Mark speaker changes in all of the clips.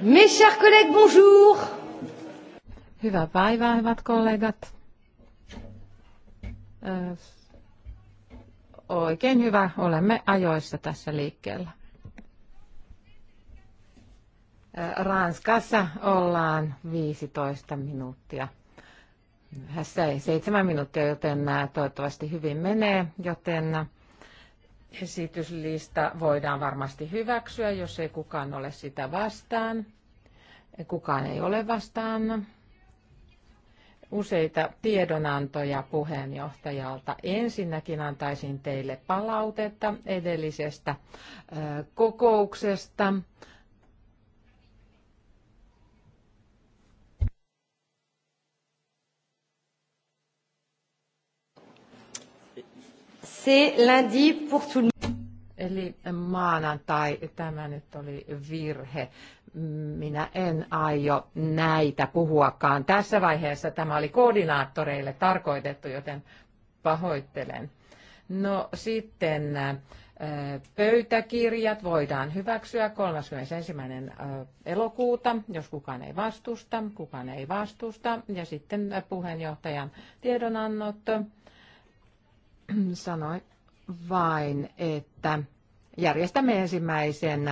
Speaker 1: Mes chers collègues, bonjour.
Speaker 2: Hyvää päivää, hyvät kollegat. Oikein hyvä, olemme ajoissa tässä liikkeellä. Ranskassa ollaan 15 minuuttia. Tässä ei seitsemän minuuttia, joten toivottavasti hyvin menee, joten Esityslista voidaan varmasti hyväksyä, jos ei kukaan ole sitä vastaan. Kukaan ei ole vastaan. Useita tiedonantoja puheenjohtajalta. Ensinnäkin antaisin teille palautetta edellisestä kokouksesta.
Speaker 1: c'est lundi pour tout le
Speaker 2: monde eli maanantai. Tämä nyt oli virhe. Minä en aio näitä puhuakaan. Tässä vaiheessa tämä oli koordinaattoreille tarkoitettu, joten pahoittelen. No sitten äh, pöytäkirjat voidaan hyväksyä 31. Äh, elokuuta, jos kukaan ei vastusta, kukaan ei vastusta. Ja sitten äh, puheenjohtajan tiedonannot sanoi vain, että järjestämme ensimmäisen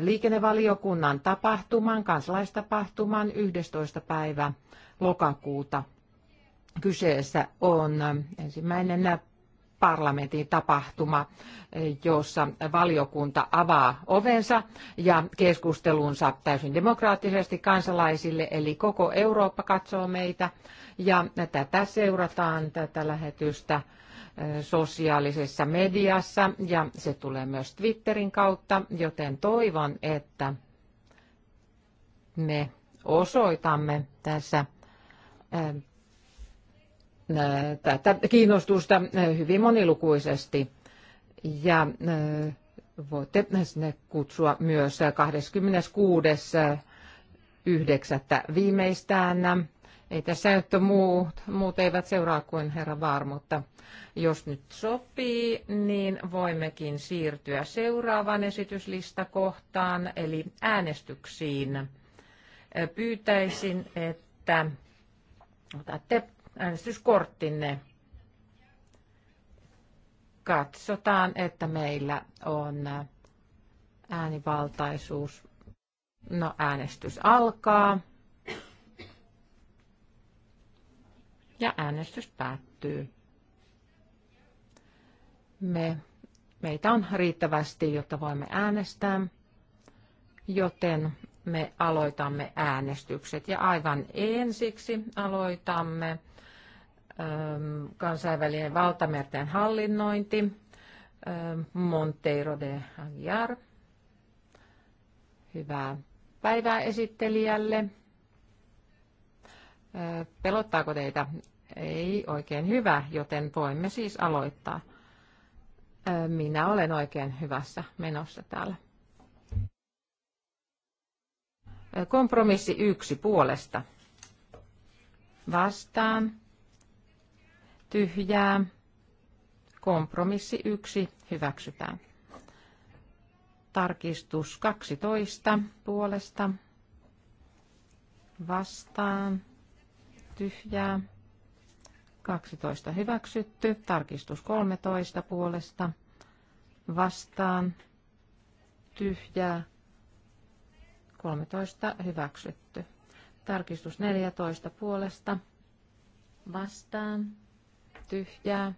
Speaker 2: liikennevaliokunnan tapahtuman, kansalaistapahtuman 11. päivä lokakuuta. Kyseessä on ensimmäinen parlamentin tapahtuma, jossa valiokunta avaa ovensa ja keskustelunsa täysin demokraattisesti kansalaisille, eli koko Eurooppa katsoo meitä ja tätä seurataan, tätä lähetystä sosiaalisessa mediassa ja se tulee myös Twitterin kautta, joten toivon, että me osoitamme tässä äh, äh, tätä kiinnostusta äh, hyvin monilukuisesti ja voitte sinne kutsua myös 26.9. viimeistään ei tässä nyt muut, muut eivät seuraa kuin herra Vaar, mutta jos nyt sopii, niin voimmekin siirtyä seuraavaan esityslistakohtaan, eli äänestyksiin. Pyytäisin, että otatte äänestyskorttinne. Katsotaan, että meillä on äänivaltaisuus. No, äänestys alkaa. Ja äänestys päättyy. Me, meitä on riittävästi, jotta voimme äänestää, joten me aloitamme äänestykset. Ja aivan ensiksi aloitamme ähm, kansainvälinen valtamerten hallinnointi, ähm, Monteiro de Aguiar. Hyvää päivää esittelijälle. Pelottaako teitä? Ei oikein hyvä, joten voimme siis aloittaa. Minä olen oikein hyvässä menossa täällä. Kompromissi yksi puolesta. Vastaan. Tyhjää. Kompromissi yksi hyväksytään. Tarkistus 12 puolesta. Vastaan tyhjää. 12 hyväksytty. Tarkistus 13 puolesta vastaan tyhjää. 13 hyväksytty. Tarkistus 14 puolesta vastaan tyhjää.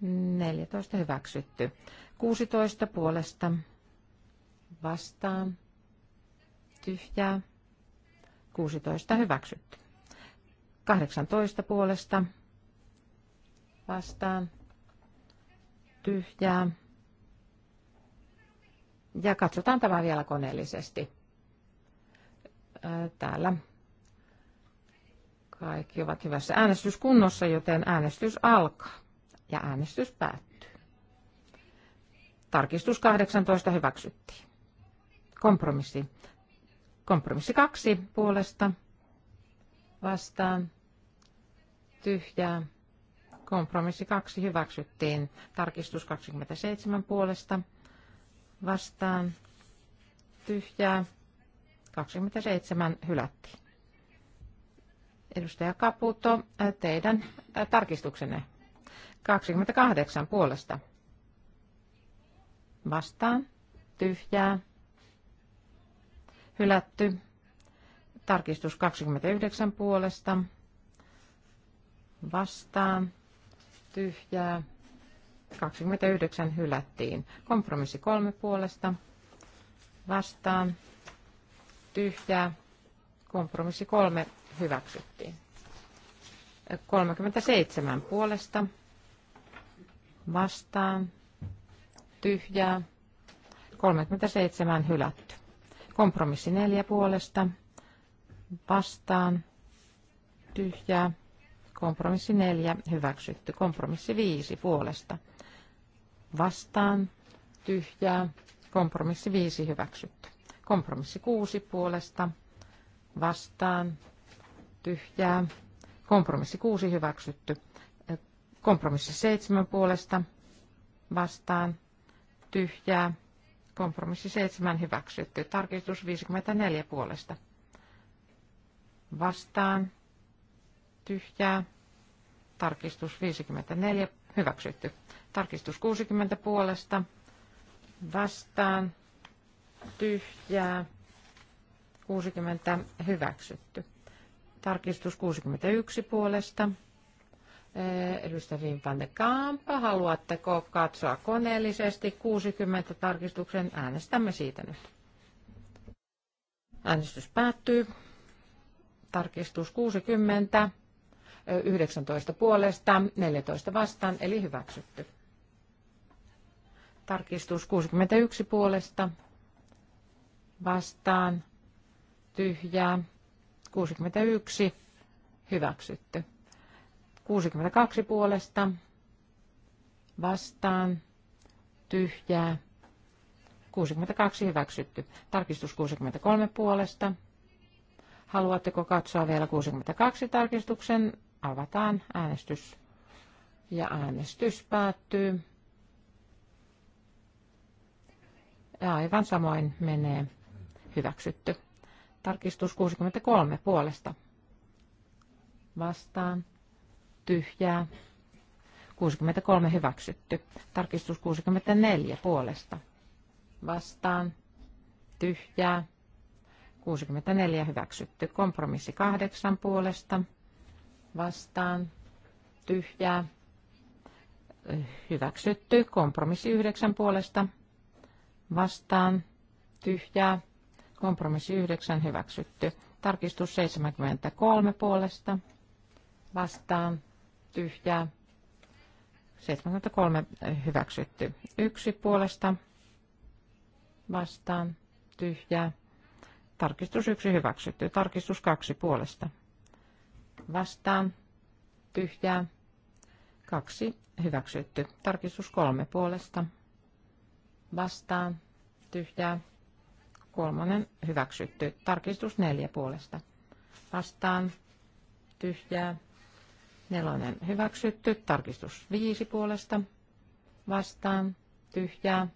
Speaker 2: 14 hyväksytty. 16 puolesta vastaan tyhjää. 16 hyväksytty. 18 puolesta vastaan tyhjää. Ja katsotaan tämä vielä koneellisesti. Täällä kaikki ovat hyvässä äänestyskunnossa, joten äänestys alkaa ja äänestys päättyy. Tarkistus 18 hyväksyttiin. Kompromissi. Kompromissi 2 puolesta vastaan tyhjää. Kompromissi 2 hyväksyttiin. Tarkistus 27 puolesta vastaan tyhjää. 27 hylättiin. Edustaja Kaputo, äh, teidän äh, tarkistuksenne 28 puolesta. Vastaan. Tyhjää. Hylätty. Tarkistus 29 puolesta vastaan, tyhjää, 29 hylättiin. Kompromissi kolme puolesta, vastaan, tyhjää, kompromissi kolme hyväksyttiin. 37 puolesta, vastaan, tyhjää, 37 hylätty. Kompromissi neljä puolesta, vastaan, tyhjää, Kompromissi 4 hyväksytty. Kompromissi 5 puolesta. Vastaan tyhjää. Kompromissi 5 hyväksytty. Kompromissi 6 puolesta. Vastaan tyhjää. Kompromissi 6 hyväksytty. Kompromissi 7 puolesta. Vastaan tyhjää. Kompromissi 7 hyväksytty. Tarkistus 54 puolesta. Vastaan tyhjää. Tarkistus 54 hyväksytty. Tarkistus 60 puolesta vastaan tyhjää. 60 hyväksytty. Tarkistus 61 puolesta. Edustaja Wim van de Kamp, haluatteko katsoa koneellisesti 60 tarkistuksen? Äänestämme siitä nyt. Äänestys päättyy. Tarkistus 60 19 puolesta, 14 vastaan, eli hyväksytty. Tarkistus 61 puolesta, vastaan, tyhjää, 61, hyväksytty. 62 puolesta, vastaan, tyhjää, 62 hyväksytty. Tarkistus 63 puolesta. Haluatteko katsoa vielä 62 tarkistuksen? avataan äänestys. Ja äänestys päättyy. Ja aivan samoin menee hyväksytty. Tarkistus 63 puolesta. Vastaan. Tyhjää. 63 hyväksytty. Tarkistus 64 puolesta. Vastaan. Tyhjää. 64 hyväksytty. Kompromissi 8 puolesta vastaan, tyhjää, hyväksytty. Kompromissi yhdeksän puolesta vastaan, tyhjää, kompromissi yhdeksän hyväksytty. Tarkistus 73 puolesta vastaan, tyhjää, 73 hyväksytty. Yksi puolesta vastaan, tyhjää. Tarkistus yksi hyväksytty. Tarkistus kaksi puolesta vastaan, tyhjää, kaksi hyväksytty. Tarkistus kolme puolesta, vastaan, tyhjää, kolmonen hyväksytty. Tarkistus neljä puolesta, vastaan, tyhjää, nelonen hyväksytty. Tarkistus viisi puolesta, vastaan, tyhjää,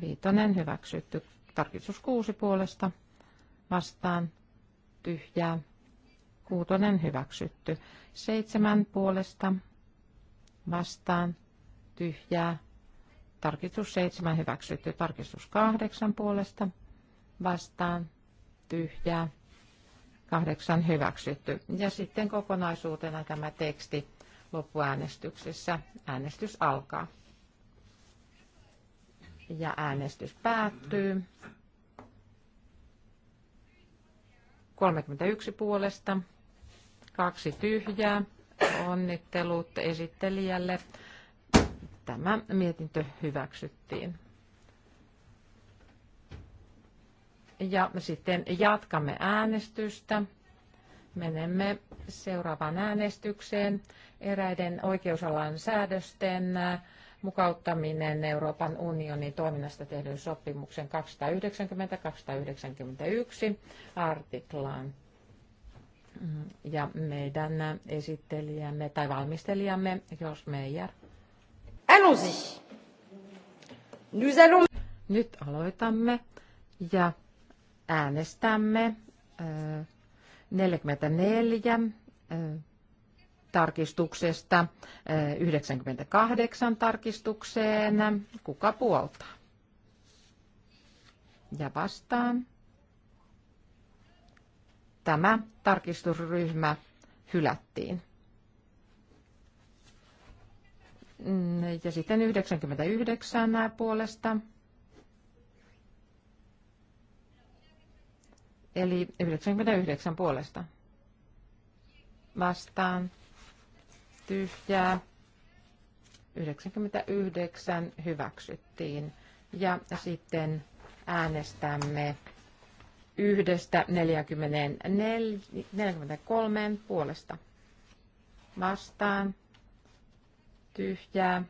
Speaker 2: viitonen hyväksytty. Tarkistus kuusi puolesta, vastaan, tyhjää, Kuutonen hyväksytty. Seitsemän puolesta vastaan tyhjää. Tarkistus seitsemän hyväksytty. Tarkistus kahdeksan puolesta vastaan tyhjää. Kahdeksan hyväksytty. Ja sitten kokonaisuutena tämä teksti loppuäänestyksessä. Äänestys alkaa. Ja äänestys päättyy. 31 puolesta, kaksi tyhjää. Onnittelut esittelijälle. Tämä mietintö hyväksyttiin. Ja sitten jatkamme äänestystä. Menemme seuraavaan äänestykseen. Eräiden oikeusalan säädösten mukauttaminen Euroopan unionin toiminnasta tehdyn sopimuksen 290-291 artiklaan. Ja meidän esittelijämme tai valmistelijamme, jos Meijer. Allons-y. Nous allons... Nyt aloitamme ja äänestämme 44 äh, äh, tarkistuksesta 98 äh, tarkistukseen. Kuka puoltaa? Ja vastaan tämä tarkistusryhmä hylättiin. Ja sitten 99 puolesta. Eli 99 puolesta. Vastaan. Tyhjää. 99 hyväksyttiin. Ja sitten äänestämme yhdestä 43 puolesta vastaan tyhjää.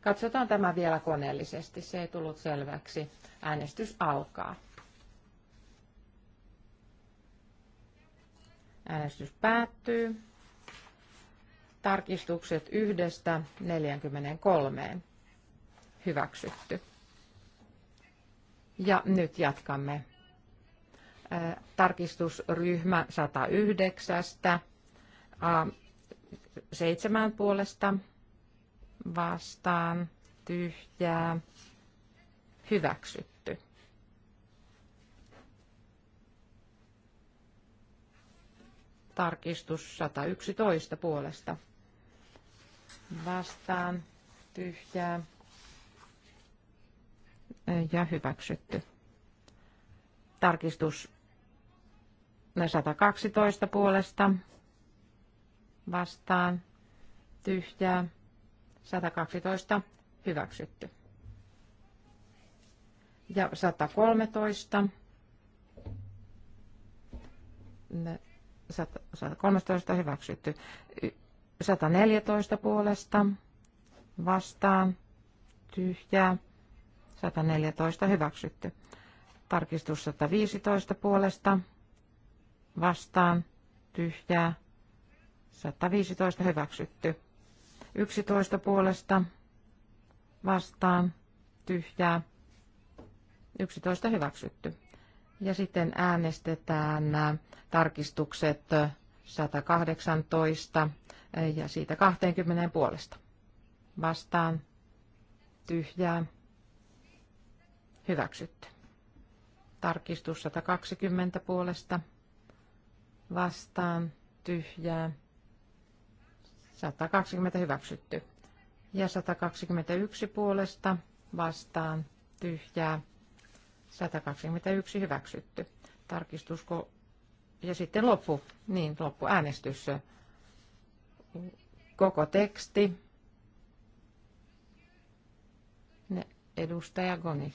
Speaker 2: Katsotaan tämä vielä koneellisesti, se ei tullut selväksi. Äänestys alkaa. Äänestys päättyy. Tarkistukset yhdestä 43. Hyväksytty. Ja nyt jatkamme. Tarkistusryhmä 109. seitsemän puolesta vastaan tyhjää hyväksytty. Tarkistus 111 puolesta vastaan tyhjää ja hyväksytty. Tarkistus 112 puolesta vastaan tyhjää 112 hyväksytty. Ja 113 113 hyväksytty. 114 puolesta vastaan tyhjää 114 hyväksytty. Tarkistus 115 puolesta vastaan tyhjää 115 hyväksytty. 11 puolesta vastaan tyhjää 11 hyväksytty. Ja sitten äänestetään tarkistukset 118 ja siitä 20 puolesta. Vastaan tyhjää Hyväksytty. Tarkistus 120 puolesta. Vastaan. Tyhjää. 120 hyväksytty. Ja 121 puolesta. Vastaan. Tyhjää. 121 hyväksytty. Tarkistusko ja sitten loppu, niin loppu äänestys. Koko teksti. Edustaja Gonis.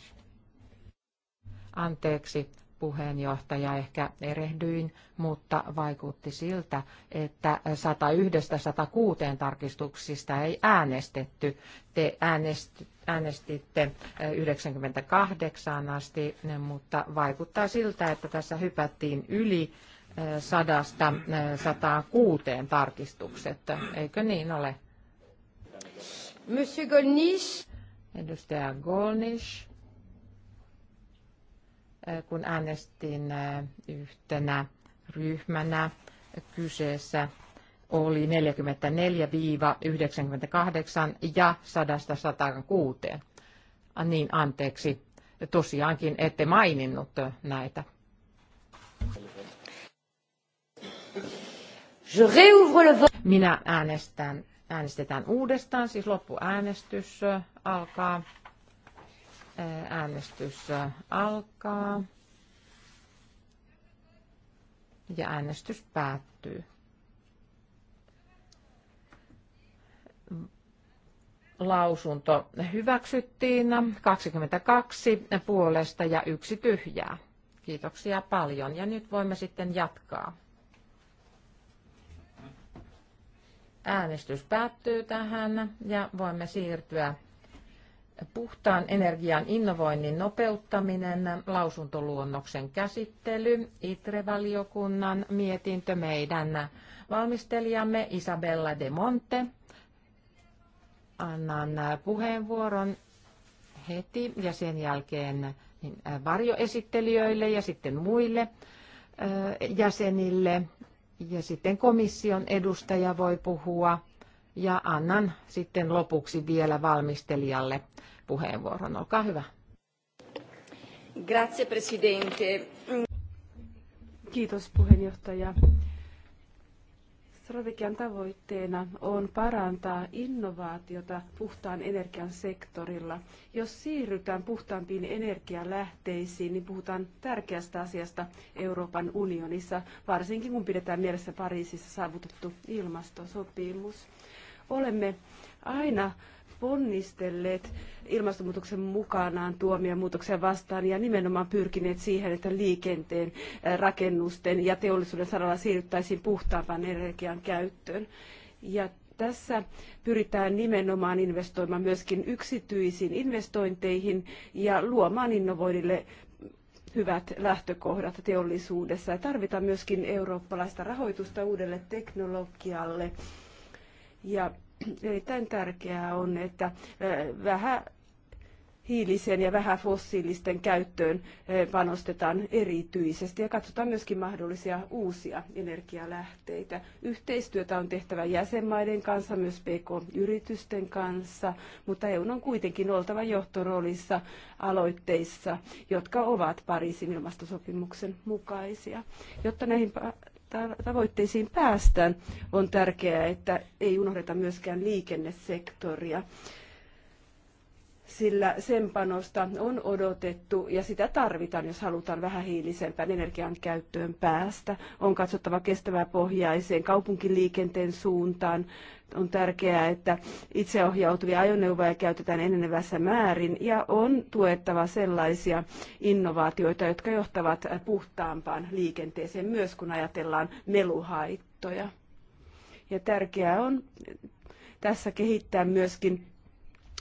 Speaker 2: Anteeksi puheenjohtaja, ehkä erehdyin, mutta vaikutti siltä, että 101-106 tarkistuksista ei äänestetty. Te äänest, äänestitte 98 asti, mutta vaikuttaa siltä, että tässä hypättiin yli eh, sadasta 106 eh, tarkistukset. Eikö niin ole? Monsieur Golnish. Edustaja Golnish. Äh, kun äänestin äh, yhtenä ryhmänä kyseessä oli 44-98 ja 100-106. Äh, niin, anteeksi, tosiaankin ette maininnut näitä. Minä äänestän, äänestetään uudestaan, siis loppuäänestys alkaa. Äänestys alkaa. Ja äänestys päättyy. Lausunto hyväksyttiin 22 puolesta ja yksi tyhjää. Kiitoksia paljon ja nyt voimme sitten jatkaa. Äänestys päättyy tähän ja voimme siirtyä puhtaan energian innovoinnin nopeuttaminen, lausuntoluonnoksen käsittely, ITRE-valiokunnan mietintö meidän valmistelijamme Isabella de Monte. Annan puheenvuoron heti ja sen jälkeen niin, äh, varjoesittelijöille ja sitten muille äh, jäsenille. Ja sitten komission edustaja voi puhua ja annan sitten lopuksi vielä valmistelijalle puheenvuoron. Olkaa hyvä.
Speaker 3: Grazie, presidente. Kiitos puheenjohtaja. Strategian tavoitteena on parantaa innovaatiota puhtaan energian sektorilla. Jos siirrytään puhtaampiin energialähteisiin, niin puhutaan tärkeästä asiasta Euroopan unionissa, varsinkin kun pidetään mielessä Pariisissa saavutettu ilmastosopimus. Olemme aina ponnistelleet ilmastonmuutoksen mukanaan tuomia muutoksia vastaan ja nimenomaan pyrkineet siihen, että liikenteen, rakennusten ja teollisuuden saralla siirryttäisiin puhtaampaan energian käyttöön. Ja tässä pyritään nimenomaan investoimaan myöskin yksityisiin investointeihin ja luomaan innovoinnille hyvät lähtökohdat teollisuudessa. Ja tarvitaan myöskin eurooppalaista rahoitusta uudelle teknologialle ja erittäin tärkeää on, että vähän hiilisen ja vähän fossiilisten käyttöön panostetaan erityisesti ja katsotaan myöskin mahdollisia uusia energialähteitä. Yhteistyötä on tehtävä jäsenmaiden kanssa, myös PK-yritysten kanssa, mutta EU on kuitenkin oltava johtoroolissa aloitteissa, jotka ovat Pariisin ilmastosopimuksen mukaisia. Jotta näihin tavoitteisiin päästään, on tärkeää, että ei unohdeta myöskään liikennesektoria sillä sen panosta on odotettu ja sitä tarvitaan, jos halutaan vähähiilisempään energian käyttöön päästä. On katsottava kestävää pohjaiseen kaupunkiliikenteen suuntaan. On tärkeää, että itseohjautuvia ajoneuvoja käytetään enenevässä määrin ja on tuettava sellaisia innovaatioita, jotka johtavat puhtaampaan liikenteeseen myös, kun ajatellaan meluhaittoja. Ja tärkeää on tässä kehittää myöskin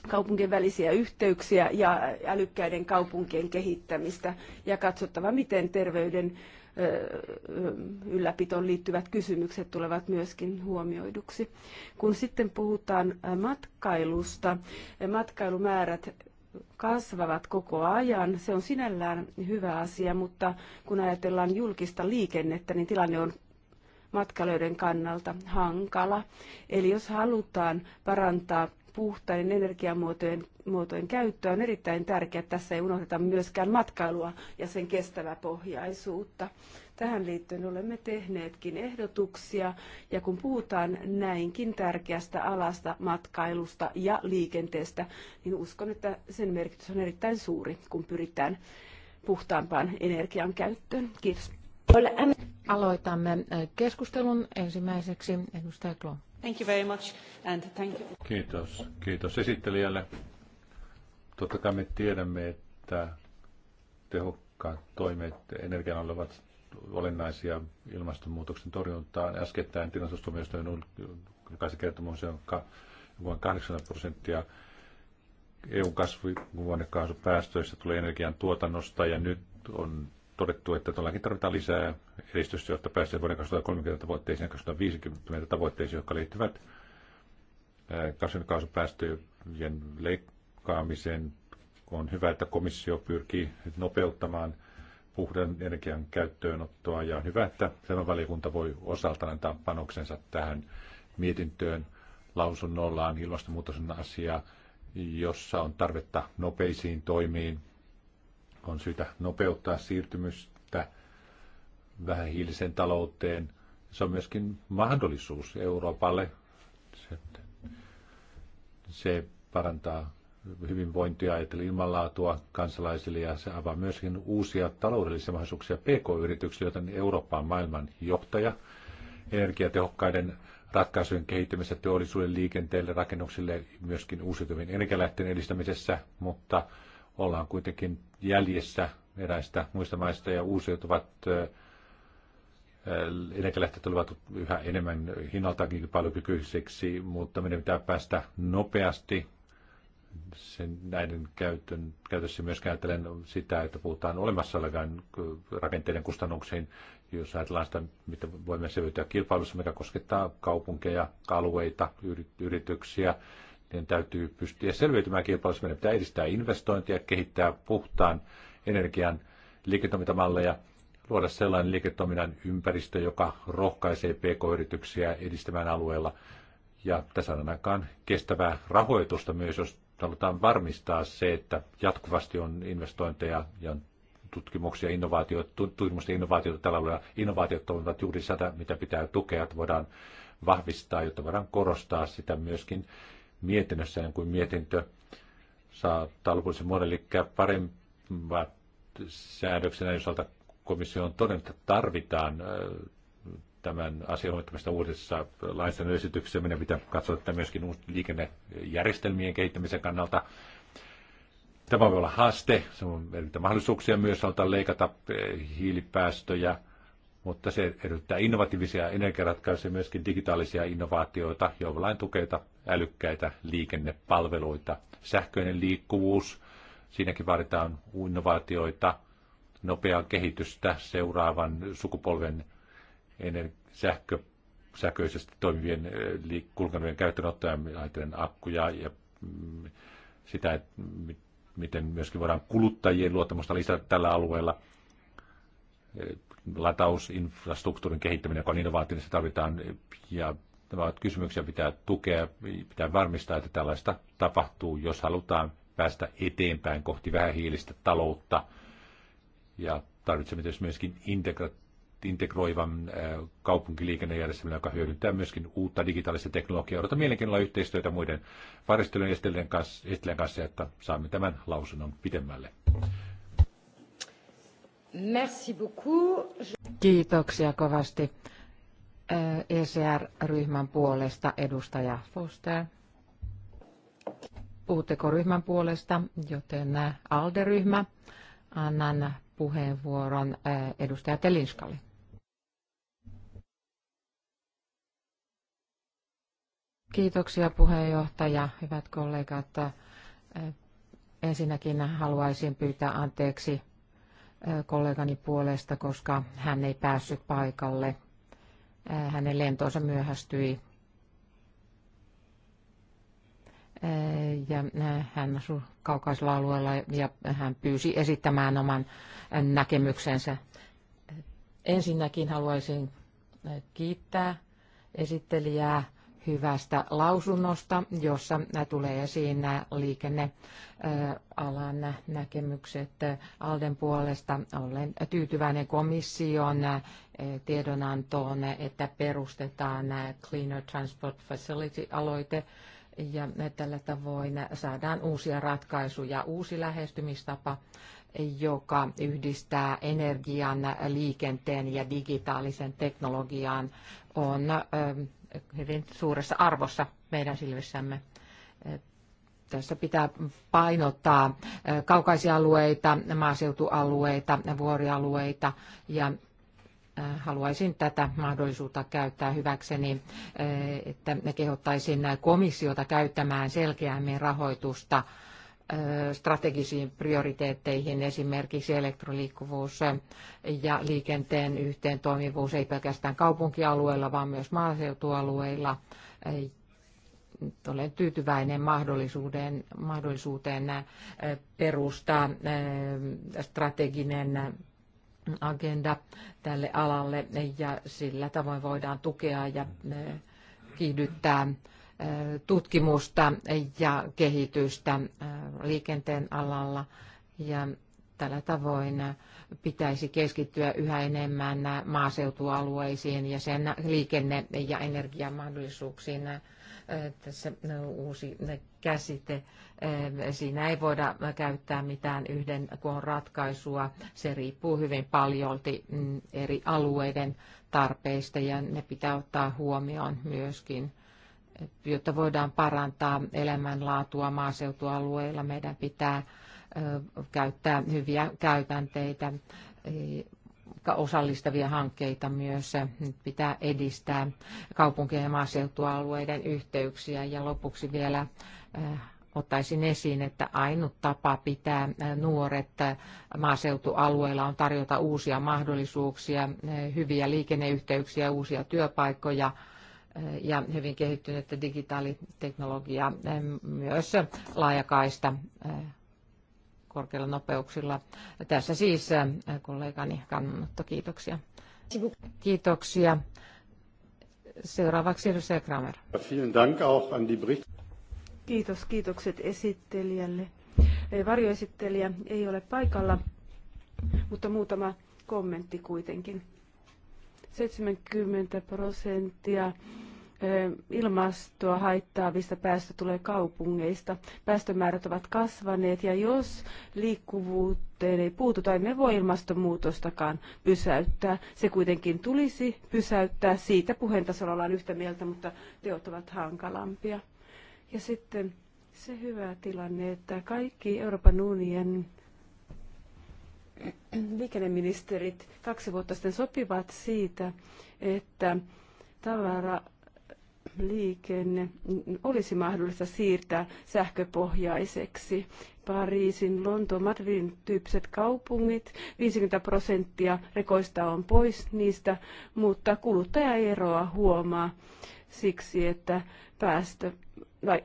Speaker 3: kaupunkien välisiä yhteyksiä ja älykkäiden kaupunkien kehittämistä ja katsottava, miten terveyden ylläpitoon liittyvät kysymykset tulevat myöskin huomioiduksi. Kun sitten puhutaan matkailusta, matkailumäärät kasvavat koko ajan. Se on sinällään hyvä asia, mutta kun ajatellaan julkista liikennettä, niin tilanne on matkailijoiden kannalta hankala. Eli jos halutaan parantaa puhtaiden energiamuotojen muotojen käyttö on erittäin tärkeää. Tässä ei unohdeta myöskään matkailua ja sen kestävää pohjaisuutta. Tähän liittyen olemme tehneetkin ehdotuksia ja kun puhutaan näinkin tärkeästä alasta matkailusta ja liikenteestä, niin uskon, että sen merkitys on erittäin suuri, kun pyritään puhtaampaan energian käyttöön. Kiitos.
Speaker 2: Aloitamme äh, keskustelun ensimmäiseksi edustaja Klo.
Speaker 3: Thank you very much and thank you.
Speaker 4: Kiitos.
Speaker 1: Kiitos esittelijälle. Totta kai me tiedämme, että tehokkaat toimet energian olevat olennaisia ilmastonmuutoksen torjuntaan. Äskettäin tilastustuomioistuin julkaisi kertomus, jonka vuonna 80 prosenttia eu kasvuhuonekaasupäästöistä tulee energian tuotannosta ja nyt on todettu, että todellakin tarvitaan lisää edistystä, jotta päästään vuoden 2030 tavoitteisiin ja 2050 tavoitteisiin, jotka liittyvät kasvihuonekaasupäästöjen leikkaamiseen. On hyvä, että komissio pyrkii nopeuttamaan puhdan energian käyttöönottoa ja on hyvä, että tämä valiokunta voi osaltaan antaa panoksensa tähän mietintöön lausunnollaan ilmastonmuutoksen asia, jossa on tarvetta nopeisiin toimiin on syytä nopeuttaa siirtymystä vähähiilisen talouteen. Se on myöskin mahdollisuus Euroopalle. Se, se parantaa hyvinvointia ja ilmanlaatua kansalaisille ja se avaa myöskin uusia taloudellisia mahdollisuuksia PK-yrityksille, joten Eurooppa on maailman johtaja energiatehokkaiden ratkaisujen kehittämisessä teollisuuden liikenteelle, rakennuksille, myöskin uusiutuvien energialähteen edistämisessä, mutta ollaan kuitenkin jäljessä eräistä muista maista ja uusiutuvat energialähteet olivat yhä enemmän hinnaltaankin paljon mutta meidän pitää päästä nopeasti sen, näiden käytön, käytössä myös ajattelen sitä, että puhutaan olemassa olevan rakenteiden kustannuksiin, jos ajatellaan sitä, mitä voimme selvitä kilpailussa, mikä koskettaa kaupunkeja, alueita, yrityksiä, niin täytyy pystyä selviytymään kilpailussa. Meidän pitää edistää investointia, kehittää puhtaan energian liiketoimintamalleja, luoda sellainen liiketoiminnan ympäristö, joka rohkaisee pk-yrityksiä edistämään alueella. Ja tässä on aikaan kestävää rahoitusta myös, jos halutaan varmistaa se, että jatkuvasti on investointeja ja tutkimuksia, innovaatioita, tutkimusta ja innovaatioita tällä alueella. Innovaatiot ovat juuri sitä, mitä pitää tukea, että voidaan vahvistaa, jotta voidaan korostaa sitä myöskin mietinnössään kuin mietintö saa talkullisen muodon, eli paremmat säädöksen osalta komissio on todennut, että tarvitaan tämän asian hoitamista uudessa esityksessä. Meidän pitää katsoa että myöskin liikennejärjestelmien kehittämisen kannalta. Tämä voi olla haaste, se on mahdollisuuksia myös saada leikata eh, hiilipäästöjä – mutta se edellyttää innovatiivisia energiaratkaisuja, myöskin digitaalisia innovaatioita, jollain tukeita, älykkäitä liikennepalveluita. Sähköinen liikkuvuus, siinäkin vaaditaan innovaatioita, nopeaa kehitystä seuraavan sukupolven sähkö, sähköisesti toimivien eh, kulkenevien ottaen, ajatellen akkuja ja mm, sitä, että miten myöskin voidaan kuluttajien luottamusta lisätä tällä alueella eh, latausinfrastruktuurin kehittäminen, joka on innovaatiivista, niin tarvitaan ja nämä ovat kysymyksiä, pitää tukea, pitää varmistaa, että tällaista tapahtuu, jos halutaan päästä eteenpäin kohti vähähiilistä taloutta. Ja tarvitsemme tietysti myöskin integroivan äh, kaupunkiliikennejärjestelmän, joka hyödyntää myöskin uutta digitaalista teknologiaa. Odotan mielenkiinnolla yhteistyötä muiden varistelujen ja kanssa, kanssa, että saamme tämän lausunnon pidemmälle.
Speaker 2: Merci beaucoup. Kiitoksia kovasti ECR-ryhmän eh, e puolesta edustaja Foster. Puhutteko ryhmän puolesta, joten eh, ALDE-ryhmä. Annan puheenvuoron eh, edustaja Telinskalle. Kiitoksia puheenjohtaja, hyvät kollegat. Ensinnäkin haluaisin pyytää anteeksi kollegani puolesta, koska hän ei päässyt paikalle. Hänen lentonsa myöhästyi ja hän asui kaukaisella alueella ja hän pyysi esittämään oman näkemyksensä. Ensinnäkin haluaisin kiittää esittelijää hyvästä lausunnosta, jossa tulee esiin liikennealan näkemykset Alden puolesta. Olen tyytyväinen komission tiedonantoon, että perustetaan Cleaner Transport Facility-aloite, ja tällä tavoin saadaan uusia ratkaisuja, uusi lähestymistapa, joka yhdistää energian, liikenteen ja digitaalisen teknologian, on hyvin suuressa arvossa meidän silmissämme. Tässä pitää painottaa kaukaisialueita, maaseutualueita, vuorialueita ja haluaisin tätä mahdollisuutta käyttää hyväkseni, että kehottaisin komissiota käyttämään selkeämmin rahoitusta strategisiin prioriteetteihin, esimerkiksi elektroliikkuvuus ja liikenteen yhteen toimivuus, ei pelkästään kaupunkialueilla, vaan myös maaseutualueilla. Olen tyytyväinen mahdollisuuteen, mahdollisuuteen perustaa strateginen agenda tälle alalle ja sillä tavoin voidaan tukea ja kiihdyttää tutkimusta ja kehitystä liikenteen alalla ja tällä tavoin pitäisi keskittyä yhä enemmän maaseutualueisiin ja sen liikenne- ja energiamahdollisuuksiin. Tässä uusi käsite. Siinä ei voida käyttää mitään yhden kuon ratkaisua. Se riippuu hyvin paljolti mm, eri alueiden tarpeista ja ne pitää ottaa huomioon myöskin jotta voidaan parantaa elämänlaatua maaseutualueilla. Meidän pitää käyttää hyviä käytänteitä, e, osallistavia hankkeita myös. Nyt pitää edistää kaupunkien ja maaseutualueiden yhteyksiä. Ja lopuksi vielä ottaisin esiin, että ainut tapa pitää nuoret maaseutualueilla on tarjota uusia mahdollisuuksia, e, hyviä liikenneyhteyksiä, uusia työpaikkoja – ja hyvin kehittynyttä digitaaliteknologiaa, eh, myös laajakaista eh, korkeilla nopeuksilla. Tässä siis eh, kollegani kannanotto. Kiitoksia. Kiitoksia.
Speaker 3: Seuraavaksi edustaja Kramer. Kiitos, kiitokset esittelijälle. Varjoesittelijä ei ole paikalla, mutta muutama kommentti kuitenkin. 70 prosenttia ilmastoa haittaavista päästö tulee kaupungeista. Päästömäärät ovat kasvaneet ja jos liikkuvuuteen ei puututa, emme voi ilmastonmuutostakaan pysäyttää. Se kuitenkin tulisi pysäyttää. Siitä puheen tasolla ollaan yhtä mieltä, mutta teot ovat hankalampia. Ja sitten se hyvä tilanne, että kaikki Euroopan unionin liikenneministerit kaksi vuotta sitten sopivat siitä, että tavara liikenne olisi mahdollista siirtää sähköpohjaiseksi. Pariisin, Lontoon, Madridin tyyppiset kaupungit, 50 prosenttia rekoista on pois niistä, mutta kuluttaja eroa huomaa siksi, että päästö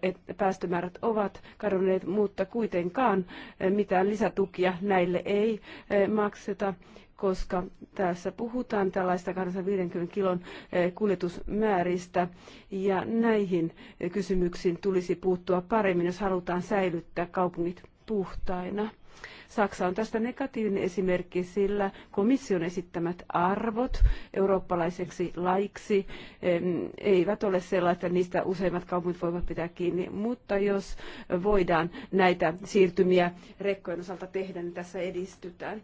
Speaker 3: että päästömäärät ovat kadonneet, mutta kuitenkaan mitään lisätukia näille ei eh, makseta koska tässä puhutaan tällaista 250 kilon eh, kuljetusmääristä ja näihin eh, kysymyksiin tulisi puuttua paremmin, jos halutaan säilyttää kaupungit puhtaina. Saksa on tästä negatiivinen esimerkki, sillä komission esittämät arvot eurooppalaiseksi laiksi eivät ole sellaisia, että niistä useimmat kaupungit voivat pitää kiinni. Mutta jos voidaan näitä siirtymiä rekkojen osalta tehdä, niin tässä edistytään.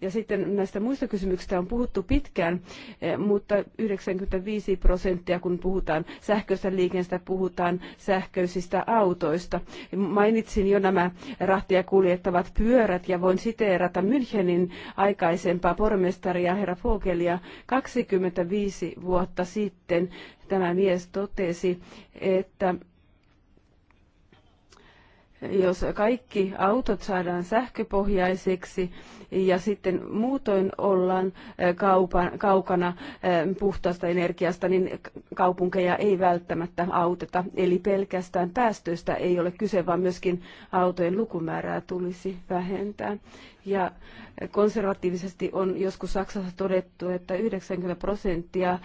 Speaker 3: Ja sitten näistä muista kysymyksistä on puhuttu pitkään, eh, mutta 95 prosenttia, kun puhutaan sähköistä liikenteestä, puhutaan sähköisistä autoista. Mainitsin jo nämä rahtia kuljettavat pyörät ja voin siteerata Münchenin aikaisempaa pormestaria herra Fogelia 25 vuotta sitten. Tämä mies totesi, että jos kaikki autot saadaan sähköpohjaisiksi ja sitten muutoin ollaan kaupan, kaukana puhtaasta energiasta, niin kaupunkeja ei välttämättä auteta. Eli pelkästään päästöistä ei ole kyse, vaan myöskin autojen lukumäärää tulisi vähentää. Ja konservatiivisesti on joskus Saksassa todettu, että 90 prosenttia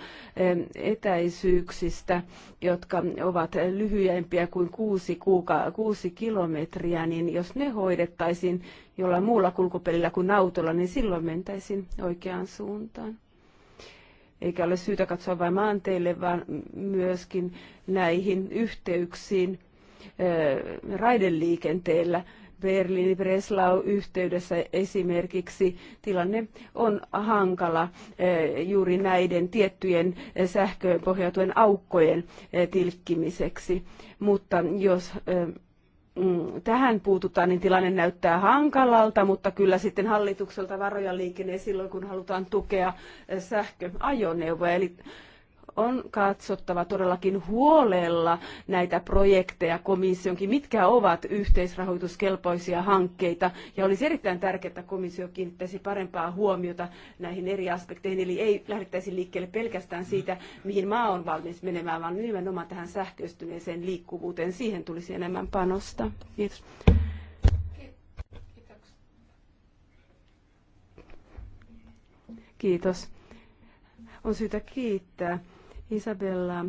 Speaker 3: etäisyyksistä, jotka ovat lyhyempiä kuin kuusi, kuuka, 6 kilometriä, niin jos ne hoidettaisiin jollain muulla kulkupelillä kuin autolla, niin silloin mentäisiin oikeaan suuntaan eikä ole syytä katsoa vain maanteille, vaan myöskin näihin yhteyksiin raideliikenteellä Berliini-Breslau-yhteydessä esimerkiksi tilanne on hankala eh, juuri näiden tiettyjen eh, sähköön pohjautuen aukkojen eh, tilkkimiseksi. Mutta jos mm, tähän puututaan, niin tilanne näyttää hankalalta, mutta kyllä sitten hallitukselta varoja liikenee silloin, kun halutaan tukea sähköajoneuvoja. Eli on katsottava todellakin huolella näitä projekteja komissionkin, mitkä ovat yhteisrahoituskelpoisia hankkeita. Ja olisi erittäin tärkeää, että komissio kiinnittäisi parempaa huomiota näihin eri aspekteihin, eli ei lähdettäisi liikkeelle pelkästään siitä, mihin maa on valmis menemään, vaan nimenomaan tähän sähköistyneeseen liikkuvuuteen. Siihen tulisi enemmän panosta. Kiitos. Kiitos. On syytä kiittää Isabella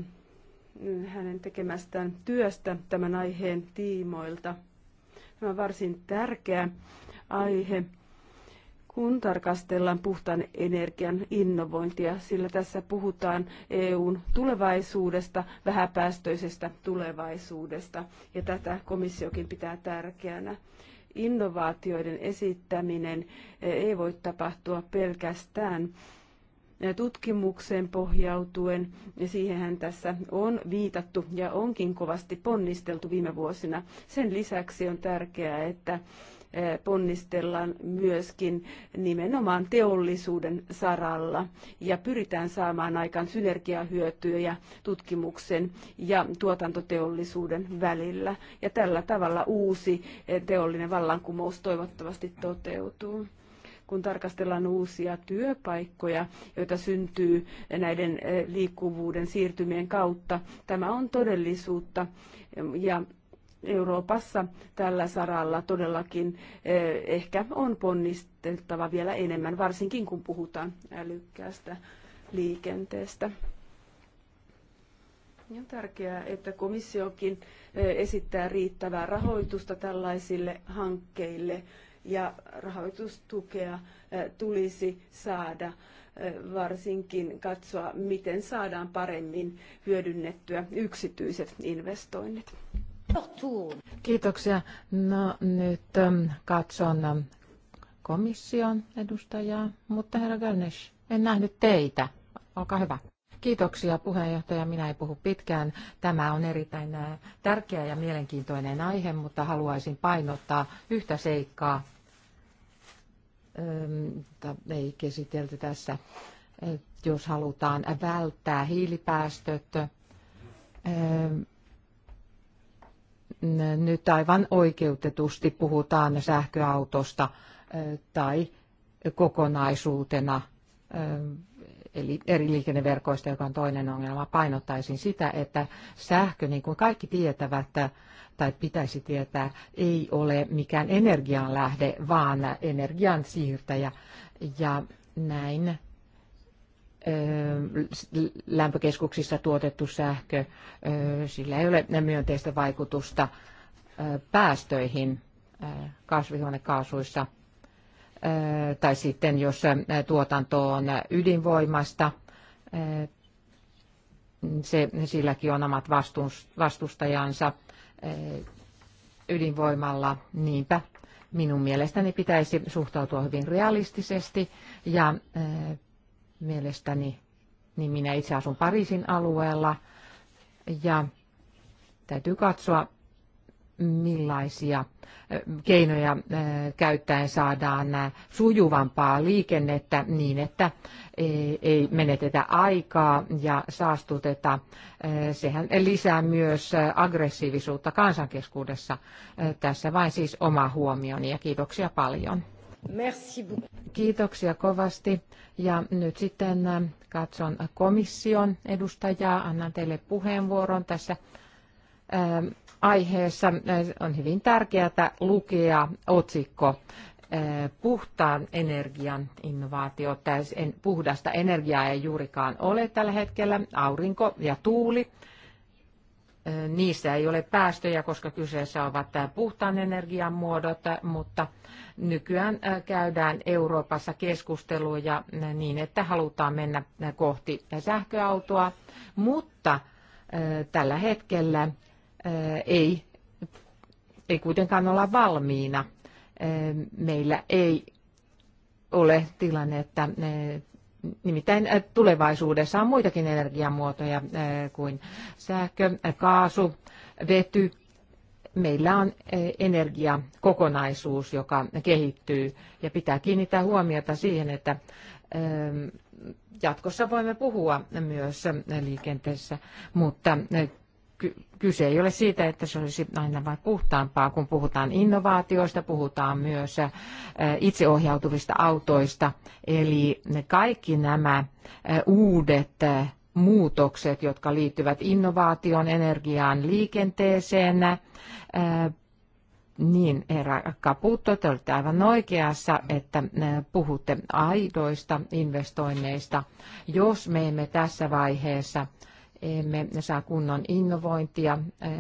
Speaker 3: hänen tekemästään työstä tämän aiheen tiimoilta. Tämä on varsin tärkeä aihe, kun tarkastellaan puhtaan energian innovointia, sillä tässä puhutaan EUn tulevaisuudesta, vähäpäästöisestä tulevaisuudesta, ja tätä komissiokin pitää tärkeänä innovaatioiden esittäminen ei voi tapahtua pelkästään tutkimukseen pohjautuen, ja siihenhän tässä on viitattu ja onkin kovasti ponnisteltu viime vuosina. Sen lisäksi on tärkeää, että eh, ponnistellaan myöskin nimenomaan teollisuuden saralla ja pyritään saamaan aikaan synergiahyötyjä tutkimuksen ja tuotantoteollisuuden välillä. Ja tällä tavalla uusi eh, teollinen vallankumous toivottavasti toteutuu kun tarkastellaan uusia työpaikkoja, joita syntyy näiden eh, liikkuvuuden siirtymien kautta. Tämä on todellisuutta ja Euroopassa tällä saralla todellakin eh, ehkä on ponnisteltava vielä enemmän, varsinkin kun puhutaan älykkäästä liikenteestä. On tärkeää, että komissiokin eh, esittää riittävää rahoitusta tällaisille hankkeille ja rahoitustukea tulisi saada varsinkin katsoa, miten saadaan paremmin hyödynnettyä yksityiset investoinnit.
Speaker 2: Kiitoksia. No nyt katson komission edustajaa, mutta herra Gönnish, en nähnyt teitä. Olkaa hyvä. Kiitoksia puheenjohtaja. Minä ei puhu pitkään. Tämä on erittäin tärkeä ja mielenkiintoinen aihe, mutta haluaisin painottaa yhtä seikkaa, ei käsitelty tässä, jos halutaan välttää hiilipäästöt. Nyt aivan oikeutetusti puhutaan sähköautosta tai kokonaisuutena eli eri liikenneverkoista, joka on toinen ongelma, painottaisin sitä, että sähkö, niin kuin kaikki tietävät, tai pitäisi tietää, ei ole mikään energianlähde, vaan energian siirtäjä. Ja näin lämpökeskuksissa tuotettu sähkö, sillä ei ole myönteistä vaikutusta päästöihin kasvihuonekaasuissa – tai sitten jos tuotanto on ydinvoimasta, se, silläkin on omat vastustajansa ydinvoimalla. Niinpä minun mielestäni pitäisi suhtautua hyvin realistisesti ja mielestäni niin minä itse asun Pariisin alueella ja täytyy katsoa millaisia keinoja käyttäen saadaan sujuvampaa liikennettä niin, että e, ei menetetä aikaa ja saastuteta. Sehän lisää myös aggressiivisuutta kansankeskuudessa. Tässä vain siis oma huomioni ja kiitoksia paljon. Merci Kiitoksia kovasti. Ja nyt sitten katson komission edustajaa. Annan teille puheenvuoron tässä Ähm, aiheessa äh, on hyvin tärkeää lukea otsikko äh, puhtaan energian innovaatio, täys, puhdasta energiaa ei juurikaan ole tällä hetkellä, aurinko ja tuuli. Äh, niissä ei ole päästöjä, koska kyseessä ovat puhtaan energian muodot, mutta nykyään käydään Euroopassa keskusteluja niin, että halutaan mennä kohti sähköautoa, mutta tällä hetkellä ei, ei kuitenkaan olla valmiina. Meillä ei ole tilanne, että Nimittäin tulevaisuudessa on muitakin energiamuotoja kuin sähkö, kaasu, vety. Meillä on energiakokonaisuus, joka kehittyy ja pitää kiinnittää huomiota siihen, että jatkossa voimme puhua myös liikenteessä, mutta kyse ei ole siitä, että se olisi aina vain puhtaampaa. Kun puhutaan innovaatioista, puhutaan myös itseohjautuvista autoista. Eli ne kaikki nämä uudet muutokset, jotka liittyvät innovaation, energiaan, liikenteeseen, niin, herra Caputo, te olette aivan oikeassa, että puhutte aidoista investoinneista. Jos me emme tässä vaiheessa emme saa kunnon innovointia eh,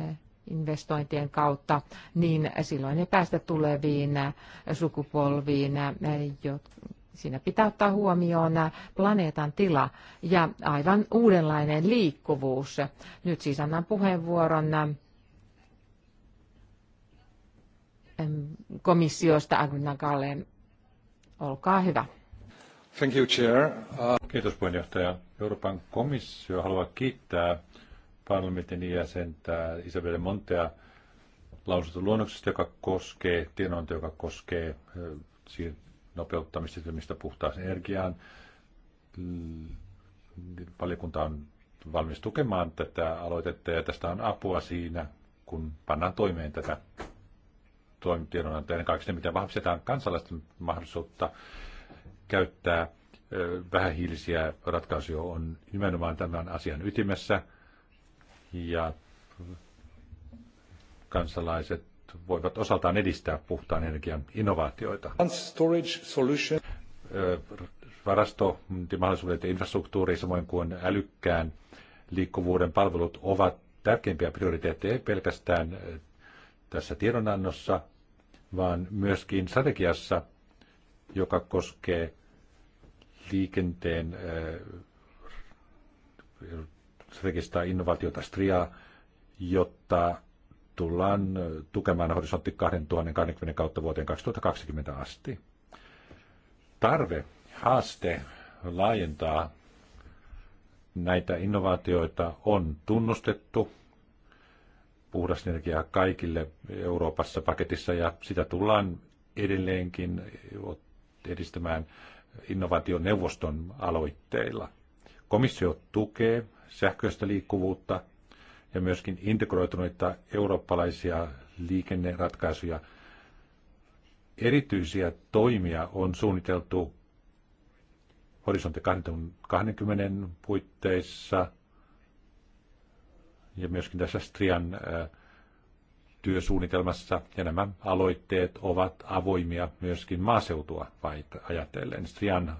Speaker 2: investointien kautta, niin silloin ei päästä tuleviin eh, sukupolviin, eh, siinä pitää ottaa huomioon planeetan tila ja aivan uudenlainen liikkuvuus. Nyt siis annan puheenvuoron komissiosta Agnagalle. Olkaa hyvä.
Speaker 1: Thank you, Chair. Uh... Kiitos puheenjohtaja. Euroopan komissio haluaa kiittää parlamentin jäsentä Isabelle Montea luonnoksesta, joka koskee tiedonanto, joka koskee nopeuttamista mistä puhtaaseen energiaan. Valiokunta on valmis tukemaan tätä aloitetta ja tästä on apua siinä, kun pannaan toimeen tätä tiedonantoa. Ennen kaikkea miten vahvistetaan kansalaisten mahdollisuutta käyttää vähähiilisiä ratkaisuja on nimenomaan tämän asian ytimessä. Ja kansalaiset voivat osaltaan edistää puhtaan energian innovaatioita. Varastomahdollisuudet ja infrastruktuuri, samoin kuin älykkään liikkuvuuden palvelut ovat tärkeimpiä prioriteetteja ei pelkästään tässä tiedonannossa, vaan myöskin strategiassa, joka koskee liikenteen äh, strategista innovaatiota STRIA, jotta tullaan tukemaan horisontti 2020 kautta vuoteen 2020 asti. Tarve, haaste laajentaa näitä innovaatioita on tunnustettu puhdas energiaa kaikille Euroopassa paketissa ja sitä tullaan edelleenkin edistämään innovaationeuvoston aloitteilla. Komissio tukee sähköistä liikkuvuutta ja myöskin integroituneita eurooppalaisia liikenneratkaisuja. Erityisiä toimia on suunniteltu horisontti 20 puitteissa ja myöskin tässä Strian äh, työsuunnitelmassa, ja nämä aloitteet ovat avoimia myöskin maaseutua ajatellen. Strian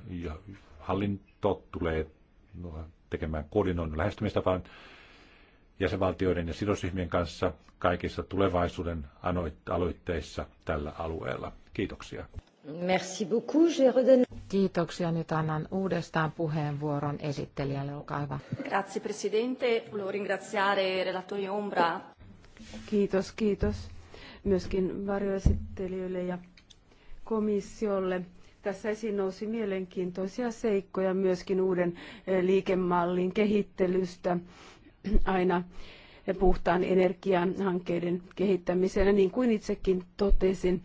Speaker 1: hallinto tulee tekemään koordinoinnin lähestymistapaan jäsenvaltioiden ja sidosryhmien kanssa kaikissa tulevaisuuden aloitteissa tällä alueella. Kiitoksia.
Speaker 2: Merci beaucoup. Kiitoksia. Nyt annan uudestaan puheenvuoron esittelijälle. Olkaa hyvä.
Speaker 3: Grazie Presidente. Volevo ringraziare relatori Ombra Kiitos, kiitos myöskin varjoesittelijöille ja komissiolle. Tässä esiin nousi mielenkiintoisia seikkoja myöskin uuden eh, liikemallin kehittelystä aina eh, puhtaan energian hankkeiden kehittämiseen. niin kuin itsekin totesin,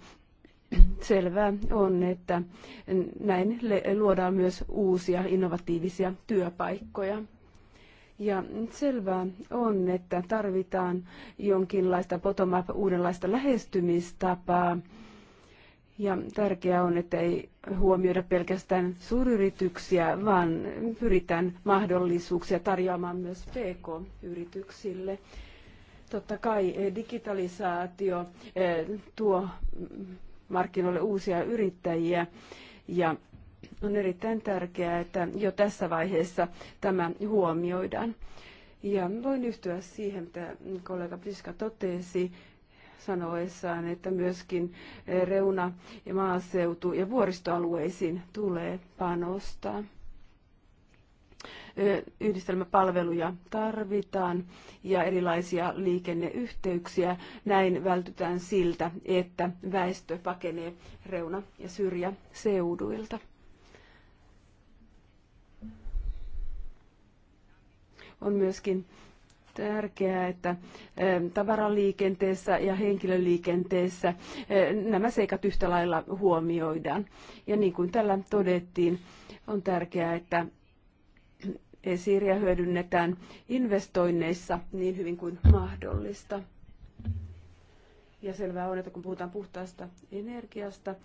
Speaker 3: selvää on, että näin luodaan myös uusia innovatiivisia työpaikkoja. Ja selvää on, että tarvitaan jonkinlaista bottom-up uudenlaista lähestymistapaa. Ja tärkeää on, että ei huomioida pelkästään suuryrityksiä, vaan pyritään mahdollisuuksia tarjoamaan myös PK-yrityksille. Totta kai eh, digitalisaatio eh, tuo markkinoille uusia yrittäjiä ja on erittäin tärkeää, että jo tässä vaiheessa tämä huomioidaan. Ja voin yhtyä siihen, mitä kollega Priska totesi sanoessaan, että myöskin reuna- ja maaseutu- ja vuoristoalueisiin tulee panostaa yhdistelmäpalveluja tarvitaan ja erilaisia liikenneyhteyksiä. Näin vältytään siltä, että väestö pakenee reuna- ja syrjäseuduilta. On myöskin tärkeää, että tavaraliikenteessä ja henkilöliikenteessä nämä seikat yhtä lailla huomioidaan. Ja niin kuin tällä todettiin, on tärkeää, että esiiriä hyödynnetään investoinneissa niin hyvin kuin mahdollista. Ja selvää on, että kun puhutaan puhtaasta energiasta,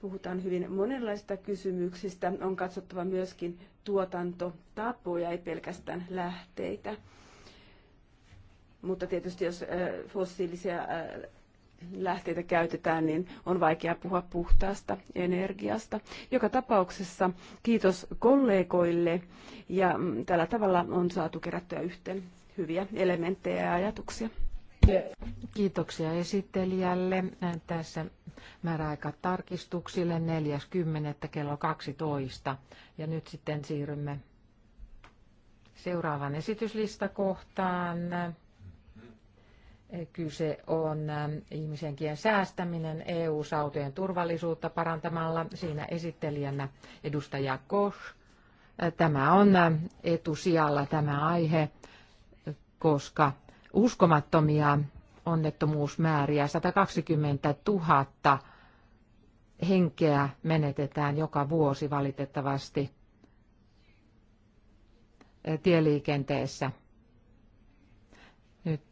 Speaker 3: puhutaan hyvin monenlaisista kysymyksistä. On katsottava myöskin tuotantotapoja, ei pelkästään lähteitä. Mutta tietysti jos fossiilisia lähteitä käytetään, niin on vaikea puhua puhtaasta energiasta. Joka tapauksessa kiitos kollegoille ja mm, tällä tavalla on saatu kerättyä yhteen hyviä elementtejä ja ajatuksia.
Speaker 2: Kiitoksia esittelijälle. Tässä määräaika tarkistuksille 4.10. kello 12. Ja nyt sitten siirrymme seuraavan esityslistakohtaan. Kyse on ähm, ihmisenkien säästäminen EU-sautojen turvallisuutta parantamalla. Siinä esittelijänä edustaja Kosh. Äh, tämä on äh, etusijalla tämä aihe, koska uskomattomia onnettomuusmääriä. 120 000 henkeä menetetään joka vuosi valitettavasti tieliikenteessä. Nyt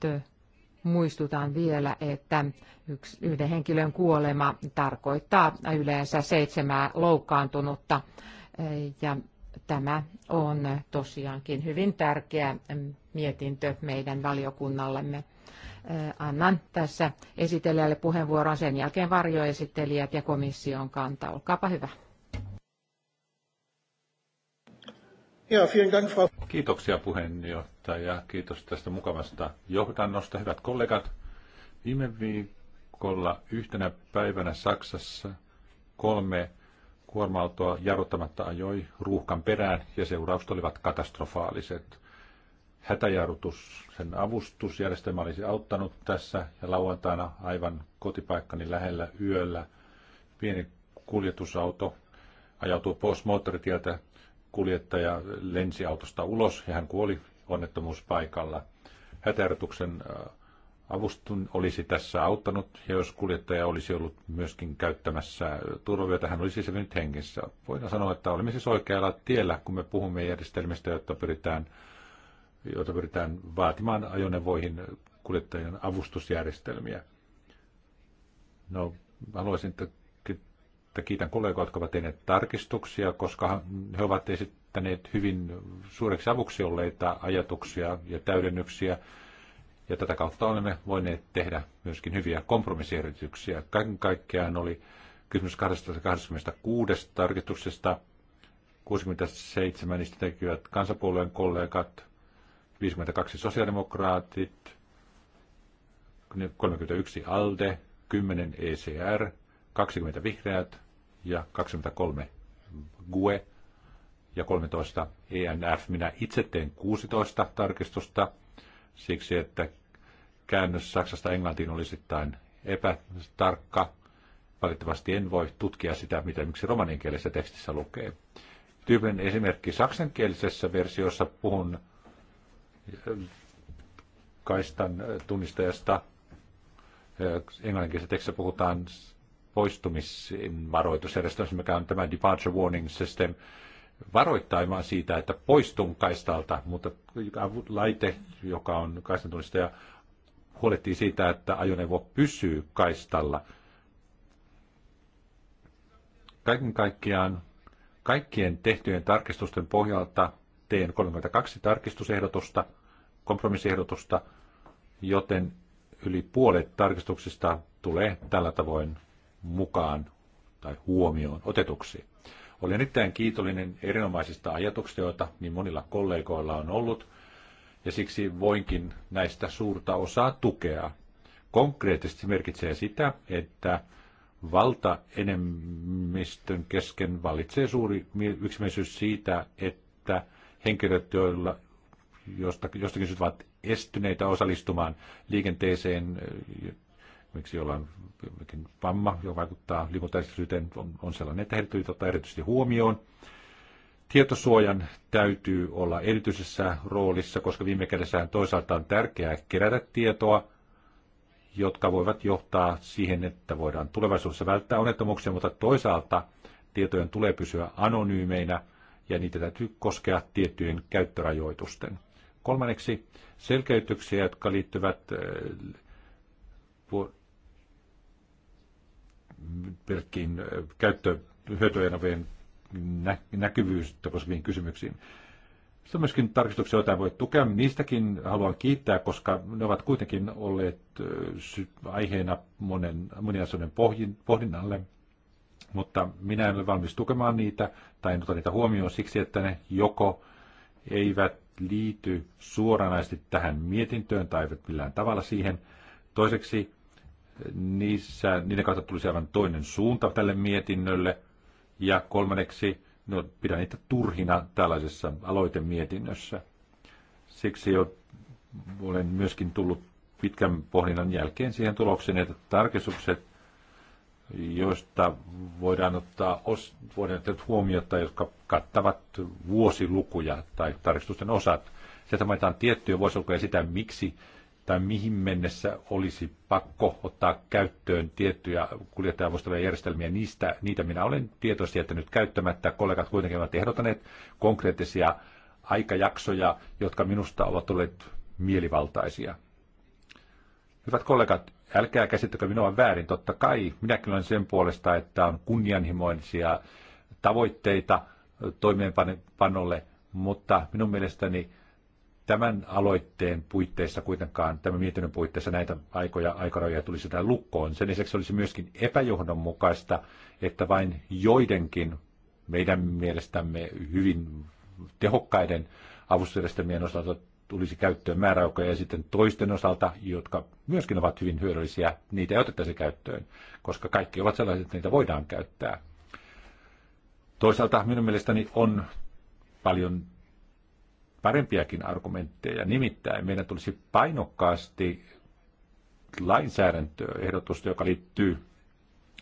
Speaker 2: muistutan vielä, että yksi, yhden henkilön kuolema tarkoittaa yleensä seitsemää loukkaantunutta ja Tämä on tosiaankin hyvin tärkeä mm, mietintö meidän valiokunnallemme. Äh, annan tässä esitelijälle puheenvuoron, sen jälkeen varjoesittelijät ja komission kanta. Olkaapa hyvä.
Speaker 1: Kiitoksia puheenjohtaja. Kiitos tästä mukavasta johdannosta. Hyvät kollegat, viime viikolla yhtenä päivänä Saksassa kolme kuorma-autoa jarruttamatta ajoi ruuhkan perään ja seuraukset olivat katastrofaaliset. Hätäjarrutus, sen avustusjärjestelmä olisi auttanut tässä ja lauantaina aivan kotipaikkani lähellä yöllä pieni kuljetusauto ajautui pois moottoritieltä. Kuljettaja lensi autosta ulos ja hän kuoli onnettomuuspaikalla. Hätäjarrutuksen äh, avustun olisi tässä auttanut, ja jos kuljettaja olisi ollut myöskin käyttämässä turvavyötä, hän olisi selvinnyt hengissä. Voidaan sanoa, että olemme siis oikealla tiellä, kun me puhumme järjestelmistä, jotta pyritään, joita pyritään vaatimaan ajoneuvoihin kuljettajan avustusjärjestelmiä. No, haluaisin, että kiitän kollegoita, jotka ovat tehneet tarkistuksia, koska he ovat esittäneet hyvin suureksi avuksi olleita ajatuksia ja täydennyksiä ja tätä kautta olemme voineet tehdä myöskin hyviä kompromissiehdotuksia. Kaiken kaikkiaan oli kysymys 226 tarkistuksesta. 67 niistä tekivät kansapuolueen kollegat, 52 sosiaalidemokraatit, 31 ALDE, 10 ECR, 20 vihreät ja 23 GUE ja 13 ENF. Minä itse teen 16 tarkistusta siksi, että käännös Saksasta Englantiin oli sitten epätarkka. Valitettavasti en voi tutkia sitä, mitä miksi romaninkielisessä tekstissä lukee. Tyypin esimerkki saksankielisessä versiossa puhun äh, kaistan äh, tunnistajasta. Äh, Englanninkielisessä tekstissä puhutaan poistumisvaroitusjärjestelmässä, mikä on tämä departure warning system, varoittamaan siitä, että poistun kaistalta, mutta laite, joka on kaistantunnistaja, tunnistaja, huolehtii siitä, että ajoneuvo pysyy kaistalla. Kaiken kaikkiaan kaikkien tehtyjen tarkistusten pohjalta teen 32 tarkistusehdotusta, kompromissiehdotusta, joten yli puolet tarkistuksista tulee tällä tavoin mukaan tai huomioon otetuksi. Olen erittäin kiitollinen erinomaisista ajatuksista, joita niin monilla kollegoilla on ollut, ja siksi voinkin näistä suurta osaa tukea. Konkreettisesti merkitsee sitä, että valta enemmistön kesken vallitsee suuri yksimielisyys siitä, että henkilöt, joilla jostakin syystä ovat estyneitä osallistumaan liikenteeseen, miksi jollain vamma, joka vaikuttaa liikuntaestisyyteen, on, on sellainen, että heidät täytyy ottaa erityisesti huomioon. Tietosuojan täytyy olla erityisessä roolissa, koska viime kädessä toisaalta on tärkeää kerätä tietoa, jotka voivat johtaa siihen, että voidaan tulevaisuudessa välttää onnettomuuksia, mutta toisaalta tietojen tulee pysyä anonyymeinä ja niitä täytyy koskea tiettyjen käyttörajoitusten. Kolmanneksi selkeytyksiä, jotka liittyvät eh, pelkkiin käyttöhyötyajanovojen näkyvyyttä koskeviin kysymyksiin. Sitten on myöskin tarkistuksia, joita voi tukea. Niistäkin haluan kiittää, koska ne ovat kuitenkin olleet aiheena monen, monen asioiden pohdinnalle. Mutta minä en ole valmis tukemaan niitä tai en ota niitä huomioon siksi, että ne joko eivät liity suoranaisesti tähän mietintöön tai eivät millään tavalla siihen. Toiseksi niissä, niiden kautta tulisi aivan toinen suunta tälle mietinnölle. Ja kolmanneksi, no, pidän niitä turhina tällaisessa aloitemietinnössä. Siksi jo olen myöskin tullut pitkän pohdinnan jälkeen siihen tulokseen, että tarkistukset, joista voidaan ottaa, voidaan ottaa huomiota, jotka kattavat vuosilukuja tai tarkistusten osat. Sieltä mainitaan tiettyjä vuosilukuja sitä, miksi tai mihin mennessä olisi pakko ottaa käyttöön tiettyjä kuljettajavustavia järjestelmiä. Niistä, niitä minä olen tietoisesti jättänyt käyttämättä. Kollegat kuitenkin ovat ehdottaneet konkreettisia aikajaksoja, jotka minusta ovat olleet mielivaltaisia. Hyvät kollegat, älkää käsittäkö minua väärin. Totta kai minäkin olen sen puolesta, että on kunnianhimoisia tavoitteita toimeenpanolle, mutta minun mielestäni tämän aloitteen puitteissa kuitenkaan, tämän mietinnön puitteissa näitä aikoja, aikarajoja tulisi jotain lukkoon. Sen lisäksi olisi myöskin epäjohdonmukaista, että vain joidenkin meidän mielestämme hyvin tehokkaiden avustusjärjestelmien osalta tulisi käyttöön määräaikoja ja sitten toisten osalta, jotka myöskin ovat hyvin hyödyllisiä, niitä ei otettaisi käyttöön, koska kaikki ovat sellaiset, että niitä voidaan käyttää. Toisaalta minun mielestäni on paljon parempiakin argumentteja. Nimittäin meidän tulisi painokkaasti lainsäädäntöehdotusta, joka liittyy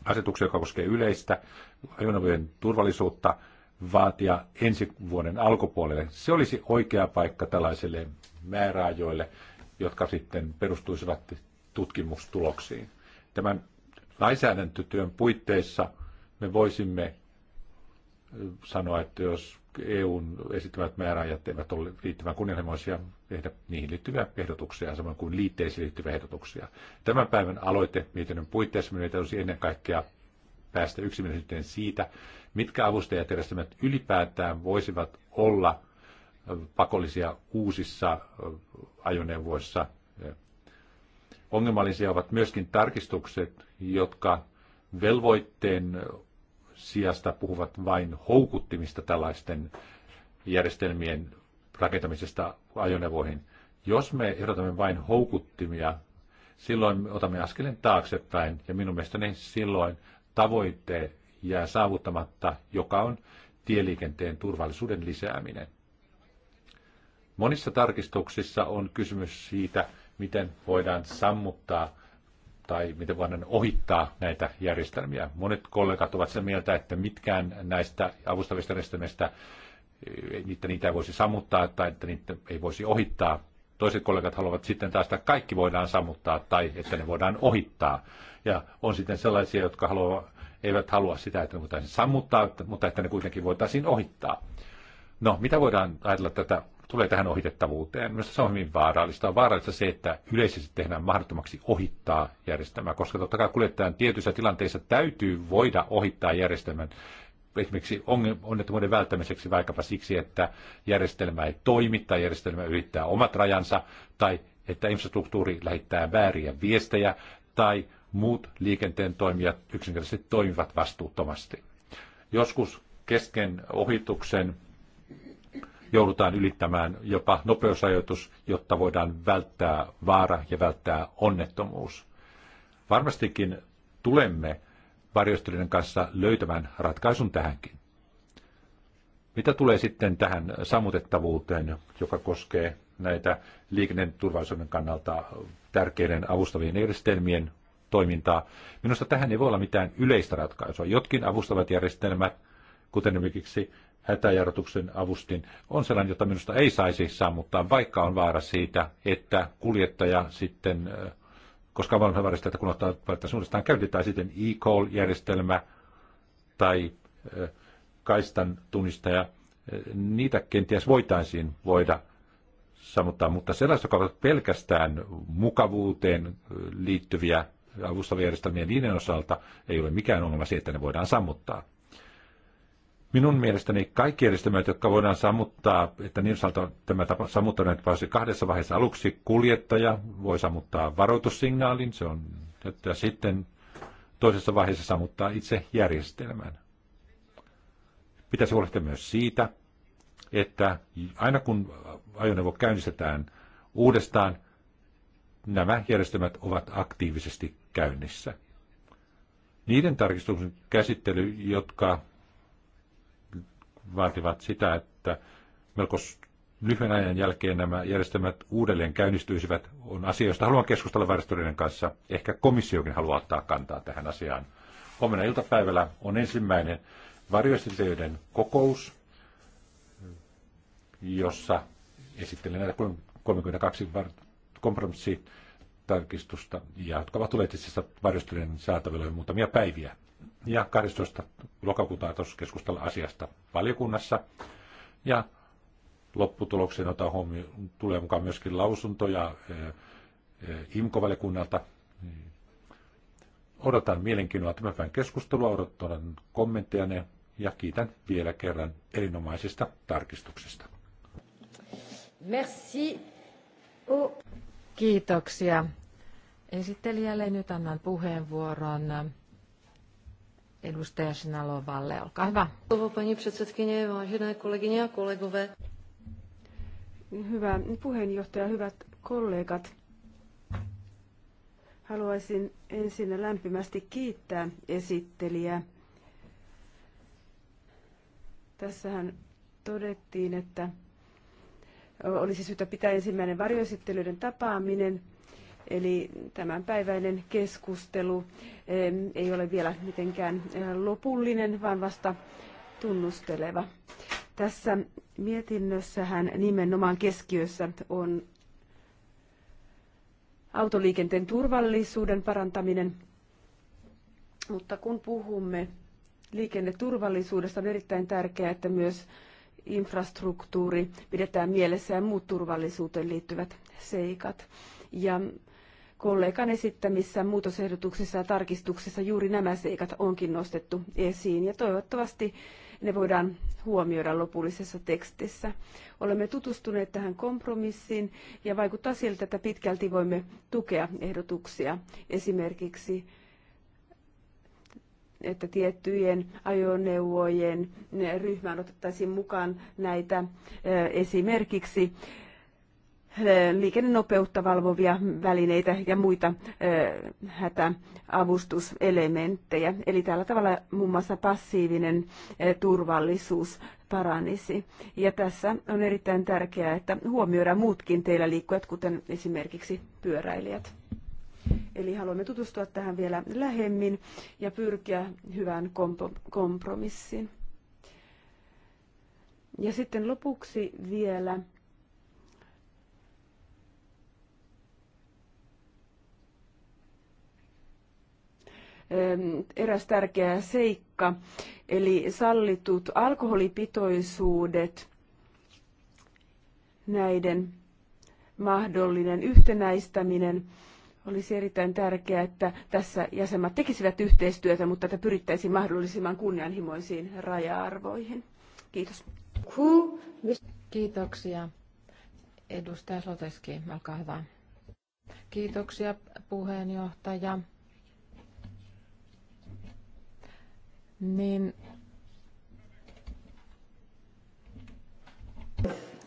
Speaker 1: asetukseen, joka koskee yleistä ajoneuvojen turvallisuutta, vaatia ensi vuoden alkupuolelle. Se olisi oikea paikka tällaiselle määräajoille, jotka sitten perustuisivat tutkimustuloksiin. Tämän lainsäädäntötyön puitteissa me voisimme sanoa, että jos EUn esittämät määräajat eivät ole riittävän kunnianhimoisia tehdä niihin liittyviä ehdotuksia, samoin kuin liitteisiin liittyviä ehdotuksia. Tämän päivän aloite mietinnön puitteissa meidän täytyisi ennen kaikkea päästä yksimielisyyteen siitä, mitkä avustajajärjestelmät ylipäätään voisivat olla pakollisia uusissa ajoneuvoissa. Ongelmallisia ovat myöskin tarkistukset, jotka velvoitteen sijasta puhuvat vain houkuttimista tällaisten järjestelmien rakentamisesta ajoneuvoihin. Jos me ehdotamme vain houkuttimia, silloin me otamme askeleen taaksepäin ja minun mielestäni silloin tavoite jää saavuttamatta, joka on tieliikenteen turvallisuuden lisääminen. Monissa tarkistuksissa on kysymys siitä, miten voidaan sammuttaa tai miten voidaan ohittaa näitä järjestelmiä. Monet kollegat ovat sitä mieltä, että mitkään näistä avustavista järjestelmistä, niitä, eh, niitä ei voisi sammuttaa tai että niitä ei voisi ohittaa. Toiset kollegat haluavat sitten taas, että kaikki voidaan sammuttaa tai että ne voidaan ohittaa. Ja on sitten sellaisia, jotka haluavat eivät halua sitä, että ne voitaisiin sammuttaa, mutta että ne kuitenkin voitaisiin ohittaa. No, mitä voidaan ajatella tätä tulee tähän ohitettavuuteen. Minusta se on hyvin vaarallista. On vaarallista se, että yleisesti tehdään mahdottomaksi ohittaa järjestelmää, koska totta kai kuljettajan tietyissä tilanteissa täytyy voida ohittaa järjestelmän esimerkiksi onnettomuuden välttämiseksi vaikkapa siksi, että järjestelmä ei toimi tai järjestelmä ylittää omat rajansa tai että infrastruktuuri lähettää vääriä viestejä tai muut liikenteen toimijat yksinkertaisesti toimivat vastuuttomasti. Joskus kesken ohituksen joudutaan ylittämään jopa nopeusajoitus, jotta voidaan välttää vaara ja välttää onnettomuus. Varmastikin tulemme varjostelijoiden kanssa löytämään ratkaisun tähänkin. Mitä tulee sitten tähän sammutettavuuteen, joka koskee näitä liikenneturvallisuuden kannalta tärkeiden avustavien järjestelmien toimintaa. Minusta tähän ei voi olla mitään yleistä ratkaisua. Jotkin avustavat järjestelmät, kuten esimerkiksi hätäjarrutuksen avustin on sellainen, jota minusta ei saisi sammuttaa, vaikka on vaara siitä, että kuljettaja sitten, koska on vaara sitä, että kun ottaa uudestaan käytetään sitten e-call-järjestelmä tai kaistan tunnistaja, niitä kenties voitaisiin voida sammuttaa, mutta sellaiset, jotka ovat pelkästään mukavuuteen liittyviä avustavia järjestelmiä, niiden osalta ei ole mikään ongelma siitä, että ne voidaan sammuttaa. Minun mielestäni kaikki järjestelmät, jotka voidaan sammuttaa, että niin sanottu tämä tapa, sammuttaminen tapahtuisi kahdessa vaiheessa. Aluksi kuljettaja voi sammuttaa varoitussignaalin, se on, että sitten toisessa vaiheessa sammuttaa itse järjestelmän. Pitäisi huolehtia myös siitä, että aina kun ajoneuvo käynnistetään uudestaan, nämä järjestelmät ovat aktiivisesti käynnissä. Niiden tarkistuksen käsittely, jotka vaativat sitä, että melko lyhyen ajan jälkeen nämä järjestelmät uudelleen käynnistyisivät, on asia, josta haluan keskustella väristöiden kanssa. Ehkä komissiokin haluaa ottaa kantaa tähän asiaan. Huomenna iltapäivällä on ensimmäinen varjoesittelijöiden kokous, jossa esittelen näitä 32 kompromissitarkistusta, jotka ovat tulleet itse asiassa saatavilla jo muutamia päiviä ja 12. lokakuuta tuossa keskustella asiasta valiokunnassa. Ja lopputuloksen ottaa huomioon, tulee mukaan myöskin lausuntoja eh, eh, IMKO-valiokunnalta. Odotan mielenkiinnolla tämän päivän keskustelua, odotan kommentteja ja kiitän vielä kerran erinomaisista tarkistuksista.
Speaker 2: Merci. Kiitoksia esittelijälle. Nyt annan puheenvuoron edustaja Sinalovalle. Olkaa hyvä.
Speaker 4: Pani předsedkyně, vážené kolegyně ja kolegové. Hyvä
Speaker 3: puheenjohtaja, hyvät kollegat. Haluaisin ensin lämpimästi kiittää esittelijää. Tässähän todettiin, että olisi syytä pitää ensimmäinen varjoesittelyiden tapaaminen – Eli tämänpäiväinen keskustelu ei ole vielä mitenkään lopullinen, vaan vasta tunnusteleva. Tässä mietinnössähän nimenomaan keskiössä on autoliikenteen turvallisuuden parantaminen, mutta kun puhumme liikenneturvallisuudesta, on erittäin tärkeää, että myös infrastruktuuri pidetään mielessä ja muut turvallisuuteen liittyvät seikat. Ja kollegan esittämissä muutosehdotuksissa ja tarkistuksissa juuri nämä seikat onkin nostettu esiin ja toivottavasti ne voidaan huomioida lopullisessa tekstissä. Olemme tutustuneet tähän kompromissiin ja vaikuttaa siltä, että pitkälti voimme tukea ehdotuksia esimerkiksi että tiettyjen ajoneuvojen ryhmään otettaisiin mukaan näitä eh, esimerkiksi liikennenopeutta valvovia välineitä ja muita hätäavustuselementtejä. Eli tällä tavalla muun mm. muassa passiivinen turvallisuus paranisi. Ja tässä on erittäin tärkeää, että huomioidaan muutkin teillä liikkujat, kuten esimerkiksi pyöräilijät. Eli haluamme tutustua tähän vielä lähemmin ja pyrkiä hyvään kompromissiin. Ja sitten lopuksi vielä eräs tärkeä seikka, eli sallitut alkoholipitoisuudet, näiden mahdollinen yhtenäistäminen. Olisi erittäin tärkeää, että tässä jäsenmaat tekisivät yhteistyötä, mutta että pyrittäisiin mahdollisimman kunnianhimoisiin raja-arvoihin. Kiitos. Kiitoksia.
Speaker 2: Edustaja Soteski, olkaa hyvä. Kiitoksia puheenjohtaja. niin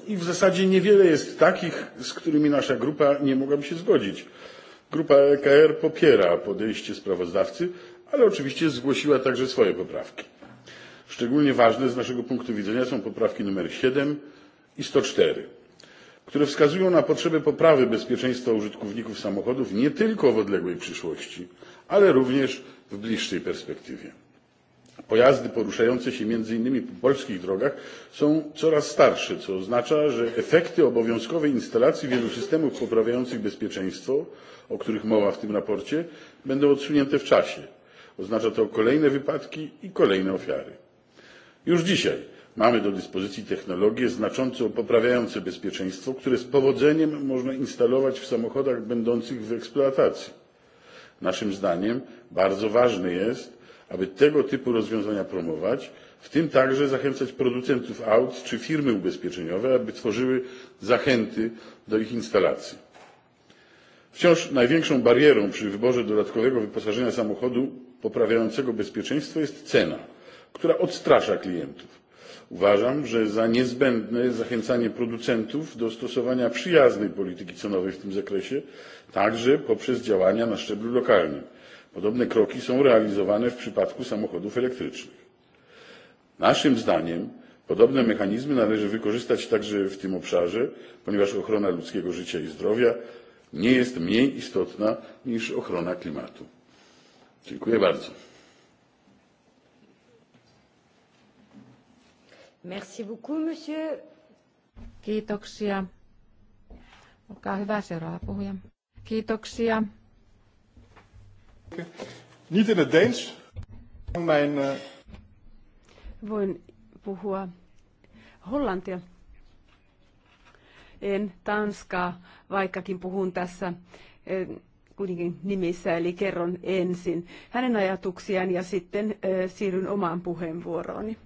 Speaker 4: I w zasadzie niewiele jest takich, z którymi nasza grupa nie mogłaby się zgodzić. Grupa EKR popiera podejście sprawozdawcy, ale oczywiście zgłosiła także swoje poprawki. Szczególnie ważne z naszego punktu widzenia są poprawki nr 7 i 104, które wskazują na potrzebę poprawy bezpieczeństwa użytkowników samochodów nie tylko w odległej przyszłości, ale również w bliższej perspektywie. Pojazdy poruszające się m.in. po polskich drogach są coraz starsze, co oznacza, że efekty obowiązkowej instalacji wielu systemów poprawiających bezpieczeństwo, o których mowa w tym raporcie, będą odsunięte w czasie. Oznacza to kolejne wypadki i kolejne ofiary. Już dzisiaj mamy do dyspozycji technologie znacząco poprawiające bezpieczeństwo, które z powodzeniem można instalować w samochodach będących w eksploatacji. Naszym zdaniem bardzo ważne jest, aby tego typu rozwiązania promować w tym także zachęcać producentów aut czy firmy ubezpieczeniowe aby tworzyły zachęty do ich instalacji. wciąż największą barierą przy wyborze dodatkowego wyposażenia samochodu poprawiającego bezpieczeństwo jest cena która odstrasza klientów. uważam że za niezbędne jest zachęcanie producentów do stosowania przyjaznej polityki cenowej w tym zakresie także poprzez działania na szczeblu lokalnym. Podobne kroki są realizowane w przypadku samochodów elektrycznych. Naszym zdaniem podobne mechanizmy należy wykorzystać także w tym obszarze, ponieważ ochrona ludzkiego życia i zdrowia nie jest mniej istotna niż ochrona klimatu. Dziękuję bardzo.
Speaker 2: Merci beaucoup, monsieur. Kiitoksia. Olkaa hyvä, seuraava puhuja. Kiitoksia
Speaker 4: spreken. Niet in het Deens. Mijn, uh...
Speaker 3: Voin puhua hollantia. En tanskaa, vaikkakin puhun tässä eh, kuitenkin nimissä, eli kerron ensin hänen ajatuksiaan ja sitten eh, siirryn omaan puheenvuorooni.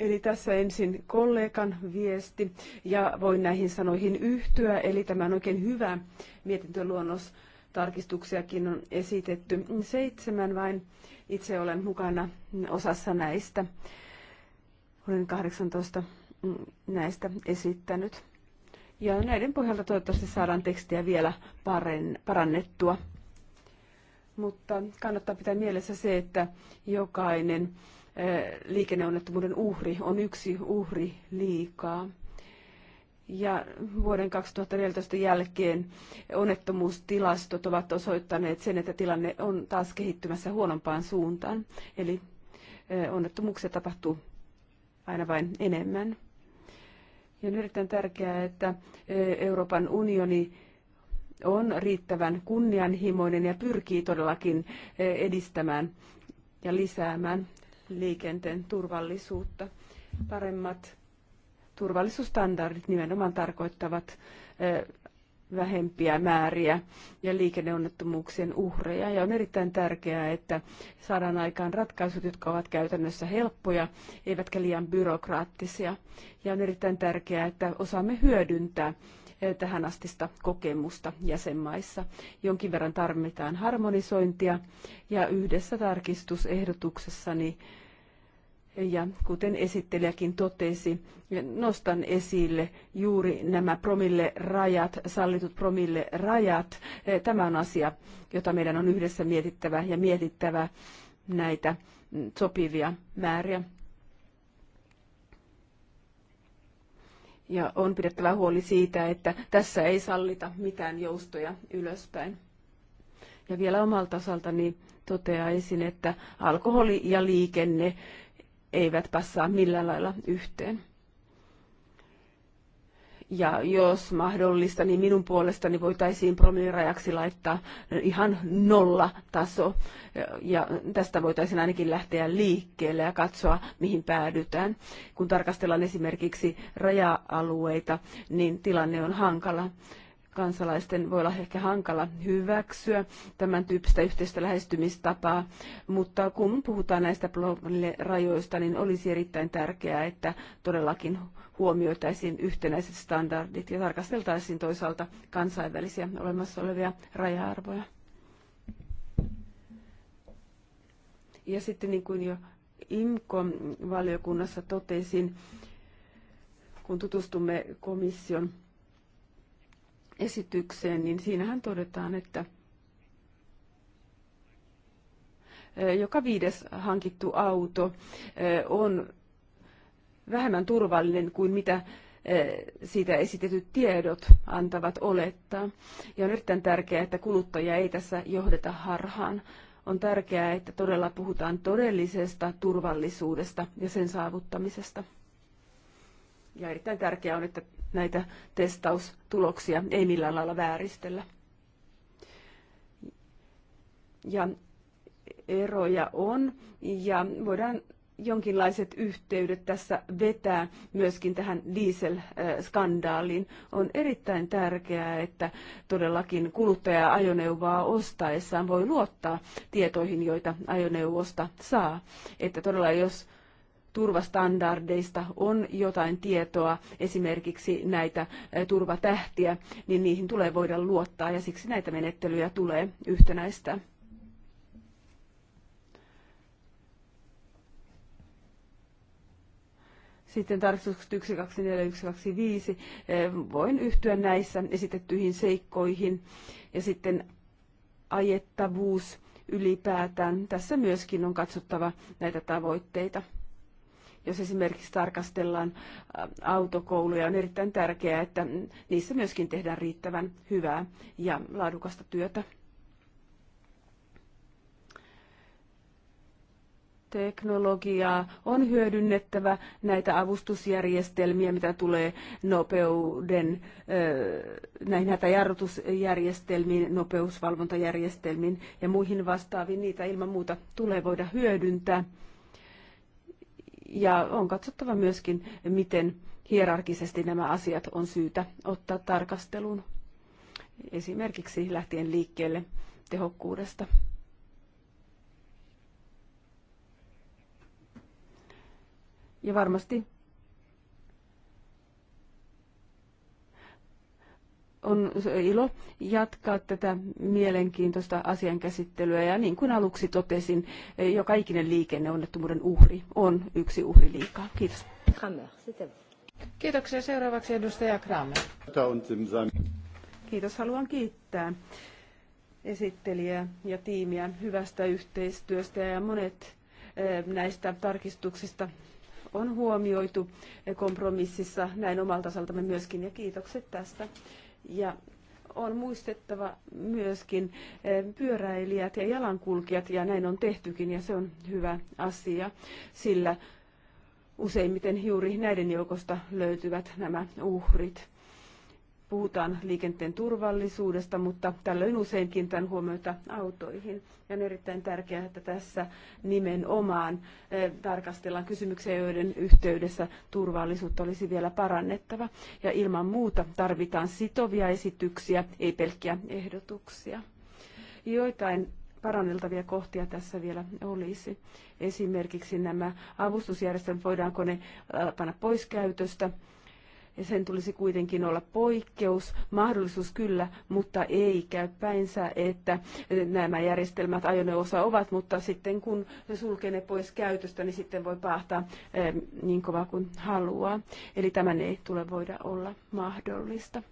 Speaker 3: Eli tässä ensin kollegan viesti ja voin näihin sanoihin yhtyä, eli tämä on oikein hyvä mietintöluonnos tarkistuksiakin on esitetty. Seitsemän vain itse olen mukana osassa näistä. Olen 18 näistä esittänyt. Ja näiden pohjalta toivottavasti saadaan tekstiä vielä parannettua. Mutta kannattaa pitää mielessä se, että jokainen eh, liikenneonnettomuuden uhri on yksi uhri liikaa. Ja vuoden 2014 jälkeen onnettomuustilastot ovat osoittaneet sen, että tilanne on taas kehittymässä huonompaan suuntaan. Eli onnettomuuksia tapahtuu aina vain enemmän. Ja on erittäin tärkeää, että Euroopan unioni on riittävän kunnianhimoinen ja pyrkii todellakin edistämään ja lisäämään liikenteen turvallisuutta. Paremmat turvallisuusstandardit nimenomaan tarkoittavat vähempiä määriä ja liikenneonnettomuuksien uhreja. Ja on erittäin tärkeää, että saadaan aikaan ratkaisut, jotka ovat käytännössä helppoja, eivätkä liian byrokraattisia. Ja on erittäin tärkeää, että osaamme hyödyntää tähän astista kokemusta jäsenmaissa. Jonkin verran tarvitaan harmonisointia ja yhdessä tarkistusehdotuksessani niin ja kuten esittelijäkin totesi, nostan esille juuri nämä promille-rajat, sallitut promille-rajat. Tämä on asia, jota meidän on yhdessä mietittävä ja mietittävä näitä sopivia määriä. Ja on pidettävä huoli siitä, että tässä ei sallita mitään joustoja ylöspäin. Ja vielä omalta osaltani toteaisin, että alkoholi ja liikenne eivät passaa millään lailla yhteen. Ja jos mahdollista, niin minun puolestani voitaisiin promillirajaksi laittaa ihan nolla taso. Ja tästä voitaisiin ainakin lähteä liikkeelle ja katsoa, mihin päädytään. Kun tarkastellaan esimerkiksi raja-alueita, niin tilanne on hankala kansalaisten voi olla ehkä hankala hyväksyä tämän tyyppistä yhteistä lähestymistapaa, mutta kun puhutaan näistä rajoista, niin olisi erittäin tärkeää, että todellakin huomioitaisiin yhtenäiset standardit ja tarkasteltaisiin toisaalta kansainvälisiä olemassa olevia raja-arvoja. Ja sitten niin kuin jo imco valiokunnassa totesin, kun tutustumme komission esitykseen, niin siinähän todetaan, että e, joka viides hankittu auto e, on vähemmän turvallinen kuin mitä e, siitä esitetyt tiedot antavat olettaa. Ja on erittäin tärkeää, että kuluttajia ei tässä johdeta harhaan. On tärkeää, että todella puhutaan todellisesta turvallisuudesta ja sen saavuttamisesta. Ja erittäin tärkeää on, että näitä testaustuloksia ei millään lailla vääristellä. Ja eroja on ja voidaan jonkinlaiset yhteydet tässä vetää myöskin tähän dieselskandaaliin. On erittäin tärkeää, että todellakin kuluttaja ajoneuvoa ostaessaan voi luottaa tietoihin, joita ajoneuvosta saa. Että todella jos turvastandardeista on jotain tietoa, esimerkiksi näitä turvatähtiä, niin niihin tulee voida luottaa ja siksi näitä menettelyjä tulee yhtenäistä. Sitten tarkistukset 1, 2, 4, 5. Voin yhtyä näissä esitettyihin seikkoihin. Ja sitten ajettavuus ylipäätään. Tässä myöskin on katsottava näitä tavoitteita. Jos esimerkiksi tarkastellaan äh, autokouluja, on erittäin tärkeää, että niissä myöskin tehdään riittävän hyvää ja laadukasta työtä. teknologiaa, on hyödynnettävä näitä avustusjärjestelmiä, mitä tulee nopeuden, äh, näihin näitä jarrutusjärjestelmiin, nopeusvalvontajärjestelmiin ja muihin vastaaviin. Niitä ilman muuta tulee voida hyödyntää. Ja on katsottava myöskin, miten hierarkisesti nämä asiat on syytä ottaa tarkasteluun. Esimerkiksi lähtien liikkeelle tehokkuudesta. Ja varmasti on ilo jatkaa tätä mielenkiintoista asian käsittelyä. Ja niin kuin aluksi totesin, joka ikinen liikenneonnettomuuden uhri on yksi uhri liikaa. Kiitos. Kiitoksia. Seuraavaksi edustaja Kramer. Kiitos. Haluan kiittää esittelijää ja tiimiä hyvästä yhteistyöstä ja monet eh, näistä tarkistuksista on huomioitu kompromississa näin omalta osaltamme myöskin ja kiitokset tästä. Ja on muistettava myöskin eh, pyöräilijät ja jalankulkijat, ja näin on tehtykin, ja se on hyvä asia, sillä useimmiten juuri näiden joukosta löytyvät nämä uhrit puhutaan liikenteen turvallisuudesta, mutta tällöin usein kiinnitän huomiota autoihin. Ja on erittäin tärkeää, että tässä nimenomaan eh, tarkastellaan kysymyksiä, joiden yhteydessä turvallisuutta olisi vielä parannettava. Ja ilman muuta tarvitaan sitovia esityksiä, ei pelkkiä ehdotuksia. Joitain paranneltavia kohtia tässä vielä olisi. Esimerkiksi nämä avustusjärjestelmät, voidaanko ne eh, panna pois käytöstä ja sen tulisi kuitenkin olla poikkeus, mahdollisuus kyllä, mutta ei käy päinsä, että nämä järjestelmät ajoneuvossa ovat, mutta sitten kun sulkee ne pois käytöstä, niin sitten voi pahtaa eh, niin kovaa kuin haluaa. Eli tämän ei tule voida olla mahdollista.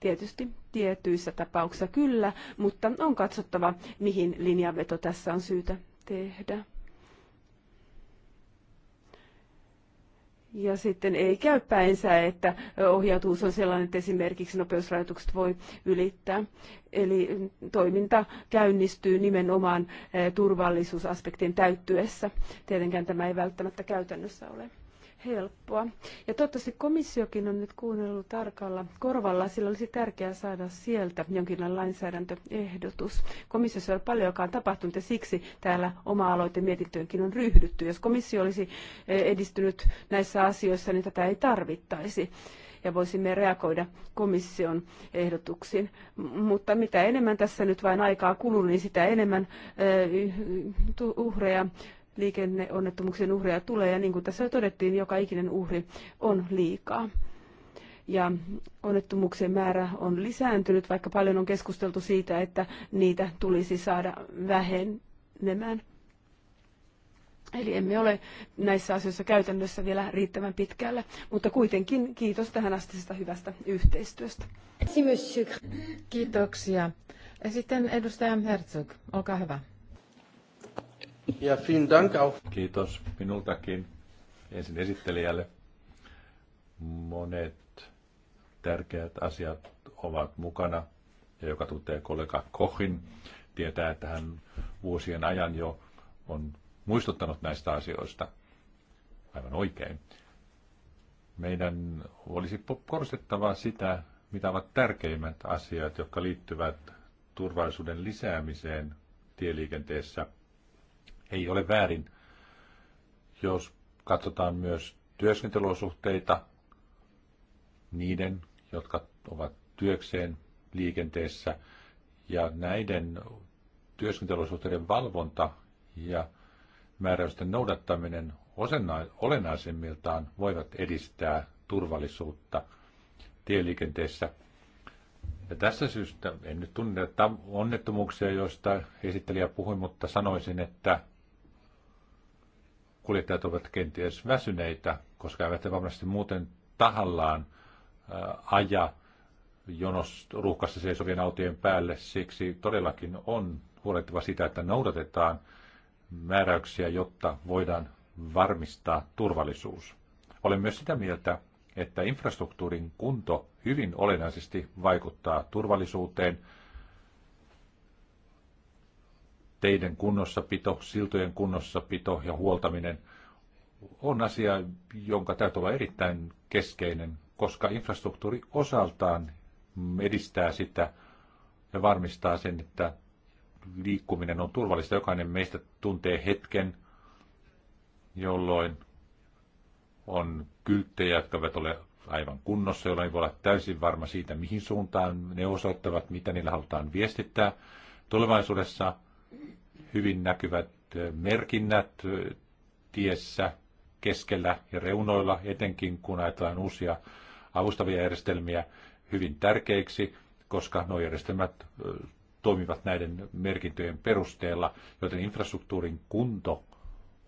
Speaker 3: Tietysti tietyissä tapauksissa kyllä, mutta on katsottava, mihin linjanveto tässä on syytä tehdä. ja sitten ei käy päinsä, että ohjautuus on sellainen, että esimerkiksi nopeusrajoitukset voi ylittää. Eli toiminta käynnistyy nimenomaan eh, turvallisuusaspektin täyttyessä. Tietenkään tämä ei välttämättä käytännössä ole helppoa. Ja toivottavasti komissiokin on nyt kuunnellut tarkalla korvalla. Sillä olisi tärkeää saada sieltä jonkinlainen lainsäädäntöehdotus. Komissiossa ei ole on tapahtunut ja siksi täällä oma aloite mietintöönkin on ryhdytty. Jos komissio olisi eh, edistynyt näissä asioissa, niin tätä ei tarvittaisi ja voisimme reagoida komission ehdotuksiin. Mutta mitä enemmän tässä nyt vain aikaa kuluu, niin sitä enemmän eh, uhreja liikenneonnettomuuksien uhreja tulee, ja niin kuin tässä jo todettiin, joka ikinen uhri on liikaa. Ja onnettomuuksien määrä on lisääntynyt, vaikka paljon on keskusteltu siitä, että niitä tulisi saada vähenemään. Eli emme ole näissä asioissa käytännössä vielä riittävän pitkällä, mutta kuitenkin kiitos tähän astisesta hyvästä yhteistyöstä. Kiitoksia. Sitten edustaja Herzog,
Speaker 2: olkaa hyvä.
Speaker 1: Ja vielen Dank auch. Kiitos minultakin ensin esittelijälle. Monet tärkeät asiat ovat mukana ja joka tuntee kollega Kohin, tietää, että hän vuosien ajan jo on muistuttanut näistä asioista. Aivan oikein. Meidän olisi korostettava sitä, mitä ovat tärkeimmät asiat, jotka liittyvät turvallisuuden lisäämiseen tieliikenteessä – ei ole väärin, jos katsotaan myös työskentelosuhteita niiden, jotka ovat työkseen liikenteessä, ja näiden työskentelosuhteiden valvonta ja määräysten noudattaminen olennaisemmiltaan voivat edistää turvallisuutta tieliikenteessä. Ja tässä syystä, en nyt tunne onnettomuuksia, joista esittelijä puhui, mutta sanoisin, että kuljettajat ovat kenties väsyneitä, koska eivät varmasti muuten tahallaan aja jonos ruuhkassa seisovien autojen päälle. Siksi todellakin on huolehtiva sitä, että noudatetaan määräyksiä, jotta voidaan varmistaa turvallisuus. Olen myös sitä mieltä, että infrastruktuurin kunto hyvin olennaisesti vaikuttaa turvallisuuteen – teiden kunnossapito, siltojen kunnossapito ja huoltaminen on asia, jonka täytyy olla erittäin keskeinen, koska infrastruktuuri osaltaan edistää sitä ja varmistaa sen, että liikkuminen on turvallista. Jokainen meistä tuntee hetken, jolloin on kylttejä, jotka eivät ole aivan kunnossa, jolloin voi olla täysin varma siitä, mihin suuntaan ne osoittavat, mitä niillä halutaan viestittää. Tulevaisuudessa hyvin näkyvät merkinnät tiessä keskellä ja reunoilla, etenkin kun ajatellaan uusia avustavia järjestelmiä hyvin tärkeiksi, koska nuo järjestelmät toimivat näiden merkintöjen perusteella, joten infrastruktuurin kunto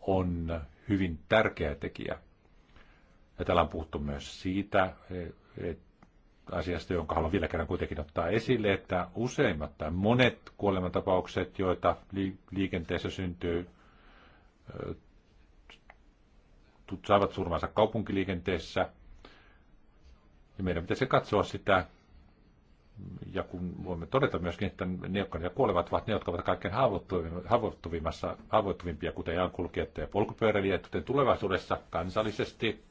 Speaker 1: on hyvin tärkeä tekijä. Ja täällä on puhuttu myös siitä, e, että asiasta, jonka haluan vielä kerran kuitenkin ottaa esille, että useimmat tai monet kuolemantapaukset, joita liikenteessä syntyy, saavat surmansa kaupunkiliikenteessä. Ja meidän pitäisi katsoa sitä, ja kun voimme todeta myöskin, että ne, jotka ne kuolevat, ovat ne, jotka ovat kaikkein haavoittuvimmassa, haavoittuvimpia, kuten jalankulkijat ja polkupyöräilijät, joten tulevaisuudessa kansallisesti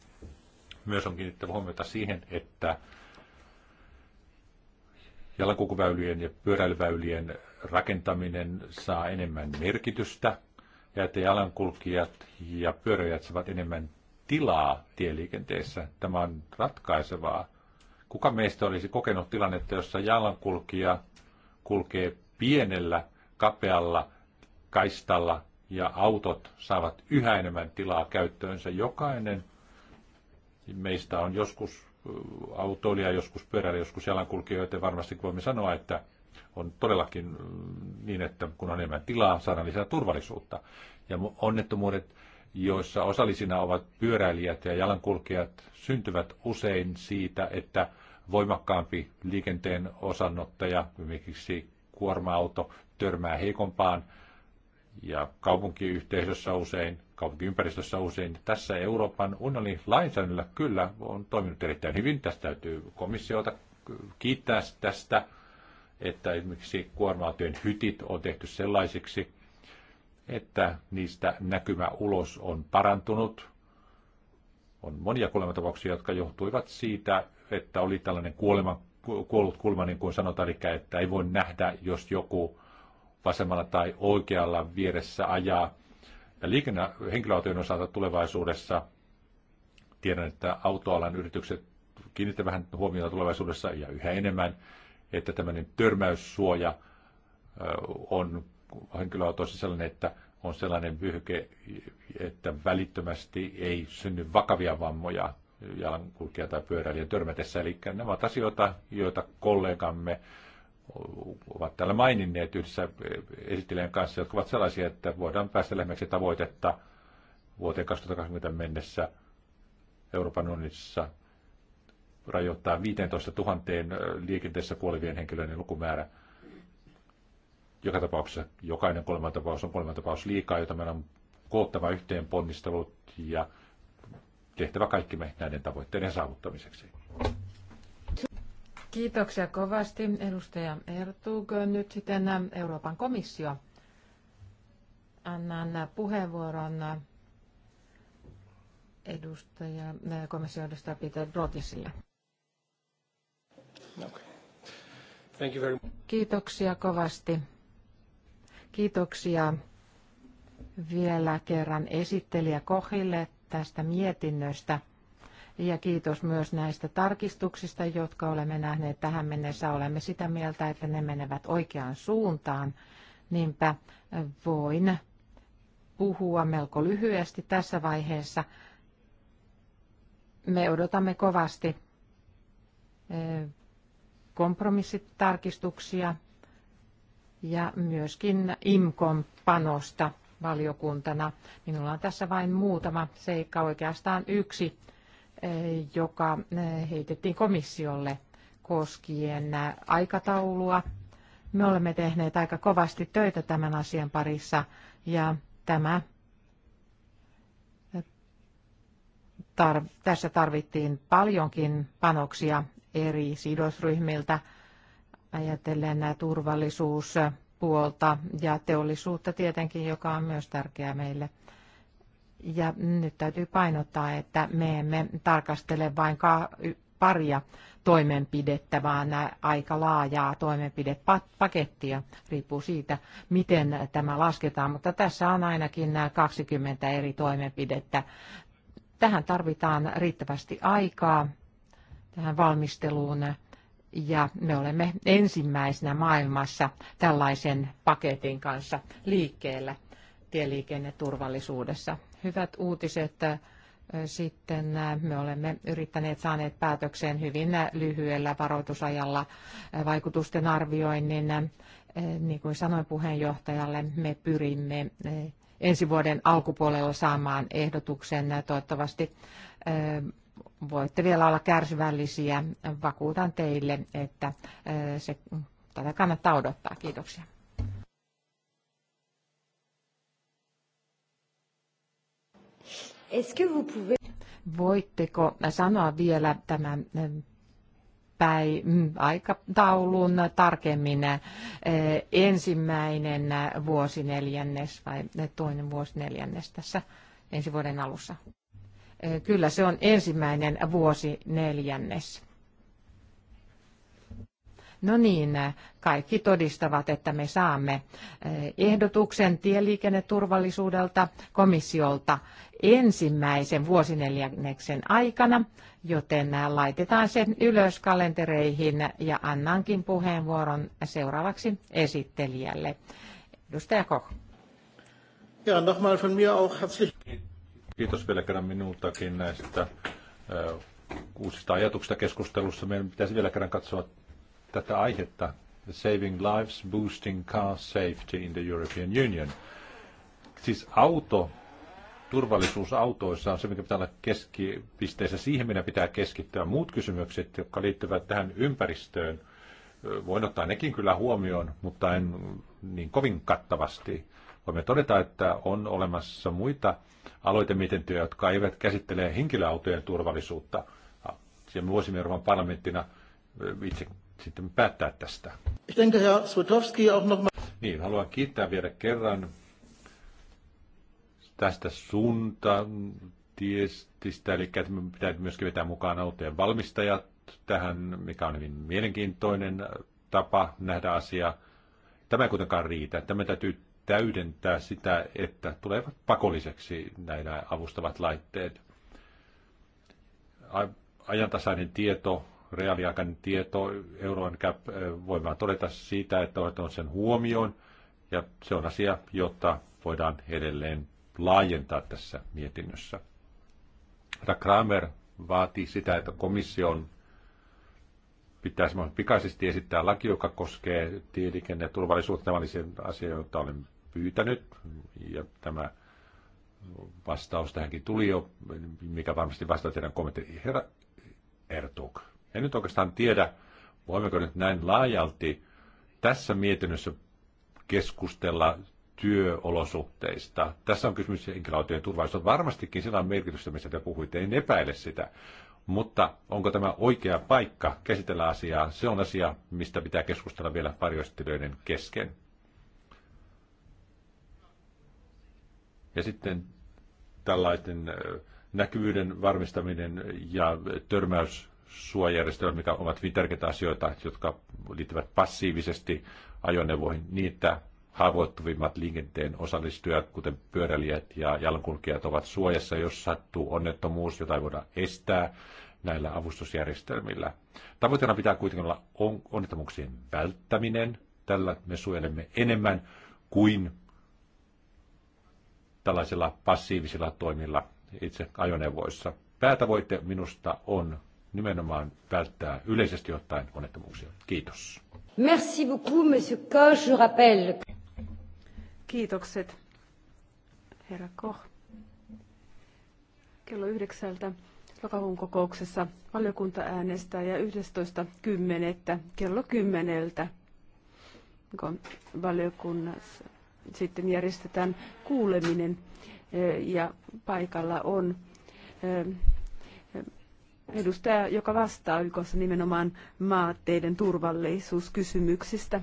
Speaker 1: myös on kiinnittävä huomiota siihen, että jalankulkuväylien ja pyöräilyväylien rakentaminen saa enemmän merkitystä ja että jalankulkijat ja pyöräilijät saavat enemmän tilaa tieliikenteessä. Tämä on ratkaisevaa. Kuka meistä olisi kokenut tilannetta, jossa jalankulkija kulkee pienellä, kapealla kaistalla ja autot saavat yhä enemmän tilaa käyttöönsä. Jokainen meistä on joskus autoilija, joskus pyöräilijä, joskus jalankulkija, joten varmasti voimme sanoa, että on todellakin mm, niin, että kun on enemmän tilaa, saadaan lisää turvallisuutta. Ja onnettomuudet, joissa osallisina ovat pyöräilijät ja jalankulkijat, syntyvät usein siitä, että voimakkaampi liikenteen osanottaja, esimerkiksi kuorma-auto, törmää heikompaan ja kaupunkiyhteisössä usein, kaupunkiympäristössä usein. Tässä Euroopan unionin lainsäädännöllä kyllä on toiminut erittäin hyvin. Tästä täytyy komissiota kiittää tästä, että esimerkiksi kuorma hytit on tehty sellaisiksi, että niistä näkymä ulos on parantunut. On monia kuolematapauksia, jotka johtuivat siitä, että oli tällainen kuolema, kuollut kulma, niin kuin sanotaan, eli että ei voi nähdä, jos joku vasemmalla tai oikealla vieressä ajaa. Ja liikenne henkilöautojen osalta tulevaisuudessa tiedän, että autoalan yritykset kiinnittävät vähän huomiota tulevaisuudessa ja yhä enemmän, että tämmöinen törmäyssuoja on henkilöautoissa sellainen, että on sellainen vyhyke, että välittömästi ei synny vakavia vammoja jalankulkija tai pyöräilijän törmätessä. Eli nämä ovat asioita, joita kollegamme ovat täällä maininneet yhdessä esittelijän kanssa, jotka ovat sellaisia, että voidaan päästä lähemmäksi tavoitetta vuoteen 2020 mennessä Euroopan unionissa rajoittaa 15 000 liikenteessä kuolevien henkilöiden lukumäärä. Joka tapauksessa jokainen kolman tapaus on kolman tapaus liikaa, jota meidän on koottava yhteen ponnistelut ja tehtävä kaikki me näiden tavoitteiden saavuttamiseksi.
Speaker 2: Kiitoksia kovasti edustaja Ertug. Nyt sitten Euroopan komissio. Annan puheenvuoron edustaja, komission edustaja Peter Brotisille.
Speaker 1: Okay. Thank you very much.
Speaker 2: Kiitoksia kovasti. Kiitoksia vielä kerran esittelijä Kohille tästä mietinnöstä. Ja kiitos myös näistä tarkistuksista, jotka olemme nähneet tähän mennessä. Olemme sitä mieltä, että ne menevät oikeaan suuntaan. Niinpä voin puhua melko lyhyesti tässä vaiheessa. Me odotamme kovasti kompromissitarkistuksia ja myöskin IMKON panosta valiokuntana. Minulla on tässä vain muutama seikka, oikeastaan yksi Eh, joka eh, heitettiin komissiolle koskien eh, aikataulua. Me olemme tehneet aika kovasti töitä tämän asian parissa ja tämä tar- tässä tarvittiin paljonkin panoksia eri sidosryhmiltä ajatellen turvallisuuspuolta ja teollisuutta tietenkin, joka on myös tärkeää meille – ja nyt täytyy painottaa, että me emme tarkastele vain paria toimenpidettä, vaan aika laajaa toimenpidepakettia, riippuu siitä, miten tämä lasketaan. Mutta tässä on ainakin nämä 20 eri toimenpidettä. Tähän tarvitaan riittävästi aikaa, tähän valmisteluun, ja me olemme ensimmäisenä maailmassa tällaisen paketin kanssa liikkeellä tieliikenneturvallisuudessa hyvät uutiset sitten me olemme yrittäneet saaneet päätökseen hyvin lyhyellä varoitusajalla vaikutusten arvioinnin. Niin kuin sanoin puheenjohtajalle, me pyrimme ensi vuoden alkupuolella saamaan ehdotuksen. Toivottavasti voitte vielä olla kärsivällisiä. Vakuutan teille, että se, tätä kannattaa odottaa. Kiitoksia. Voitteko sanoa vielä tämän ähm, päi, mm, aikataulun tarkemmin äh, ensimmäinen vuosi neljännes vai äh, toinen vuosi neljännes tässä ensi vuoden alussa? Äh, kyllä se on ensimmäinen vuosi neljännes. No niin, kaikki todistavat, että me saamme eh, ehdotuksen tieliikenneturvallisuudelta komissiolta ensimmäisen vuosineljänneksen aikana, joten laitetaan sen ylös kalentereihin ja annankin puheenvuoron seuraavaksi esittelijälle. Edustaja Koch.
Speaker 1: Ja, nochmal von mir auch herzlich. Kiitos vielä kerran minultakin näistä eh, uusista ajatuksista keskustelussa. Meidän pitäisi vielä kerran katsoa tätä aihetta Saving Lives, Boosting Car Safety in the European Union. Siis auto, turvallisuus autoissa on se, mikä pitää olla keskipisteessä. Siihen meidän pitää keskittyä. Muut kysymykset, jotka liittyvät tähän ympäristöön, voin ottaa nekin kyllä huomioon, mutta en niin kovin kattavasti. Voimme todeta, että on olemassa muita aloitemietintöjä, jotka eivät käsittele henkilöautojen turvallisuutta. Ja me voisimme Euroopan parlamenttina itse sitten päättää tästä. Swetowski Niin, haluan kiittää vielä kerran tästä suunta tiestistä, eli että me pitää myöskin vetää mukaan autojen valmistajat tähän, mikä on hyvin mielenkiintoinen tapa nähdä asia. Tämä ei kuitenkaan riitä. Tämä täytyy täydentää sitä, että tulevat pakolliseksi näillä avustavat laitteet. Ajantasainen tieto reaaliaikainen tieto, euroon cap, voin todeta siitä, että on sen huomioon. Ja se on asia, jota voidaan edelleen laajentaa tässä mietinnössä. Herra Kramer vaatii sitä, että komission pitäisi pikaisesti esittää laki, joka koskee tieliikenneturvallisuutta. Tämä oli se asia, jota olen pyytänyt. Ja tämä vastaus tähänkin tuli jo, mikä varmasti vastaa teidän kommenttiin. Herra Ertug. En nyt oikeastaan tiedä, voimmeko nyt näin laajalti tässä mietinnössä keskustella työolosuhteista. Tässä on kysymys henkilöautojen turvallisuudesta. Varmastikin sillä on merkitystä, mistä te puhuitte, en epäile sitä. Mutta onko tämä oikea paikka käsitellä asiaa? Se on asia, mistä pitää keskustella vielä parjoistelijoiden kesken. Ja sitten tällaisten näkyvyyden varmistaminen ja törmäys suojajärjestelmät, mikä ovat hyvin tärkeitä asioita, jotka liittyvät passiivisesti ajoneuvoihin, niitä haavoittuvimmat liikenteen osallistujat, kuten pyöräilijät ja jalankulkijat, ovat suojassa, jos sattuu onnettomuus, jota ei voida estää näillä avustusjärjestelmillä. Tavoitteena pitää kuitenkin olla onnettomuuksien välttäminen. Tällä me suojelemme enemmän kuin tällaisilla passiivisilla toimilla itse ajoneuvoissa. Päätavoite minusta on nimenomaan välttää yleisesti ottaen onnettomuuksia. Kiitos.
Speaker 3: Merci beaucoup, monsieur Koch, je rappelle. Kiitokset, herra Koch. Kello yhdeksältä lokakuun kokouksessa valiokunta äänestää ja 11.10. kello kymmeneltä valiokunnassa sitten järjestetään kuuleminen eh, ja paikalla on eh, edustaja, joka vastaa YKssa nimenomaan maatteiden turvallisuuskysymyksistä.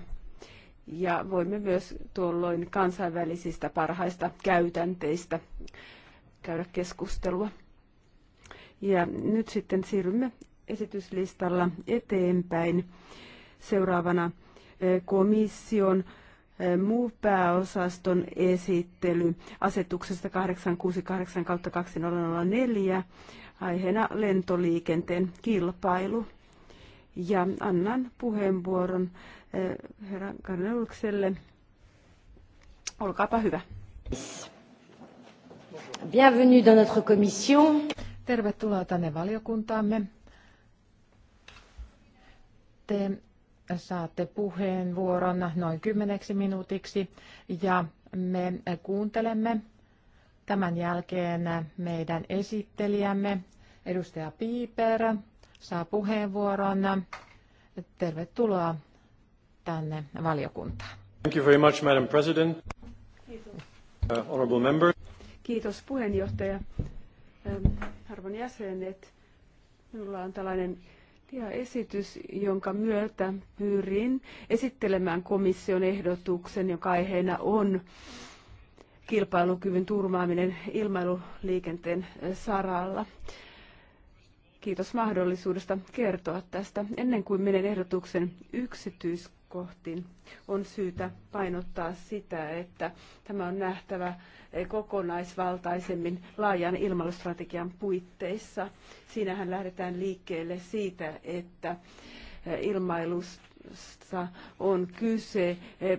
Speaker 3: Ja voimme myös tuolloin kansainvälisistä parhaista käytänteistä käydä keskustelua. Ja nyt sitten siirrymme esityslistalla eteenpäin. Seuraavana eh, komission eh, muu pääosaston esittely asetuksesta 868-2004 aiheena lentoliikenteen kilpailu. Ja annan puheenvuoron eh, herran Karnelukselle. Olkaapa hyvä. Bienvenue dans notre commission.
Speaker 2: Tervetuloa tänne valiokuntaamme. Te saatte puheenvuoron noin kymmeneksi minuutiksi ja me kuuntelemme Tämän jälkeen meidän esittelijämme edustaja Piiper saa puheenvuoron. Tervetuloa tänne valiokuntaan.
Speaker 1: Thank you very much, Madam President. Kiitos. Uh, honorable member.
Speaker 3: Kiitos puheenjohtaja. Ähm, arvon jäsenet, minulla on tällainen esitys, jonka myötä pyrin esittelemään komission ehdotuksen, joka aiheena on kilpailukyvyn turmaaminen ilmailuliikenteen saralla. Kiitos mahdollisuudesta kertoa tästä. Ennen kuin menen ehdotuksen yksityiskohtiin, on syytä painottaa sitä, että tämä on nähtävä kokonaisvaltaisemmin laajan ilmailustrategian puitteissa. Siinähän lähdetään liikkeelle siitä, että ilmailusta Euroopassa on kyse eh,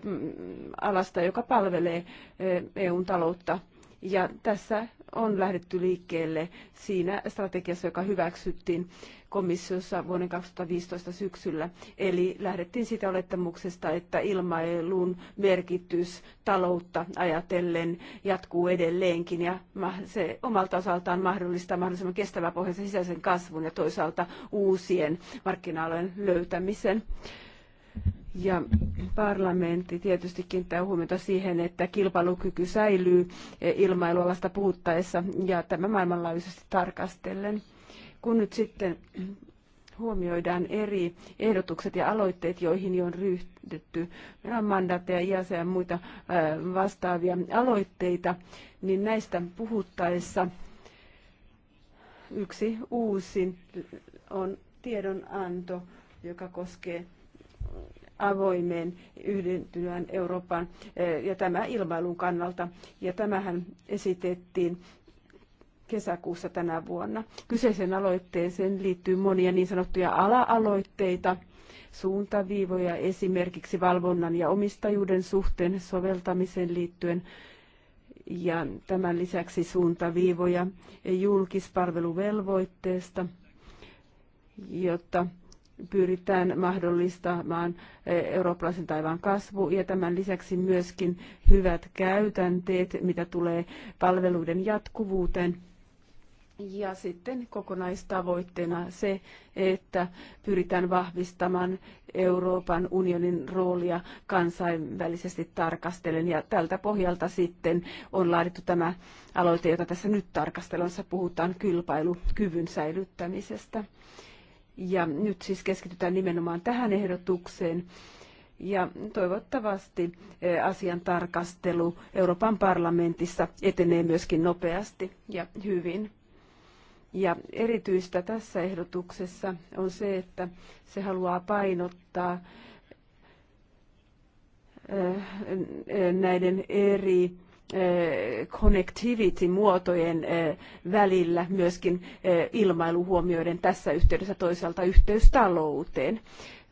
Speaker 3: alasta, joka palvelee eh, EUn taloutta. Ja tässä on lähdetty liikkeelle siinä strategiassa, joka hyväksyttiin komissiossa vuoden 2015 syksyllä. Eli lähdettiin siitä olettamuksesta, että ilmailun merkitys taloutta ajatellen jatkuu edelleenkin ja se omalta osaltaan mahdollistaa mahdollisimman kestävän pohjaisen sisäisen kasvun ja toisaalta uusien markkina alojen löytämisen. Ja parlamentti tietysti kiinnittää huomiota siihen, että kilpailukyky säilyy ilmailualasta puhuttaessa ja tämä maailmanlaajuisesti tarkastellen. Kun nyt sitten huomioidaan eri ehdotukset ja aloitteet, joihin jo on ryhdytty. Meillä on mandaatteja, IASE ja muita vastaavia aloitteita, niin näistä puhuttaessa yksi uusi on tiedonanto, joka koskee avoimeen yhdentyvään Euroopan eh, ja tämä ilmailun kannalta. Ja tämähän esitettiin kesäkuussa tänä vuonna. Kyseisen aloitteeseen liittyy monia niin sanottuja ala-aloitteita, suuntaviivoja esimerkiksi valvonnan ja omistajuuden suhteen soveltamiseen liittyen ja tämän lisäksi suuntaviivoja julkispalveluvelvoitteesta, jotta pyritään mahdollistamaan eurooppalaisen taivaan kasvu ja tämän lisäksi myöskin hyvät käytänteet, mitä tulee palveluiden jatkuvuuteen. Ja sitten kokonaistavoitteena se, että pyritään vahvistamaan Euroopan unionin roolia kansainvälisesti tarkastellen. Ja tältä pohjalta sitten on laadittu tämä aloite, jota tässä nyt tarkastelussa puhutaan kilpailukyvyn säilyttämisestä. Ja nyt siis keskitytään nimenomaan tähän ehdotukseen. Ja toivottavasti eh, asian tarkastelu Euroopan parlamentissa etenee myöskin nopeasti ja hyvin. Ja erityistä tässä ehdotuksessa on se, että se haluaa painottaa eh, eh, näiden eri connectivity-muotojen välillä myöskin ilmailu huomioiden tässä yhteydessä toisaalta yhteys talouteen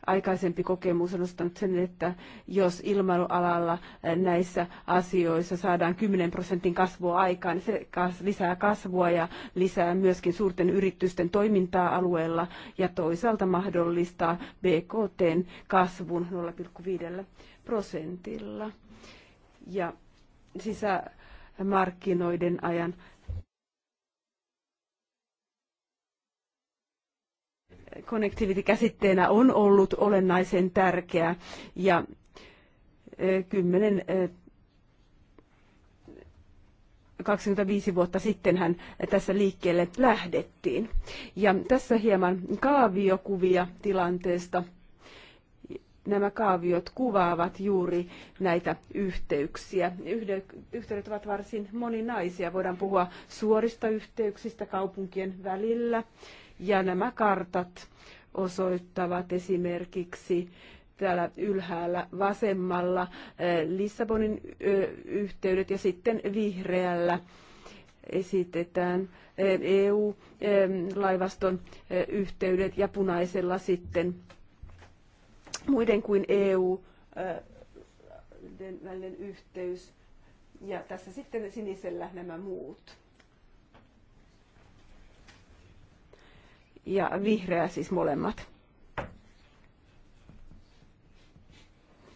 Speaker 3: aikaisempi kokemus on nostanut sen, että jos ilmailualalla näissä asioissa saadaan 10 prosentin kasvua aikaan, niin se lisää kasvua ja lisää myöskin suurten yritysten toimintaa alueella ja toisaalta mahdollistaa BKTn kasvun 0,5 prosentilla. Ja sisämarkkinoiden ajan. Connectivity-käsitteenä on ollut olennaisen tärkeä ja kymmenen 25 vuotta sittenhän tässä liikkeelle lähdettiin. Ja tässä hieman kaaviokuvia tilanteesta – nämä kaaviot kuvaavat juuri näitä yhteyksiä. Yhteydet ovat varsin moninaisia. Voidaan puhua suorista yhteyksistä kaupunkien välillä. Ja nämä kartat osoittavat esimerkiksi täällä ylhäällä vasemmalla eh, Lissabonin yhteydet ja sitten vihreällä esitetään EU-laivaston eh, e eh, yhteydet ja punaisella sitten muiden kuin EU äh, välinen yhteys ja tässä sitten sinisellä nämä muut. Ja vihreä siis molemmat.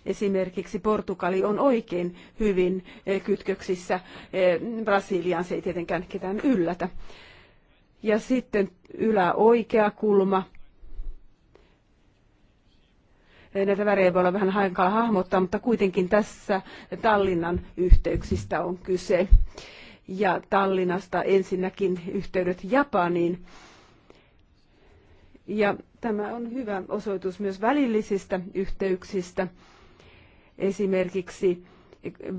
Speaker 3: esimerkiksi Portugali on oikein hyvin äh, kytköksissä äh, Brasilian se ei tietenkään ketään yllätä. Ja sitten yläoikea kulma, näitä värejä voi olla vähän hankala hahmottaa, mutta kuitenkin tässä Tallinnan yhteyksistä on kyse. Ja Tallinnasta ensinnäkin yhteydet Japaniin. Ja tämä on hyvä osoitus myös välillisistä yhteyksistä. Esimerkiksi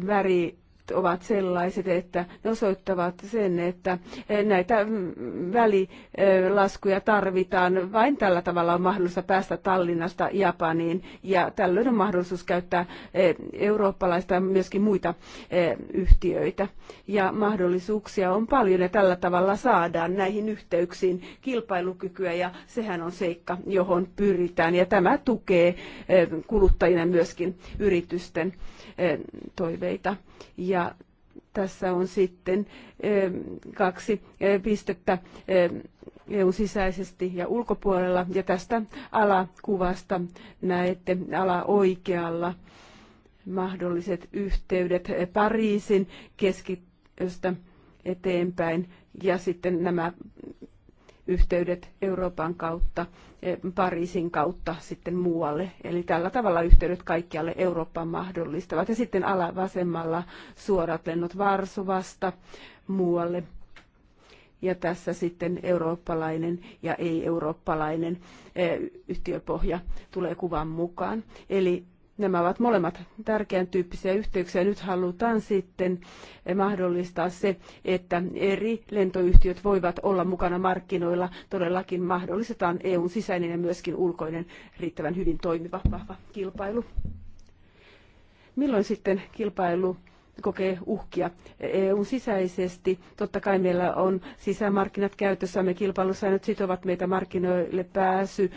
Speaker 3: väri ovat sellaiset, että ne osoittavat sen, että eh, näitä mm, välilaskuja tarvitaan. Vain tällä tavalla on mahdollista päästä Tallinnasta Japaniin ja tällöin on mahdollisuus käyttää eh, eurooppalaista ja myöskin muita eh, yhtiöitä. Ja mahdollisuuksia on paljon ja tällä tavalla saadaan näihin yhteyksiin kilpailukykyä ja sehän on seikka, johon pyritään ja tämä tukee kuluttajina myöskin yritysten toiveita. Ja tässä on sitten kaksi pistettä EUn sisäisesti ja ulkopuolella. Ja tästä alakuvasta näette ala oikealla mahdolliset yhteydet Pariisin keskiöstä eteenpäin ja sitten nämä yhteydet Euroopan kautta, e, Pariisin kautta sitten muualle. Eli tällä tavalla yhteydet kaikkialle Eurooppaan mahdollistavat. Ja sitten alavasemmalla suorat lennot Varsovasta muualle. Ja tässä sitten eurooppalainen ja ei-eurooppalainen e, yhtiöpohja tulee kuvan mukaan. Eli Nämä ovat molemmat tärkeän tyyppisiä yhteyksiä. Nyt halutaan sitten mahdollistaa se, että eri lentoyhtiöt voivat olla mukana markkinoilla. Todellakin mahdollistetaan EUn sisäinen ja myöskin ulkoinen riittävän hyvin toimiva vahva kilpailu. Milloin sitten kilpailu kokee uhkia EUn sisäisesti. Totta kai meillä on sisämarkkinat käytössämme, kilpailusäännöt sitovat meitä markkinoille pääsy,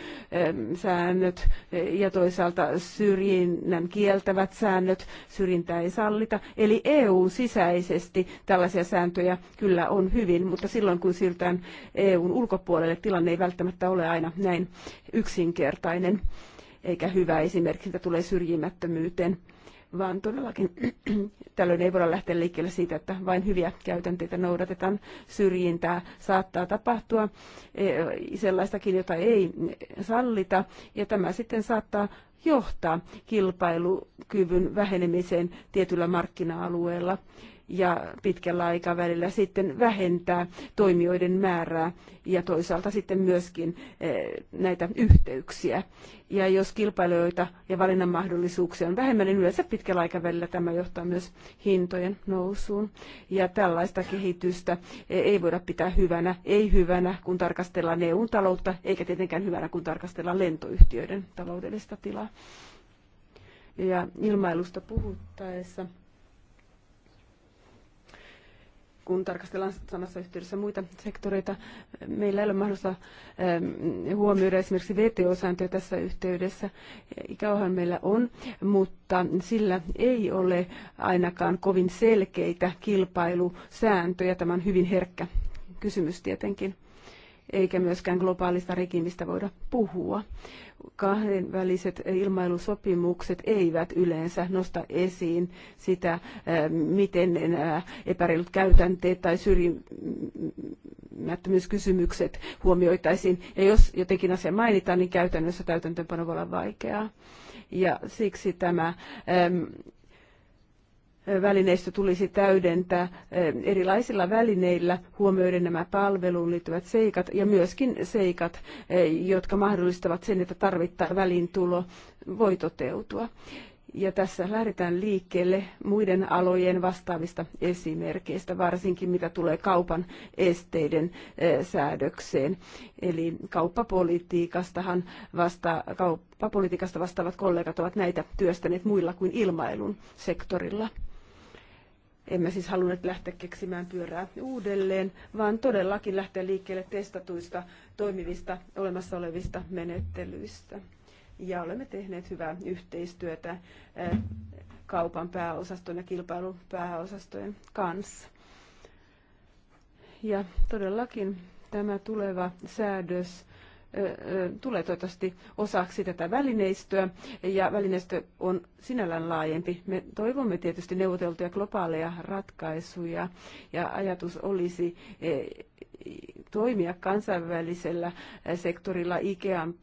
Speaker 3: säännöt e, ja toisaalta syrjinnän kieltävät säännöt, syrjintää ei sallita. Eli EUn sisäisesti tällaisia sääntöjä kyllä on hyvin, mutta silloin kun siirrytään EUn ulkopuolelle, tilanne ei välttämättä ole aina näin yksinkertainen eikä hyvä esimerkiksi, tulee syrjimättömyyteen vaan todellakin tällöin ei voida lähteä liikkeelle siitä, että vain hyviä käytänteitä noudatetaan. Syrjintää saattaa tapahtua e, sellaistakin, jota ei sallita, ja tämä sitten saattaa johtaa kilpailukyvyn vähenemiseen tietyllä markkina-alueella ja pitkällä aikavälillä sitten vähentää toimijoiden määrää ja toisaalta sitten myöskin eh, näitä yhteyksiä. Ja jos kilpailijoita ja valinnan mahdollisuuksia on vähemmän, niin yleensä pitkällä aikavälillä tämä johtaa myös hintojen nousuun. Ja tällaista kehitystä eh, ei voida pitää hyvänä, ei hyvänä, kun tarkastellaan eu taloutta, eikä tietenkään hyvänä, kun tarkastellaan lentoyhtiöiden taloudellista tilaa. Ja ilmailusta puhuttaessa kun tarkastellaan samassa yhteydessä muita sektoreita, meillä ei ole mahdollista ähm, huomioida esimerkiksi VTO-sääntöjä tässä yhteydessä. Ikäohan meillä on, mutta sillä ei ole ainakaan kovin selkeitä kilpailusääntöjä. Tämä on hyvin herkkä kysymys tietenkin eikä myöskään globaalista rikimistä voida puhua kahdenväliset ilmailusopimukset eivät yleensä nosta esiin sitä, miten epäreilut käytänteet tai syrjimättömyyskysymykset huomioitaisiin. Ja jos jotenkin asia mainitaan, niin käytännössä täytäntöönpano voi olla vaikeaa. Ja siksi tämä välineistö tulisi täydentää eh, erilaisilla välineillä huomioiden nämä palveluun liittyvät seikat ja myöskin seikat, eh, jotka mahdollistavat sen, että tarvittava välintulo voi toteutua. Ja tässä lähdetään liikkeelle muiden alojen vastaavista esimerkkeistä, varsinkin mitä tulee kaupan esteiden eh, säädökseen. Eli kauppapolitiikastahan vasta, kauppapolitiikasta vastaavat kollegat ovat näitä työstäneet muilla kuin ilmailun sektorilla. Emme siis halunneet lähteä keksimään pyörää uudelleen, vaan todellakin lähteä liikkeelle testatuista, toimivista, olemassa olevista menettelyistä. Ja olemme tehneet hyvää yhteistyötä eh, kaupan pääosaston ja kilpailupääosastojen kanssa. Ja todellakin tämä tuleva säädös tulee toivottavasti osaksi tätä välineistöä, ja välineistö on sinällään laajempi. Me toivomme tietysti neuvoteltuja globaaleja ratkaisuja, ja ajatus olisi e, toimia kansainvälisellä e, sektorilla IKEAn,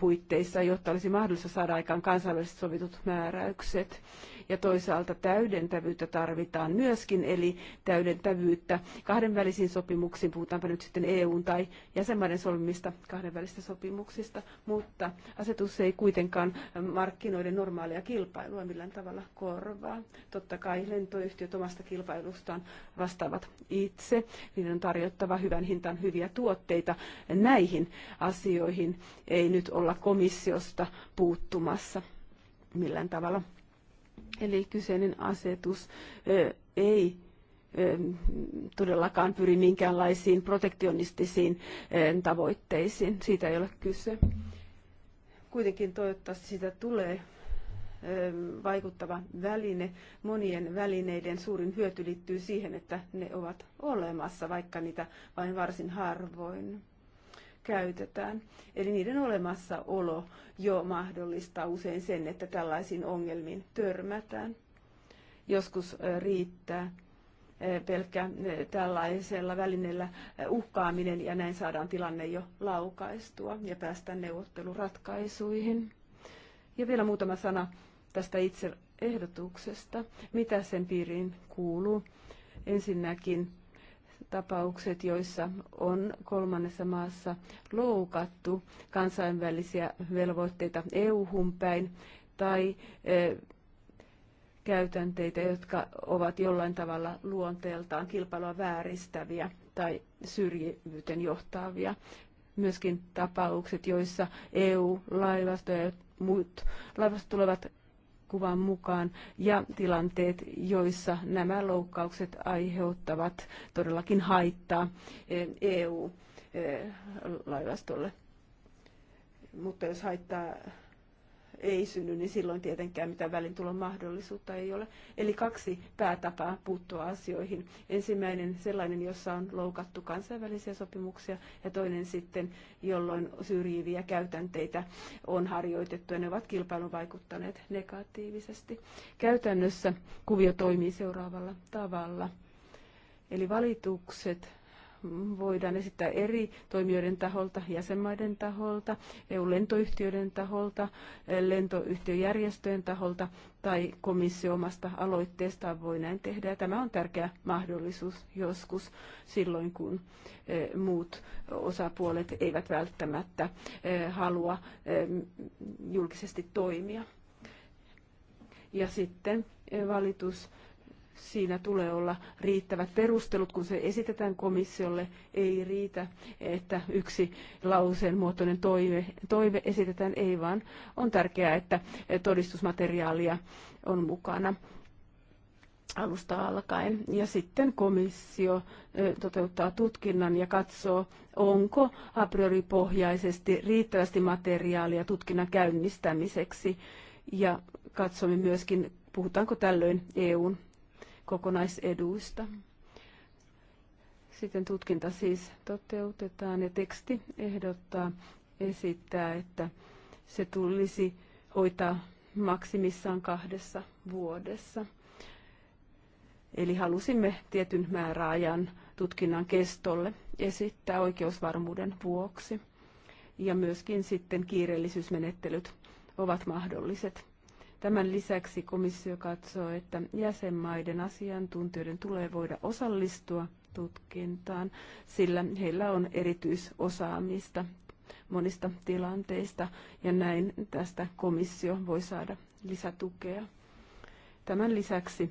Speaker 3: puitteissa, jotta olisi mahdollista saada aikaan kansainväliset sovitut määräykset ja toisaalta täydentävyyttä tarvitaan myöskin, eli täydentävyyttä kahdenvälisiin sopimuksiin, puhutaanpa nyt sitten EUn tai jäsenmaiden solmimista kahdenvälisistä sopimuksista, mutta asetus ei kuitenkaan markkinoiden normaalia kilpailua millään tavalla korvaa. Totta kai lentoyhtiöt omasta kilpailustaan vastaavat itse, niiden on tarjottava hyvän hintaan hyviä tuotteita. Näihin asioihin ei nyt olla komissiosta puuttumassa millään tavalla. Eli kyseinen asetus ei todellakaan pyri minkäänlaisiin protektionistisiin tavoitteisiin. Siitä ei ole kyse. Kuitenkin toivottavasti siitä tulee vaikuttava väline. Monien välineiden suurin hyöty liittyy siihen, että ne ovat olemassa, vaikka niitä vain varsin harvoin käytetään. Eli niiden olemassaolo jo mahdollistaa usein sen, että tällaisiin ongelmiin törmätään. Joskus riittää pelkkä tällaisella välineellä uhkaaminen ja näin saadaan tilanne jo laukaistua ja päästään neuvotteluratkaisuihin. Ja vielä muutama sana tästä itse ehdotuksesta, mitä sen piiriin kuuluu. Ensinnäkin tapaukset, joissa on kolmannessa maassa loukattu kansainvälisiä velvoitteita EU-hun päin tai e, käytänteitä, jotka ovat jollain tavalla luonteeltaan kilpailua vääristäviä tai syrjivyyteen johtavia. Myöskin tapaukset, joissa EU-laivasto ja muut laivastot tulevat kuvan mukaan ja tilanteet, joissa nämä loukkaukset aiheuttavat todellakin haittaa EU-laivastolle. Eh, e eh, Mutta jos haittaa ei synny, niin silloin tietenkään mitään välintulon mahdollisuutta ei ole. Eli kaksi päätapaa puuttua asioihin. Ensimmäinen sellainen, jossa on loukattu kansainvälisiä sopimuksia, ja toinen sitten, jolloin syrjiviä käytänteitä on harjoitettu, ja ne ovat kilpailun vaikuttaneet negatiivisesti. Käytännössä kuvio toimii seuraavalla tavalla. Eli valitukset voidaan esittää eri toimijoiden taholta, jäsenmaiden taholta, EU-lentoyhtiöiden taholta, lentoyhtiöjärjestöjen taholta tai komissio omasta aloitteestaan voi näin tehdä. Ja tämä on tärkeä mahdollisuus joskus silloin, kun eh, muut osapuolet eivät välttämättä eh, halua eh, julkisesti toimia. Ja sitten valitus siinä tulee olla riittävät perustelut, kun se esitetään komissiolle. Ei riitä, että yksi lauseen muotoinen toive, toive esitetään, ei vaan on tärkeää, että todistusmateriaalia on mukana alusta alkaen. Ja sitten komissio toteuttaa tutkinnan ja katsoo, onko a priori pohjaisesti riittävästi materiaalia tutkinnan käynnistämiseksi. Ja katsomme myöskin, puhutaanko tällöin EUn kokonaiseduista. Sitten tutkinta siis toteutetaan ja teksti ehdottaa esittää, että se tulisi hoitaa maksimissaan kahdessa vuodessa. Eli halusimme tietyn määräajan tutkinnan kestolle esittää oikeusvarmuuden vuoksi. Ja myöskin sitten kiireellisyysmenettelyt ovat mahdolliset Tämän lisäksi komissio katsoo, että jäsenmaiden asiantuntijoiden tulee voida osallistua tutkintaan, sillä heillä on erityisosaamista monista tilanteista ja näin tästä komissio voi saada lisätukea. Tämän lisäksi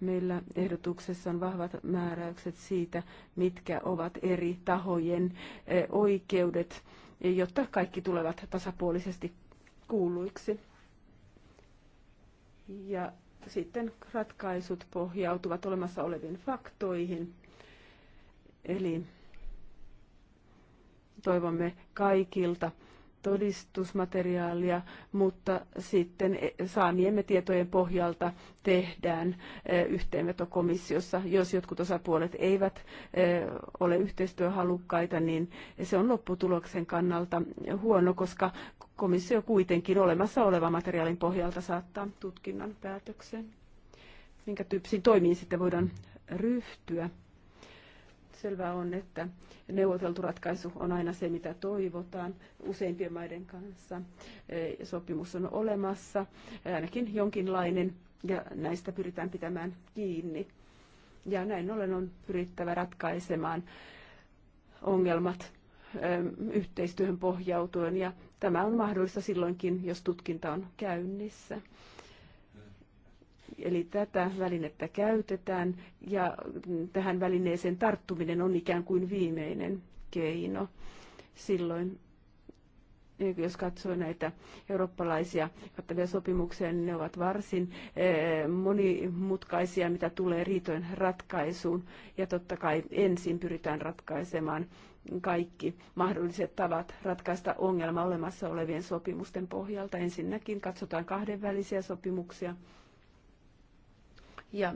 Speaker 3: meillä ehdotuksessa on vahvat määräykset siitä, mitkä ovat eri tahojen eh, oikeudet, jotta kaikki tulevat tasapuolisesti kuuluiksi ja sitten ratkaisut pohjautuvat olemassa oleviin faktoihin. Eli toivomme kaikilta todistusmateriaalia, mutta sitten e, saamiemme tietojen pohjalta tehdään e, yhteenvetokomissiossa. Jos jotkut osapuolet eivät e, ole yhteistyöhalukkaita, niin se on lopputuloksen kannalta huono, koska komissio kuitenkin olemassa olevan materiaalin pohjalta saattaa tutkinnan päätöksen. Minkä tyyppisiin toimiin sitten voidaan ryhtyä? Selvää on, että neuvoteltu ratkaisu on aina se, mitä toivotaan useimpien maiden kanssa. E, sopimus on olemassa, e, ainakin jonkinlainen, ja näistä pyritään pitämään kiinni. Ja näin ollen on pyrittävä ratkaisemaan ongelmat e, yhteistyöhön pohjautuen ja Tämä on mahdollista silloinkin, jos tutkinta on käynnissä. Eli tätä välinettä käytetään ja tähän välineeseen tarttuminen on ikään kuin viimeinen keino. Silloin jos katsoo näitä eurooppalaisia kattavia sopimuksia, niin ne ovat varsin eh, monimutkaisia, mitä tulee riitojen ratkaisuun. Ja totta kai ensin pyritään ratkaisemaan kaikki mahdolliset tavat ratkaista ongelma olemassa olevien sopimusten pohjalta. Ensinnäkin katsotaan kahdenvälisiä sopimuksia ja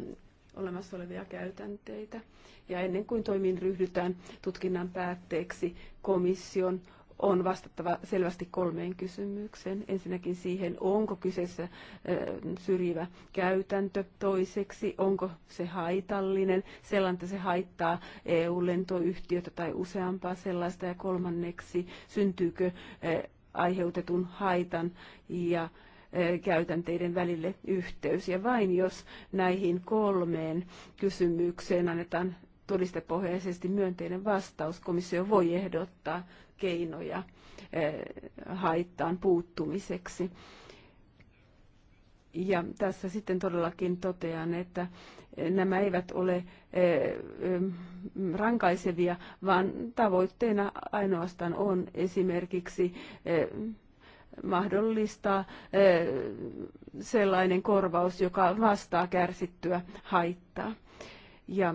Speaker 3: olemassa olevia käytänteitä. Ja ennen kuin toimiin ryhdytään tutkinnan päätteeksi, komission on vastattava selvästi kolmeen kysymykseen. Ensinnäkin siihen, onko kyseessä syrjivä käytäntö. Toiseksi, onko se haitallinen, sellainen, että se haittaa EU-lentoyhtiötä tai useampaa sellaista. Ja kolmanneksi, syntyykö aiheutetun haitan ja käytänteiden välille yhteys. Ja vain jos näihin kolmeen kysymykseen annetaan todistepohjaisesti myönteinen vastaus, komissio voi ehdottaa keinoja eh, haittaan puuttumiseksi. Ja tässä sitten todellakin totean, että nämä eivät ole eh, rankaisevia, vaan tavoitteena ainoastaan on esimerkiksi eh, mahdollistaa sellainen korvaus, joka vastaa kärsittyä haittaa. Ja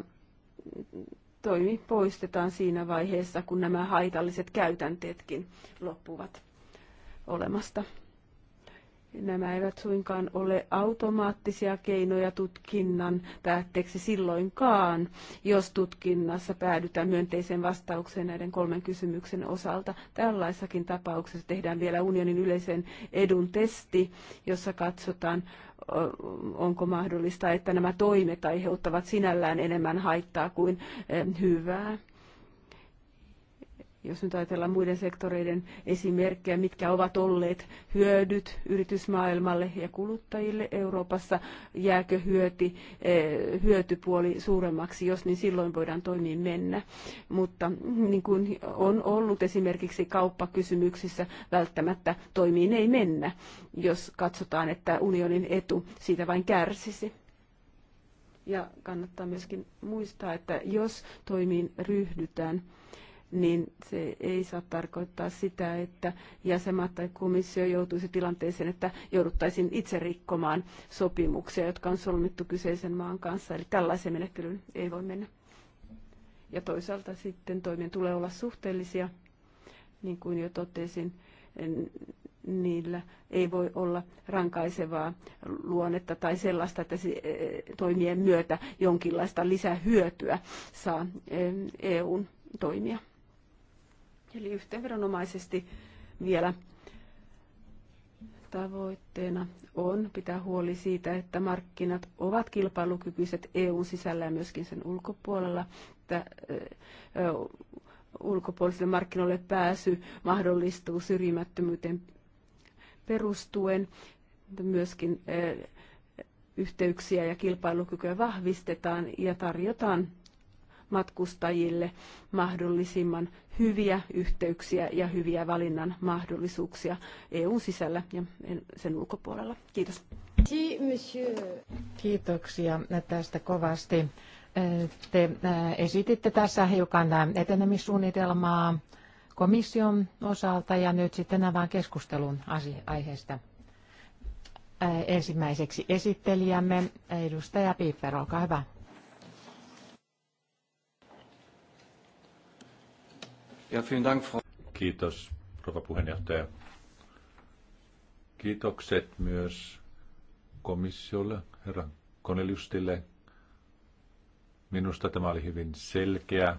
Speaker 3: toimi poistetaan siinä vaiheessa, kun nämä haitalliset käytänteetkin loppuvat olemasta. Nämä eivät suinkaan ole automaattisia keinoja tutkinnan päätteeksi silloinkaan, jos tutkinnassa päädytään myönteiseen vastaukseen näiden kolmen kysymyksen osalta. Tällaisakin tapauksessa tehdään vielä unionin yleisen edun testi, jossa katsotaan, onko mahdollista, että nämä toimet aiheuttavat sinällään enemmän haittaa kuin hyvää jos nyt ajatellaan muiden sektoreiden esimerkkejä, mitkä ovat olleet hyödyt yritysmaailmalle ja kuluttajille Euroopassa, jääkö hyöti, eh, hyötypuoli suuremmaksi, jos niin silloin voidaan toimiin mennä. Mutta niin kuin on ollut esimerkiksi kauppakysymyksissä, välttämättä toimiin ei mennä, jos katsotaan, että unionin etu siitä vain kärsisi. Ja kannattaa myöskin muistaa, että jos toimiin ryhdytään, niin se ei saa tarkoittaa sitä, että jäsenmaat tai komissio joutuisi tilanteeseen, että jouduttaisiin itse rikkomaan sopimuksia, jotka on solmittu kyseisen maan kanssa. Eli tällaiseen menettelyyn ei voi mennä. Ja toisaalta sitten toimien tulee olla suhteellisia, niin kuin jo totesin, niillä ei voi olla rankaisevaa luonnetta tai sellaista, että e, toimien myötä jonkinlaista lisähyötyä saa EUn e toimia. Eli yhteenvedonomaisesti vielä tavoitteena on pitää huoli siitä, että markkinat ovat kilpailukykyiset EUn sisällä ja myöskin sen ulkopuolella. Että, ulkopuolisille markkinoille pääsy mahdollistuu syrjimättömyyteen perustuen, myöskin yhteyksiä ja kilpailukykyä vahvistetaan ja tarjotaan matkustajille mahdollisimman hyviä yhteyksiä ja hyviä valinnan mahdollisuuksia EUn sisällä ja sen ulkopuolella. Kiitos. Kiitoksia
Speaker 2: tästä kovasti. Te eh, esititte tässä hiukan eh, etenemissuunnitelmaa komission osalta ja nyt sitten avaan keskustelun aiheesta. Eh, ensimmäiseksi esittelijämme edustaja Piipper, olkaa hyvä.
Speaker 1: Ja dank, Frau. Kiitos, rouva puheenjohtaja. Kiitokset myös komissiolle, herra Koneliustille. Minusta tämä oli hyvin selkeä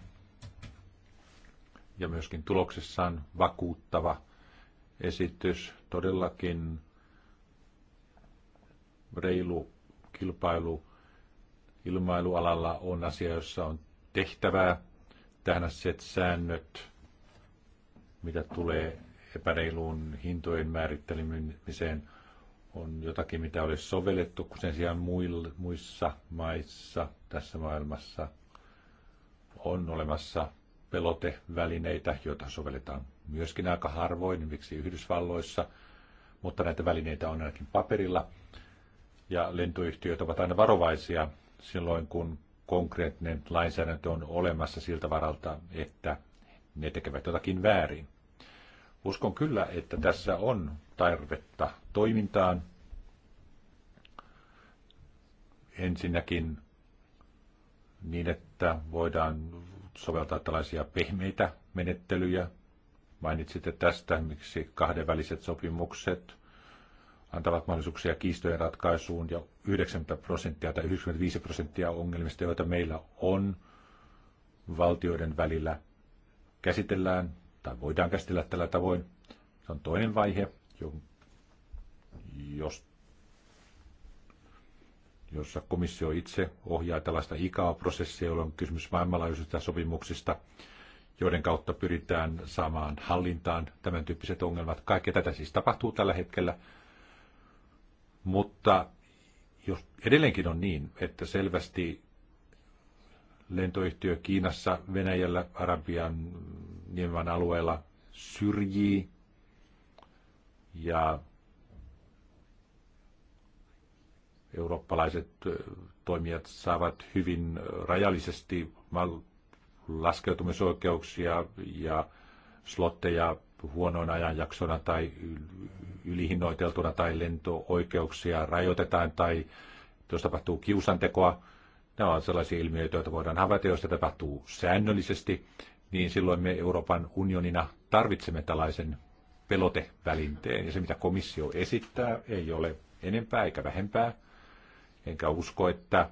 Speaker 1: ja myöskin tuloksessaan vakuuttava esitys. Todellakin reilu kilpailu ilmailualalla on asia, jossa on tehtävää. Tähän säännöt mitä tulee epäreiluun hintojen määrittelemiseen, on jotakin, mitä olisi sovellettu, kun sen sijaan muissa maissa tässä maailmassa on olemassa pelotevälineitä, joita sovelletaan myöskin aika harvoin, miksi Yhdysvalloissa, mutta näitä välineitä on ainakin paperilla. Ja lentoyhtiöt ovat aina varovaisia silloin, kun konkreettinen lainsäädäntö on olemassa siltä varalta, että ne tekevät jotakin väärin. Uskon kyllä, että tässä on tarvetta toimintaan. Ensinnäkin niin, että voidaan soveltaa tällaisia pehmeitä menettelyjä. Mainitsitte tästä, miksi kahdenväliset sopimukset antavat mahdollisuuksia kiistojen ratkaisuun ja 90 prosenttia tai 95 prosenttia ongelmista, joita meillä on valtioiden välillä, käsitellään tai voidaan käsitellä tällä tavoin. Se on toinen vaihe, jos, jossa komissio itse ohjaa tällaista ICAO-prosessia, jolloin on kysymys maailmanlaajuisista sopimuksista, joiden kautta pyritään saamaan hallintaan tämän tyyppiset ongelmat. Kaikkea tätä siis tapahtuu tällä hetkellä. Mutta jos edelleenkin on niin, että selvästi lentoyhtiö Kiinassa, Venäjällä, Arabian Niemen alueella syrjii ja eurooppalaiset toimijat saavat hyvin rajallisesti laskeutumisoikeuksia ja slotteja huonoina ajanjaksona tai ylihinnoiteltuna tai lentooikeuksia rajoitetaan tai jos tapahtuu kiusantekoa, Nämä ovat sellaisia ilmiöitä, joita voidaan havaita, jos tapahtuu säännöllisesti, niin silloin me Euroopan unionina tarvitsemme tällaisen pelotevälinteen. Ja se, mitä komissio esittää, ei ole enempää eikä vähempää. Enkä usko, että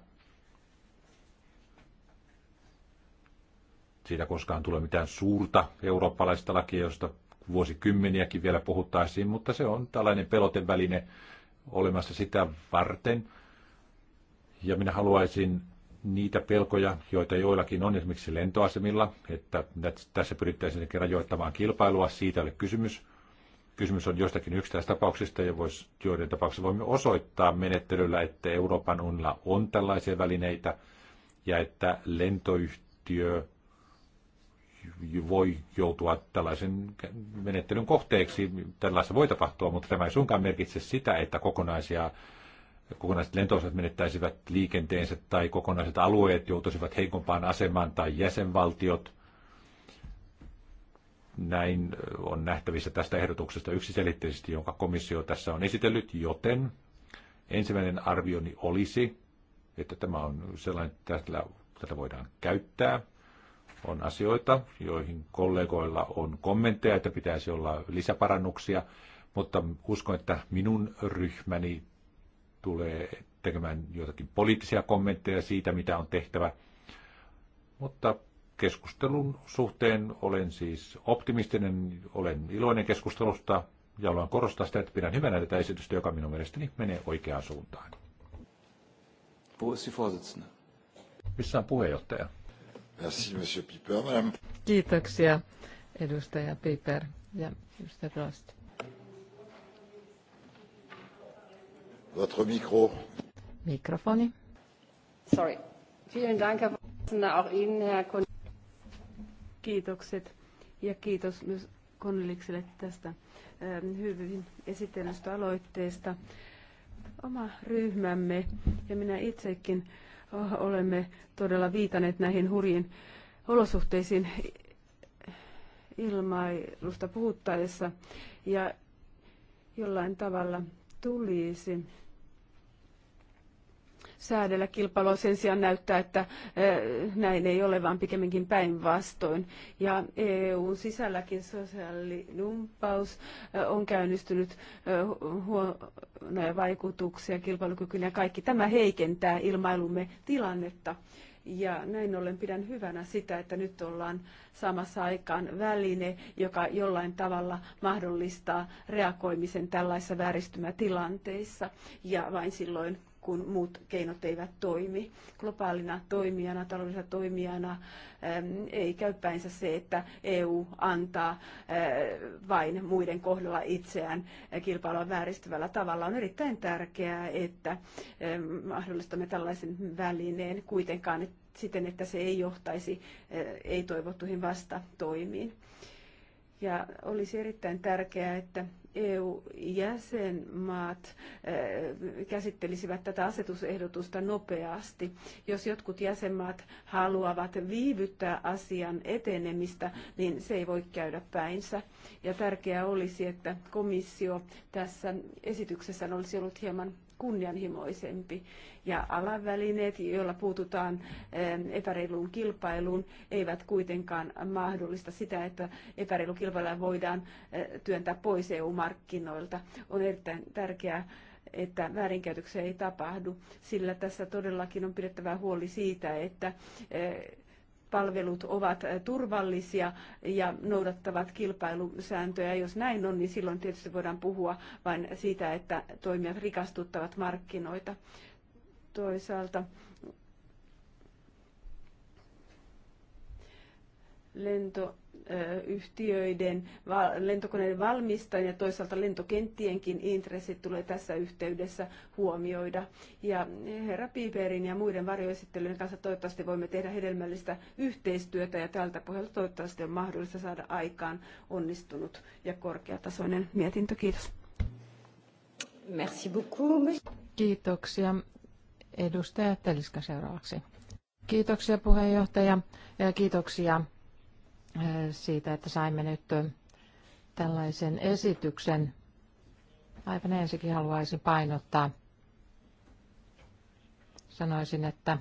Speaker 1: siitä koskaan tulee mitään suurta eurooppalaista lakia, josta vuosikymmeniäkin vielä puhuttaisiin, mutta se on tällainen peloteväline olemassa sitä varten, ja minä haluaisin niitä pelkoja, joita joillakin on esimerkiksi lentoasemilla, että tässä pyrittäisiin rajoittamaan kilpailua, siitä ei ole kysymys. Kysymys on jostakin yksittäistapauksista, ja vois, joiden tapauksessa voimme osoittaa menettelyllä, että Euroopan unilla on tällaisia välineitä, ja että lentoyhtiö voi joutua tällaisen menettelyn kohteeksi. Tällaista voi tapahtua, mutta tämä ei suinkaan merkitse sitä, että kokonaisia kokonaiset lentoosat menettäisivät liikenteensä tai kokonaiset alueet joutuisivat heikompaan asemaan tai jäsenvaltiot. Näin on nähtävissä tästä ehdotuksesta yksiselitteisesti, jonka komissio tässä on esitellyt, joten ensimmäinen arvioni olisi, että tämä on sellainen, että tätä, tätä voidaan käyttää. On asioita, joihin kollegoilla on kommentteja, että pitäisi olla lisäparannuksia, mutta uskon, että minun ryhmäni tulee tekemään jotakin poliittisia kommentteja siitä, mitä on tehtävä. Mutta keskustelun suhteen olen siis optimistinen, olen iloinen keskustelusta ja haluan korostaa sitä, että pidän hyvänä tätä esitystä, joka minun mielestäni menee oikeaan suuntaan. Missä on puheenjohtaja? Merci, monsieur Piper,
Speaker 2: Kiitoksia, edustaja Piper ja edustaja Rost.
Speaker 4: Votre micro.
Speaker 2: Mikrofoni.
Speaker 3: Sorry. Vielen Dank, Herr auch Ihnen, Herr Kun- Kiitokset ja kiitos myös Konnelikselle tästä ähm, hyvin esitellystä aloitteesta. Oma ryhmämme ja minä itsekin oh, olemme todella viitaneet näihin hurjiin olosuhteisiin ilmailusta puhuttaessa ja jollain tavalla – tulisi säädellä kilpailua sen sijaan näyttää, että eh, näin ei ole, vaan pikemminkin päinvastoin. Ja EUn sisälläkin sosiaalidumppaus eh, on käynnistynyt eh, huonoja vaikutuksia kilpailukykyyn ja kaikki tämä heikentää ilmailumme tilannetta ja näin ollen pidän hyvänä sitä, että nyt ollaan samassa aikaan väline, joka jollain tavalla mahdollistaa reagoimisen tällaisissa vääristymätilanteissa. Ja vain silloin kun muut keinot eivät toimi. Globaalina toimijana, taloudellisena toimijana ähm, ei käy päinsä se, että EU antaa äh, vain muiden kohdalla itseään kilpailua vääristyvällä tavalla. On erittäin tärkeää, että ähm, mahdollistamme tällaisen välineen kuitenkaan siten, että se ei johtaisi äh, ei-toivottuihin vastatoimiin. Ja olisi erittäin tärkeää, että EU-jäsenmaat eh, käsittelisivät tätä asetusehdotusta nopeasti. Jos jotkut jäsenmaat haluavat viivyttää asian etenemistä, niin se ei voi käydä päinsä. Ja tärkeää olisi, että komissio tässä esityksessä olisi ollut hieman kunnianhimoisempi. Ja alavälineet, joilla puututaan epäreiluun kilpailuun, eivät kuitenkaan mahdollista sitä, että epäreilu kilpailuja voidaan eh, työntää pois EU-markkinoilta. On erittäin tärkeää että väärinkäytöksiä ei tapahdu, sillä tässä todellakin on pidettävä huoli siitä, että eh, palvelut ovat turvallisia ja noudattavat kilpailusääntöjä. Jos näin on, niin silloin tietysti voidaan puhua vain siitä, että toimijat rikastuttavat markkinoita. Toisaalta lento yhtiöiden, lentokoneiden valmistajien ja toisaalta lentokenttienkin intressit tulee tässä yhteydessä huomioida. Ja eh, herra Piiperin ja muiden varjoesittelyjen kanssa toivottavasti voimme tehdä hedelmällistä yhteistyötä ja tältä pohjalta toivottavasti on mahdollista saada aikaan onnistunut ja korkeatasoinen mietintö. Kiitos. Merci
Speaker 2: beaucoup. Kiitoksia. Edustaja Teliska seuraavaksi. Kiitoksia puheenjohtaja ja kiitoksia siitä, että saimme nyt tällaisen esityksen. Aivan ensikin haluaisin painottaa. Sanoisin, että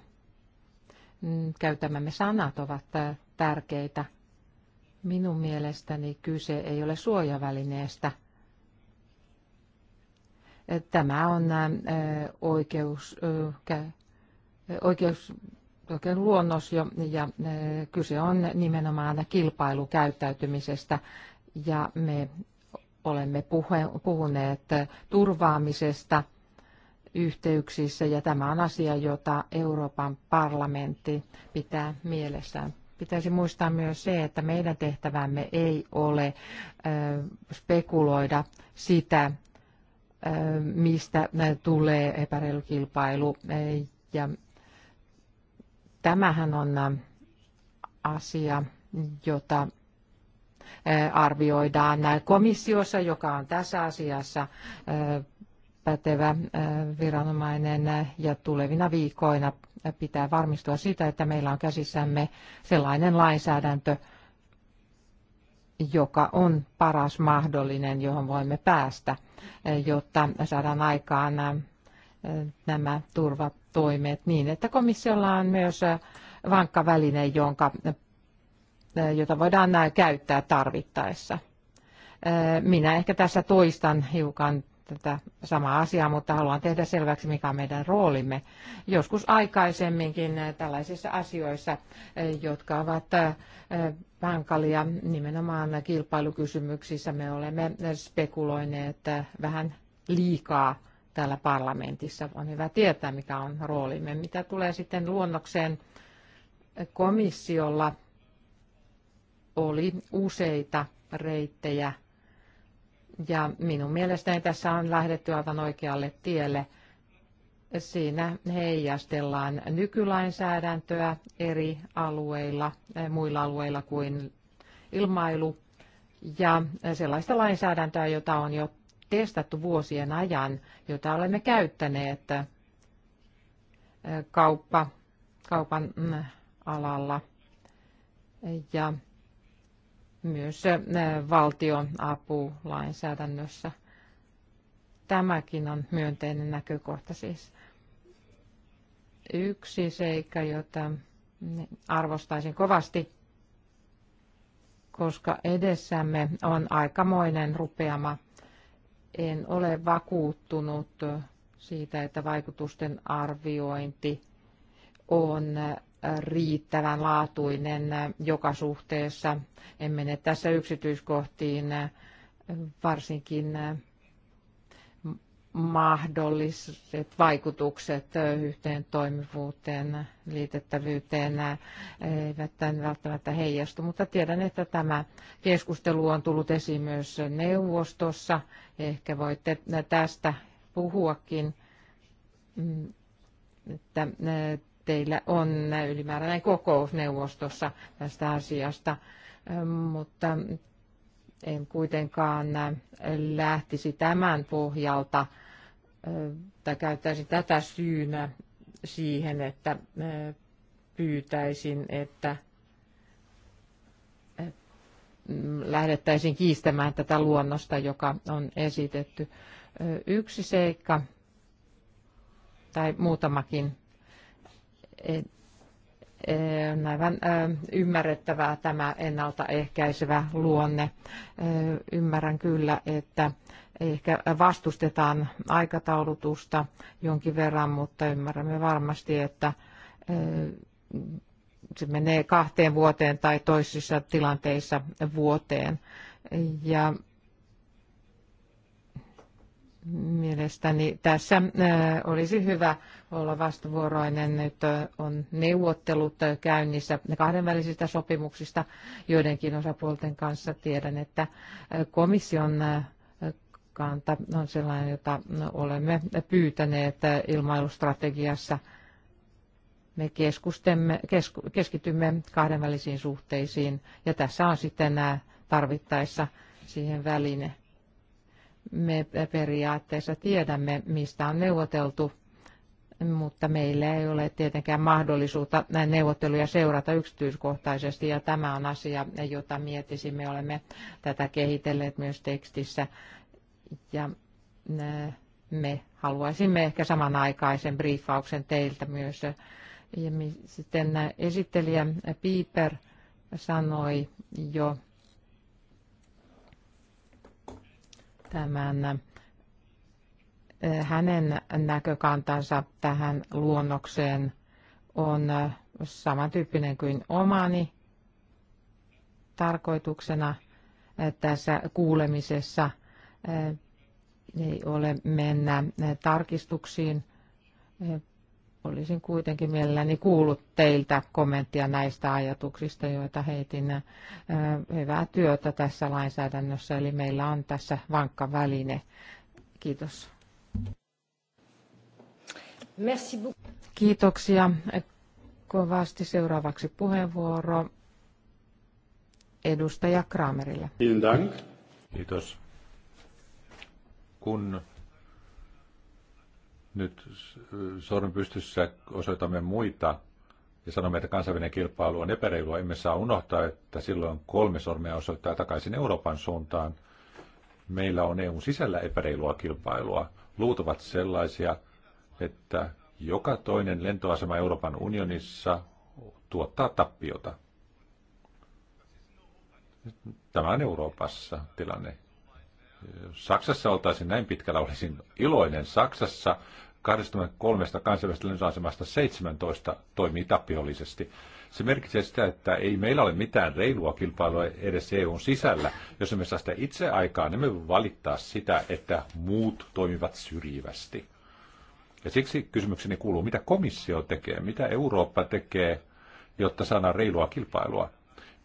Speaker 2: mm, käytämämme sanat ovat tärkeitä. Minun mielestäni kyse ei ole suojavälineestä. Tämä on oikeus, oikeus oikein luonnos jo, ja e, kyse on nimenomaan kilpailukäyttäytymisestä, ja me olemme puhuneet turvaamisesta yhteyksissä, ja tämä on asia, jota Euroopan parlamentti pitää mielessään. Pitäisi muistaa myös se, että meidän tehtävämme ei ole e, spekuloida sitä, e, mistä tulee epäreilu kilpailu ja Tämähän on asia, jota arvioidaan komissiossa, joka on tässä asiassa pätevä viranomainen ja tulevina viikoina pitää varmistua siitä, että meillä on käsissämme sellainen lainsäädäntö, joka on paras mahdollinen, johon voimme päästä, jotta saadaan aikaan nämä turvatoimet niin, että komissiolla on myös äh, vankka väline, jonka, äh, jota voidaan äh, käyttää tarvittaessa. Minä ehkä tässä toistan hiukan tätä samaa asiaa, mutta haluan tehdä selväksi, mikä on meidän roolimme. Joskus aikaisemminkin tällaisissa asioissa, jotka ovat hankalia nimenomaan kilpailukysymyksissä, me olemme spekuloineet vähän liikaa täällä parlamentissa. On hyvä tietää, mikä on roolimme. Mitä tulee sitten luonnokseen komissiolla, oli useita reittejä. Ja minun mielestäni tässä on lähdetty aivan oikealle tielle. Siinä heijastellaan nykylainsäädäntöä eri alueilla, eh, muilla alueilla kuin ilmailu, ja sellaista lainsäädäntöä, jota on jo testattu vuosien ajan, jota olemme käyttäneet kauppa, kaupan mm, alalla ja myös valtion apulainsäädännössä. Tämäkin on myönteinen näkökohta siis. Yksi seikka, jota arvostaisin kovasti, koska edessämme on aikamoinen rupeama en ole vakuuttunut siitä, että vaikutusten arviointi on riittävän laatuinen joka suhteessa. En mene tässä yksityiskohtiin, varsinkin mahdolliset vaikutukset yhteen toimivuuteen, liitettävyyteen eivät tämän välttämättä heijastu, mutta tiedän, että tämä keskustelu on tullut esiin myös neuvostossa. Ehkä voitte tästä puhuakin, mm, että teillä on ylimääräinen kokous neuvostossa tästä asiasta, mutta en kuitenkaan lähtisi tämän pohjalta tai käyttäisi tätä syynä siihen, että pyytäisin, että lähdettäisiin kiistämään tätä luonnosta, joka on esitetty. Yksi seikka, tai muutamakin, e, e, on aivan ymmärrettävää tämä ennaltaehkäisevä luonne. Ymmärrän kyllä, että ehkä vastustetaan aikataulutusta jonkin verran, mutta ymmärrämme varmasti, että se menee kahteen vuoteen tai toisissa tilanteissa vuoteen. Ja Mielestäni tässä olisi hyvä olla vastavuoroinen. Nyt on neuvottelut käynnissä kahdenvälisistä sopimuksista joidenkin osapuolten kanssa. Tiedän, että komission kanta on sellainen, jota olemme pyytäneet ilmailustrategiassa. Me kesku, keskitymme kahdenvälisiin suhteisiin ja tässä on sitten nämä tarvittaessa siihen väline. Me periaatteessa tiedämme, mistä on neuvoteltu, mutta meillä ei ole tietenkään mahdollisuutta näin neuvotteluja seurata yksityiskohtaisesti ja tämä on asia, jota mietisimme. Olemme tätä kehitelleet myös tekstissä ja eh, me haluaisimme ehkä samanaikaisen briefauksen teiltä myös. Ja sitten eh, esittelijä Piper sanoi jo tämän eh, hänen näkökantansa tähän luonnokseen on samantyyppinen kuin omani tarkoituksena tässä kuulemisessa – ei ole mennä tarkistuksiin. Olisin kuitenkin mielelläni kuullut teiltä kommenttia näistä ajatuksista, joita heitin. Hyvää työtä tässä lainsäädännössä, eli meillä on tässä vankka väline. Kiitos. Merci Kiitoksia kovasti. Seuraavaksi puheenvuoro edustaja Kramerille.
Speaker 1: Kiitos kun nyt pystyssä osoitamme muita ja sanomme, että kansainvälinen kilpailu on epäreilua, emme saa unohtaa, että silloin kolme sormea osoittaa takaisin Euroopan suuntaan. Meillä on EUn sisällä epäreilua kilpailua. Luut ovat sellaisia, että joka toinen lentoasema Euroopan unionissa tuottaa tappiota. Tämä on Euroopassa tilanne. Saksassa oltaisiin näin pitkällä, olisin iloinen. Saksassa 23 kansainvälisestä lentoasemasta 17 toimii tappiollisesti. Se merkitsee sitä, että ei meillä ole mitään reilua kilpailua edes EUn sisällä. Jos emme saa sitä itse aikaan, niin me valittaa sitä, että muut toimivat syrjivästi. Ja siksi kysymykseni kuuluu, mitä komissio tekee, mitä Eurooppa tekee, jotta saadaan reilua kilpailua.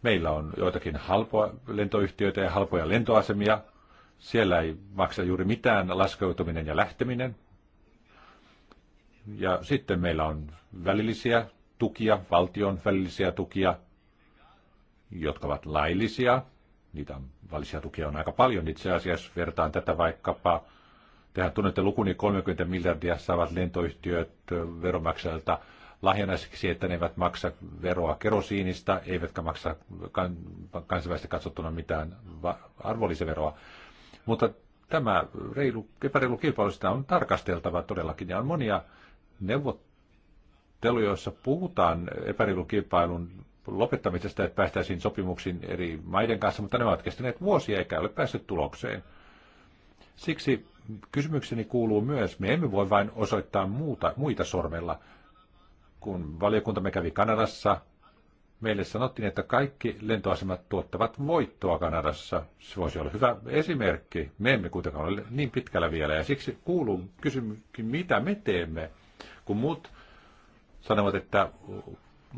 Speaker 1: Meillä on joitakin halpoja lentoyhtiöitä ja halpoja lentoasemia, siellä ei maksa juuri mitään laskeutuminen ja lähteminen. Ja sitten meillä on välillisiä tukia, valtion välillisiä tukia, jotka ovat laillisia. Niitä välillisiä tukia on aika paljon itse asiassa. Vertaan tätä vaikkapa, tehän tunnette lukuni 30 miljardia saavat lentoyhtiöt veromaksajalta lahjana siksi, että ne eivät maksa veroa kerosiinista, eivätkä maksa kansainvälisesti katsottuna mitään arvonlisäveroa. veroa mutta tämä reilu, epäreilu kilpailu, sitä on tarkasteltava todellakin. Ja on monia neuvotteluja, joissa puhutaan epäreilu kilpailun lopettamisesta, että päästäisiin sopimuksiin eri maiden kanssa, mutta ne ovat kestäneet vuosia eikä ole päässyt tulokseen. Siksi kysymykseni kuuluu myös, me emme voi vain osoittaa muuta, muita sormella. Kun valiokuntamme kävi Kanadassa, Meille sanottiin, että kaikki lentoasemat tuottavat voittoa Kanadassa. Se voisi olla hyvä esimerkki. Me emme kuitenkaan ole niin pitkällä vielä. Ja siksi kuuluu kysymykin, mitä me teemme, kun muut sanovat, että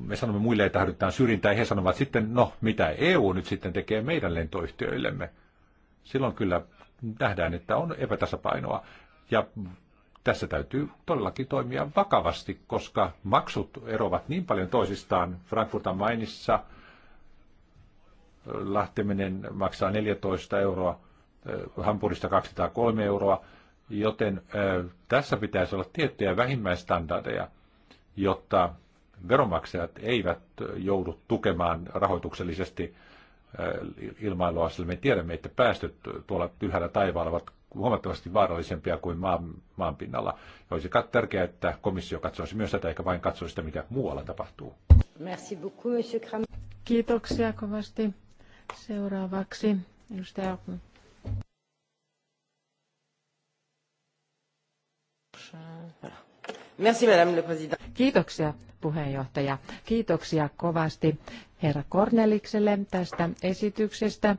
Speaker 1: me sanomme muille, että harjoitetaan syrjintää, ja he sanovat sitten, no mitä EU nyt sitten tekee meidän lentoyhtiöillemme. Silloin kyllä nähdään, että on epätasapainoa. Ja tässä täytyy todellakin toimia vakavasti, koska maksut eroavat niin paljon toisistaan. Frankfurt Mainissa lähteminen maksaa 14 euroa, Hampurista 203 euroa, joten tässä pitäisi olla tiettyjä vähimmäistandardeja, jotta veronmaksajat eivät joudu tukemaan rahoituksellisesti ilmailua, sillä me tiedämme, että päästöt tuolla ylhäällä taivaalla ovat huomattavasti vaarallisempia kuin maan, maan pinnalla. Ja olisi tärkeää, että komissio katsoisi myös tätä, eikä vain katsoisi sitä, mitä muualla tapahtuu.
Speaker 2: Merci beaucoup, monsieur Kram. Kiitoksia kovasti. Seuraavaksi edustaja Voilà. Merci, madame le président. Kiitoksia puheenjohtaja. Kiitoksia kovasti herra Kornelikselle tästä esityksestä.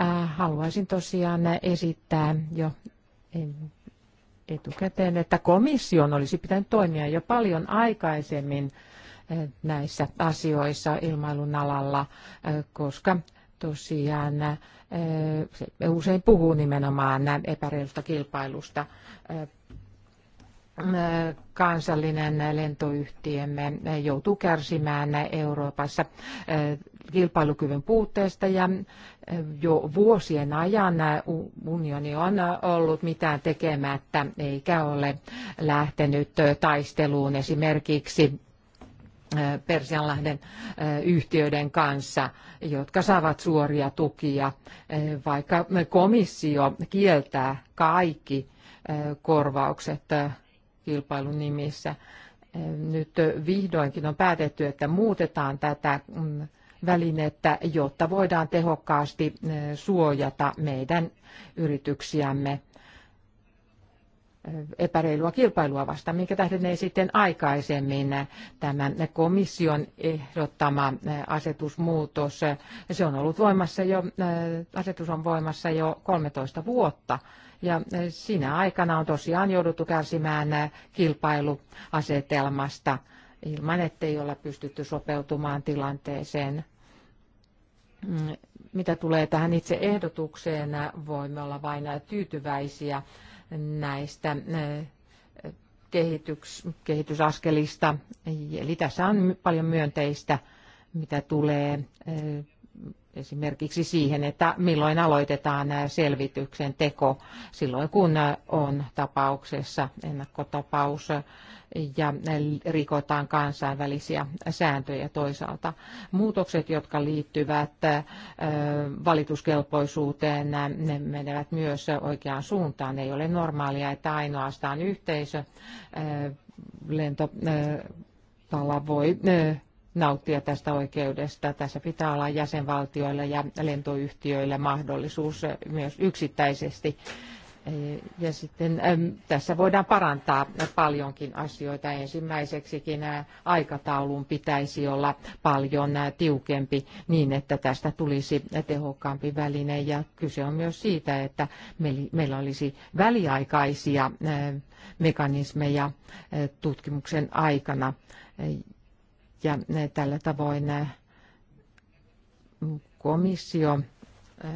Speaker 2: Äh, haluaisin tosiaan esittää jo etukäteen, että komission olisi pitänyt toimia jo paljon aikaisemmin äh, näissä asioissa ilmailun alalla, äh, koska tosiaan usein puhuu nimenomaan epäreilusta kilpailusta kansallinen lentoyhtiömme joutuu kärsimään Euroopassa kilpailukyvyn puutteesta ja jo vuosien ajan unioni on ollut mitään tekemättä eikä ole lähtenyt taisteluun esimerkiksi Persianlahden yhtiöiden kanssa, jotka saavat suoria tukia, vaikka komissio kieltää kaikki korvaukset kilpailun nimissä. Nyt vihdoinkin on päätetty, että muutetaan tätä välinettä, jotta voidaan tehokkaasti suojata meidän yrityksiämme epäreilua kilpailua vastaan, minkä tähden ei sitten aikaisemmin tämän komission ehdottama asetusmuutos, se on ollut voimassa jo, asetus on voimassa jo 13 vuotta, ja eh, siinä aikana on tosiaan jouduttu kärsimään eh, kilpailuasetelmasta ilman, ettei olla pystytty sopeutumaan tilanteeseen. Mm, mitä tulee tähän itse ehdotukseen, eh, voimme olla vain tyytyväisiä näistä kehityks, kehitysaskelista. Eli tässä on paljon myönteistä, mitä tulee esimerkiksi siihen, että milloin aloitetaan selvityksen teko silloin, kun on tapauksessa ennakkotapaus ja rikotaan kansainvälisiä sääntöjä toisaalta. Muutokset, jotka liittyvät valituskelpoisuuteen, ne menevät myös oikeaan suuntaan. Ei ole normaalia, että ainoastaan yhteisö lento, voi nauttia tästä oikeudesta. Tässä pitää olla jäsenvaltioilla ja lentoyhtiöillä mahdollisuus myös yksittäisesti. Ja sitten tässä voidaan parantaa paljonkin asioita. Ensimmäiseksikin aikataulun pitäisi olla paljon tiukempi niin, että tästä tulisi tehokkaampi väline. Ja kyse on myös siitä, että meillä olisi väliaikaisia mekanismeja tutkimuksen aikana ja eh, tällä tavoin eh, komissio eh,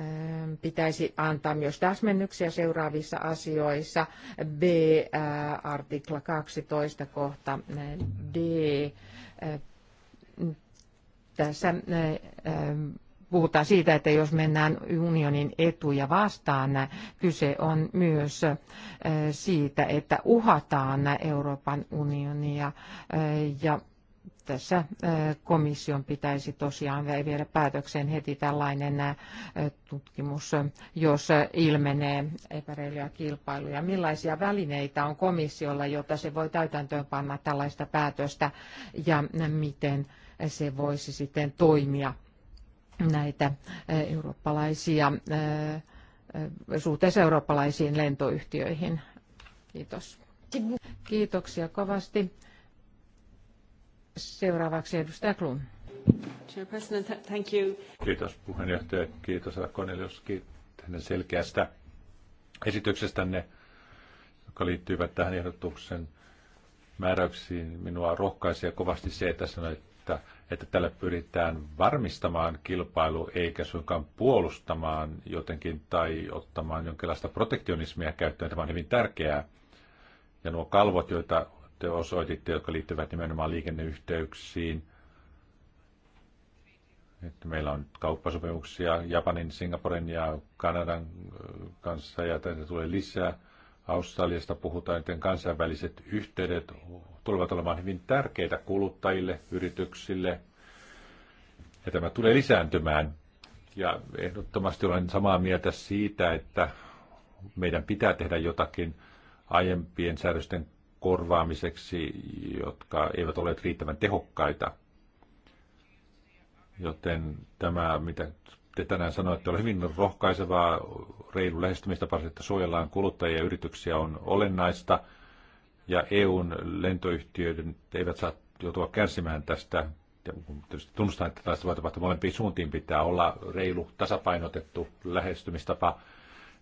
Speaker 2: pitäisi antaa myös täsmennyksiä seuraavissa asioissa. B, artikla 12, kohta D. Tässä puhutaan siitä, että jos mennään unionin etuja vastaan, kyse on myös siitä, että uhataan Euroopan unionia ja tässä komission pitäisi tosiaan viedä päätökseen heti tällainen tutkimus, jos ilmenee epäreilyä kilpailuja. Millaisia välineitä on komissiolla, jotta se voi täytäntöönpanna tällaista päätöstä ja miten se voisi sitten toimia näitä eurooppalaisia suhteessa eurooppalaisiin lentoyhtiöihin. Kiitos. Kiitoksia kovasti. Seuraavaksi edustaja Klun.
Speaker 3: thank you.
Speaker 1: Kiitos puheenjohtaja, kiitos Cornelius hänen selkeästä esityksestänne, joka liittyvät tähän ehdotuksen määräyksiin. Minua rohkaisee kovasti se, että sanoit, että, että tällä pyritään varmistamaan kilpailu eikä suinkaan puolustamaan jotenkin tai ottamaan jonkinlaista protektionismia käyttöön. Tämä on hyvin tärkeää. Ja nuo kalvot, joita te osoititte, jotka liittyvät nimenomaan liikenneyhteyksiin. Että meillä on kauppasopimuksia Japanin, Singaporen ja Kanadan äh, kanssa ja tänne tulee lisää. Australiasta puhutaan, että kansainväliset yhteydet tulevat olemaan hyvin tärkeitä kuluttajille, yrityksille. Ja tämä tulee lisääntymään. Ja ehdottomasti olen samaa mieltä siitä, että meidän pitää tehdä jotakin aiempien säädösten korvaamiseksi, jotka eivät ole riittävän tehokkaita. Joten tämä, mitä te tänään sanoitte, oli hyvin rohkaisevaa, reilu lähestymistapa, että suojellaan kuluttajia ja yrityksiä on olennaista, ja EUn lentoyhtiöiden eivät saa joutua kärsimään tästä. Ja tietysti tunnustan, että tästä voi tapahtua molempiin suuntiin, pitää olla reilu, tasapainotettu lähestymistapa.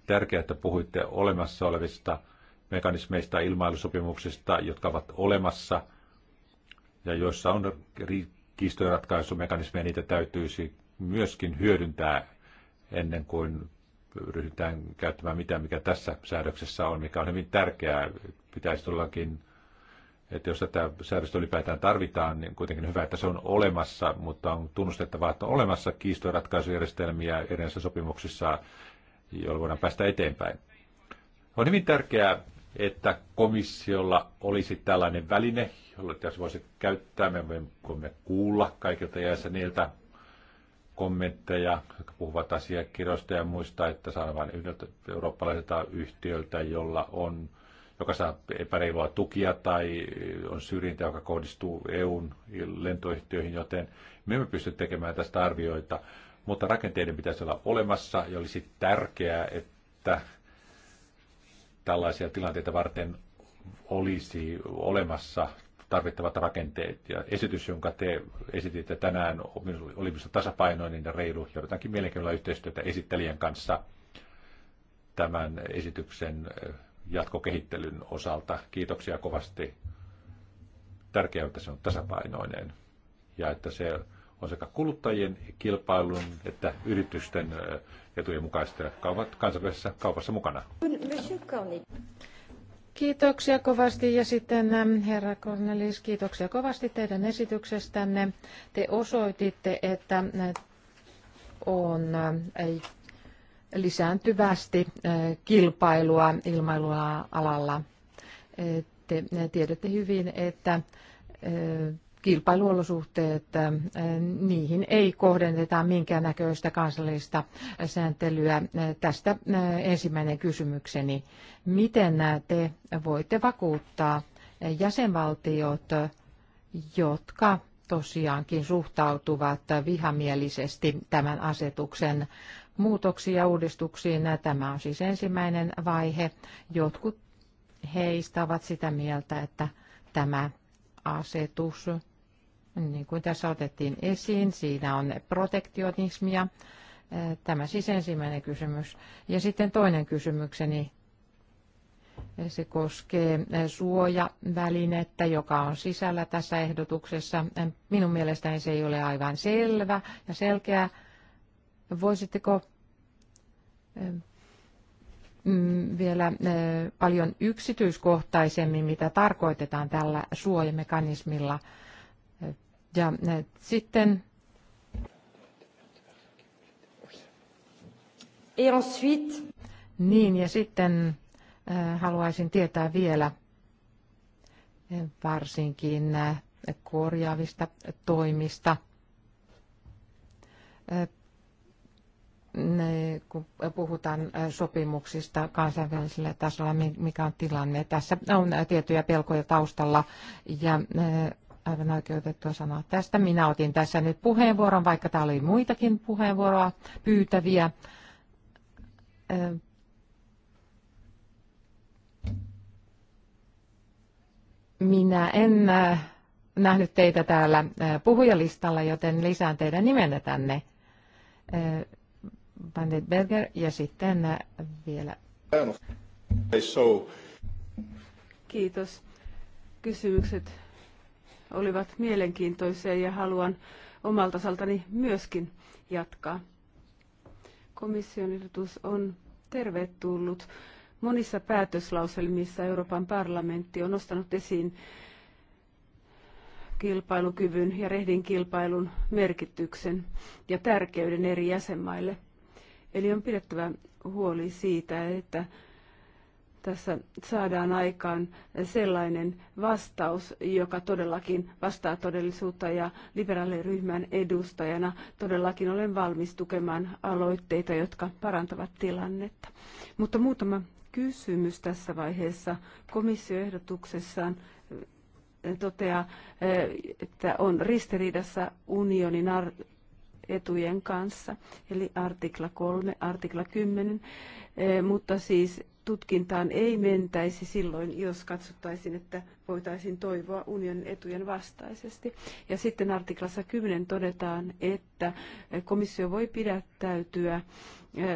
Speaker 1: Tärkeää, että puhuitte olemassa olevista mekanismeista ilmailusopimuksista, jotka ovat olemassa ja joissa on kiistojenratkaisumekanismeja, niitä täytyisi myöskin hyödyntää ennen kuin ryhdytään käyttämään mitään, mikä tässä säädöksessä on, mikä on hyvin tärkeää. Pitäisi tullakin, että jos tätä säädöstä ylipäätään tarvitaan, niin kuitenkin hyvä, että se on olemassa, mutta on tunnustettava, että on olemassa kiistojenratkaisujärjestelmiä erilaisissa sopimuksissa, joilla voidaan päästä eteenpäin. On hyvin tärkeää että komissiolla olisi tällainen väline, jolla tässä voisi käyttää. Me voimme kuulla kaikilta jäseniltä kommentteja, jotka puhuvat asiakirjoista ja muista, että saadaan vain yhdeltä eurooppalaiselta yhtiöltä, jolla on, joka saa epäreilua tukia tai on syrjintä, joka kohdistuu EUn lentoyhtiöihin, joten me emme pysty tekemään tästä arvioita, mutta rakenteiden pitäisi olla olemassa ja olisi tärkeää, että tällaisia tilanteita varten olisi olemassa tarvittavat rakenteet. Ja esitys, jonka te esititte tänään, oli minusta tasapainoinen ja reilu. Ja mielenkiinnolla yhteistyötä esittelijän kanssa tämän esityksen eh, jatkokehittelyn osalta. Kiitoksia kovasti. Tärkeää, että se on tasapainoinen ja että se on sekä kuluttajien kilpailun että yritysten eh, etujen mukaista ja kansainvälisessä kaupassa mukana.
Speaker 2: Kiitoksia kovasti ja sitten herra Cornelis, kiitoksia kovasti teidän esityksestänne. Te osoititte, että on lisääntyvästi kilpailua ilmailualalla. Te tiedätte hyvin, että kilpailuolosuhteet, niihin ei kohdenneta minkäännäköistä kansallista sääntelyä. Tästä ensimmäinen kysymykseni. Miten te voitte vakuuttaa jäsenvaltiot, jotka tosiaankin suhtautuvat vihamielisesti tämän asetuksen muutoksiin ja uudistuksiin. Tämä on siis ensimmäinen vaihe. Jotkut heistä ovat sitä mieltä, että tämä asetus niin kuin tässä otettiin esiin, siinä on protektionismia. Tämä siis ensimmäinen kysymys. Ja sitten toinen kysymykseni. Se koskee suojavälinettä, joka on sisällä tässä ehdotuksessa. Minun mielestäni se ei ole aivan selvä ja selkeä. Voisitteko mm, vielä paljon yksityiskohtaisemmin, mitä tarkoitetaan tällä suojamekanismilla – ja eh, sitten Et ensuite... Niin, ja sitten äh, haluaisin tietää vielä eh, varsinkin äh, korjaavista toimista. Äh, ne, kun puhutaan sopimuksista kansainvälisellä tasolla, mikä on tilanne. Tässä on tiettyjä pelkoja taustalla ja aivan oikeutettua sanoa tästä. Minä otin tässä nyt puheenvuoron, vaikka täällä oli muitakin puheenvuoroa pyytäviä. Minä en nähnyt teitä täällä puhujalistalla, joten lisään teidän nimenne tänne. Bandit Berger ja sitten
Speaker 3: vielä. Kiitos. Kysymykset olivat mielenkiintoisia ja haluan omalta osaltani myöskin jatkaa. Komission ehdotus on tervetullut. Monissa päätöslauselmissa Euroopan parlamentti on nostanut esiin kilpailukyvyn ja rehdin kilpailun merkityksen ja tärkeyden eri jäsenmaille. Eli on pidettävä huoli siitä, että tässä saadaan aikaan sellainen vastaus, joka todellakin vastaa todellisuutta ja liberaaliryhmän edustajana todellakin olen valmis tukemaan aloitteita, jotka parantavat tilannetta. Mutta muutama kysymys tässä vaiheessa. Komissioehdotuksessaan eh, toteaa, eh, että on ristiriidassa unionin etujen kanssa, eli artikla 3, artikla 10, eh, mutta siis tutkintaan ei mentäisi silloin, jos katsottaisiin, että voitaisiin toivoa unionin etujen vastaisesti. Ja sitten artiklassa 10 todetaan, että komissio voi pidättäytyä eh,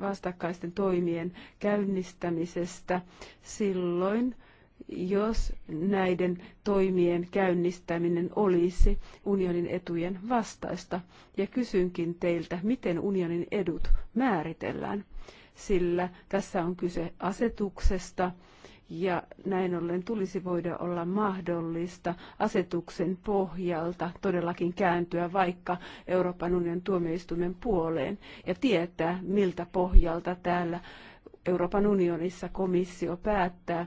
Speaker 3: vastakkaisten toimien käynnistämisestä silloin, jos näiden toimien käynnistäminen olisi unionin etujen vastaista. Ja kysynkin teiltä, miten unionin edut määritellään sillä tässä on kyse asetuksesta ja näin ollen tulisi voida olla mahdollista asetuksen pohjalta todellakin kääntyä vaikka Euroopan unionin tuomioistuimen puoleen ja tietää, miltä pohjalta täällä Euroopan unionissa komissio päättää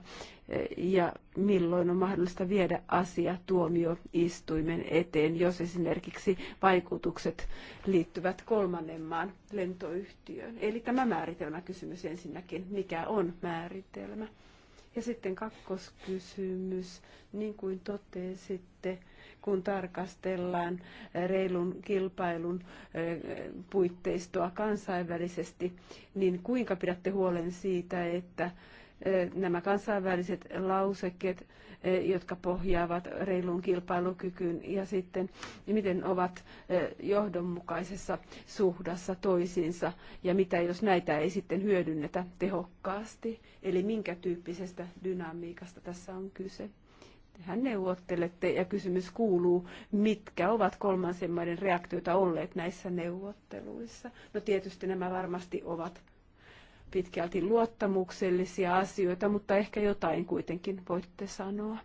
Speaker 3: eh, ja milloin on mahdollista viedä asia tuomioistuimen eteen, jos esimerkiksi vaikutukset liittyvät kolmannen maan lentoyhtiöön. Eli tämä määritelmäkysymys ensinnäkin, mikä on määritelmä. Ja sitten kakkoskysymys, niin kuin totesitte, sitten kun tarkastellaan reilun kilpailun puitteistoa kansainvälisesti, niin kuinka pidätte huolen siitä, että nämä kansainväliset lausekkeet, jotka pohjaavat reiluun kilpailukykyyn ja sitten miten ovat johdonmukaisessa suhdassa toisiinsa ja mitä jos näitä ei sitten hyödynnetä tehokkaasti. Eli minkä tyyppisestä dynamiikasta tässä on kyse? Tehän neuvottelette ja kysymys kuuluu, mitkä ovat kolmansien maiden reaktioita olleet näissä neuvotteluissa. No tietysti nämä varmasti ovat pitkälti luottamuksellisia asioita, mutta ehkä jotain kuitenkin voitte sanoa.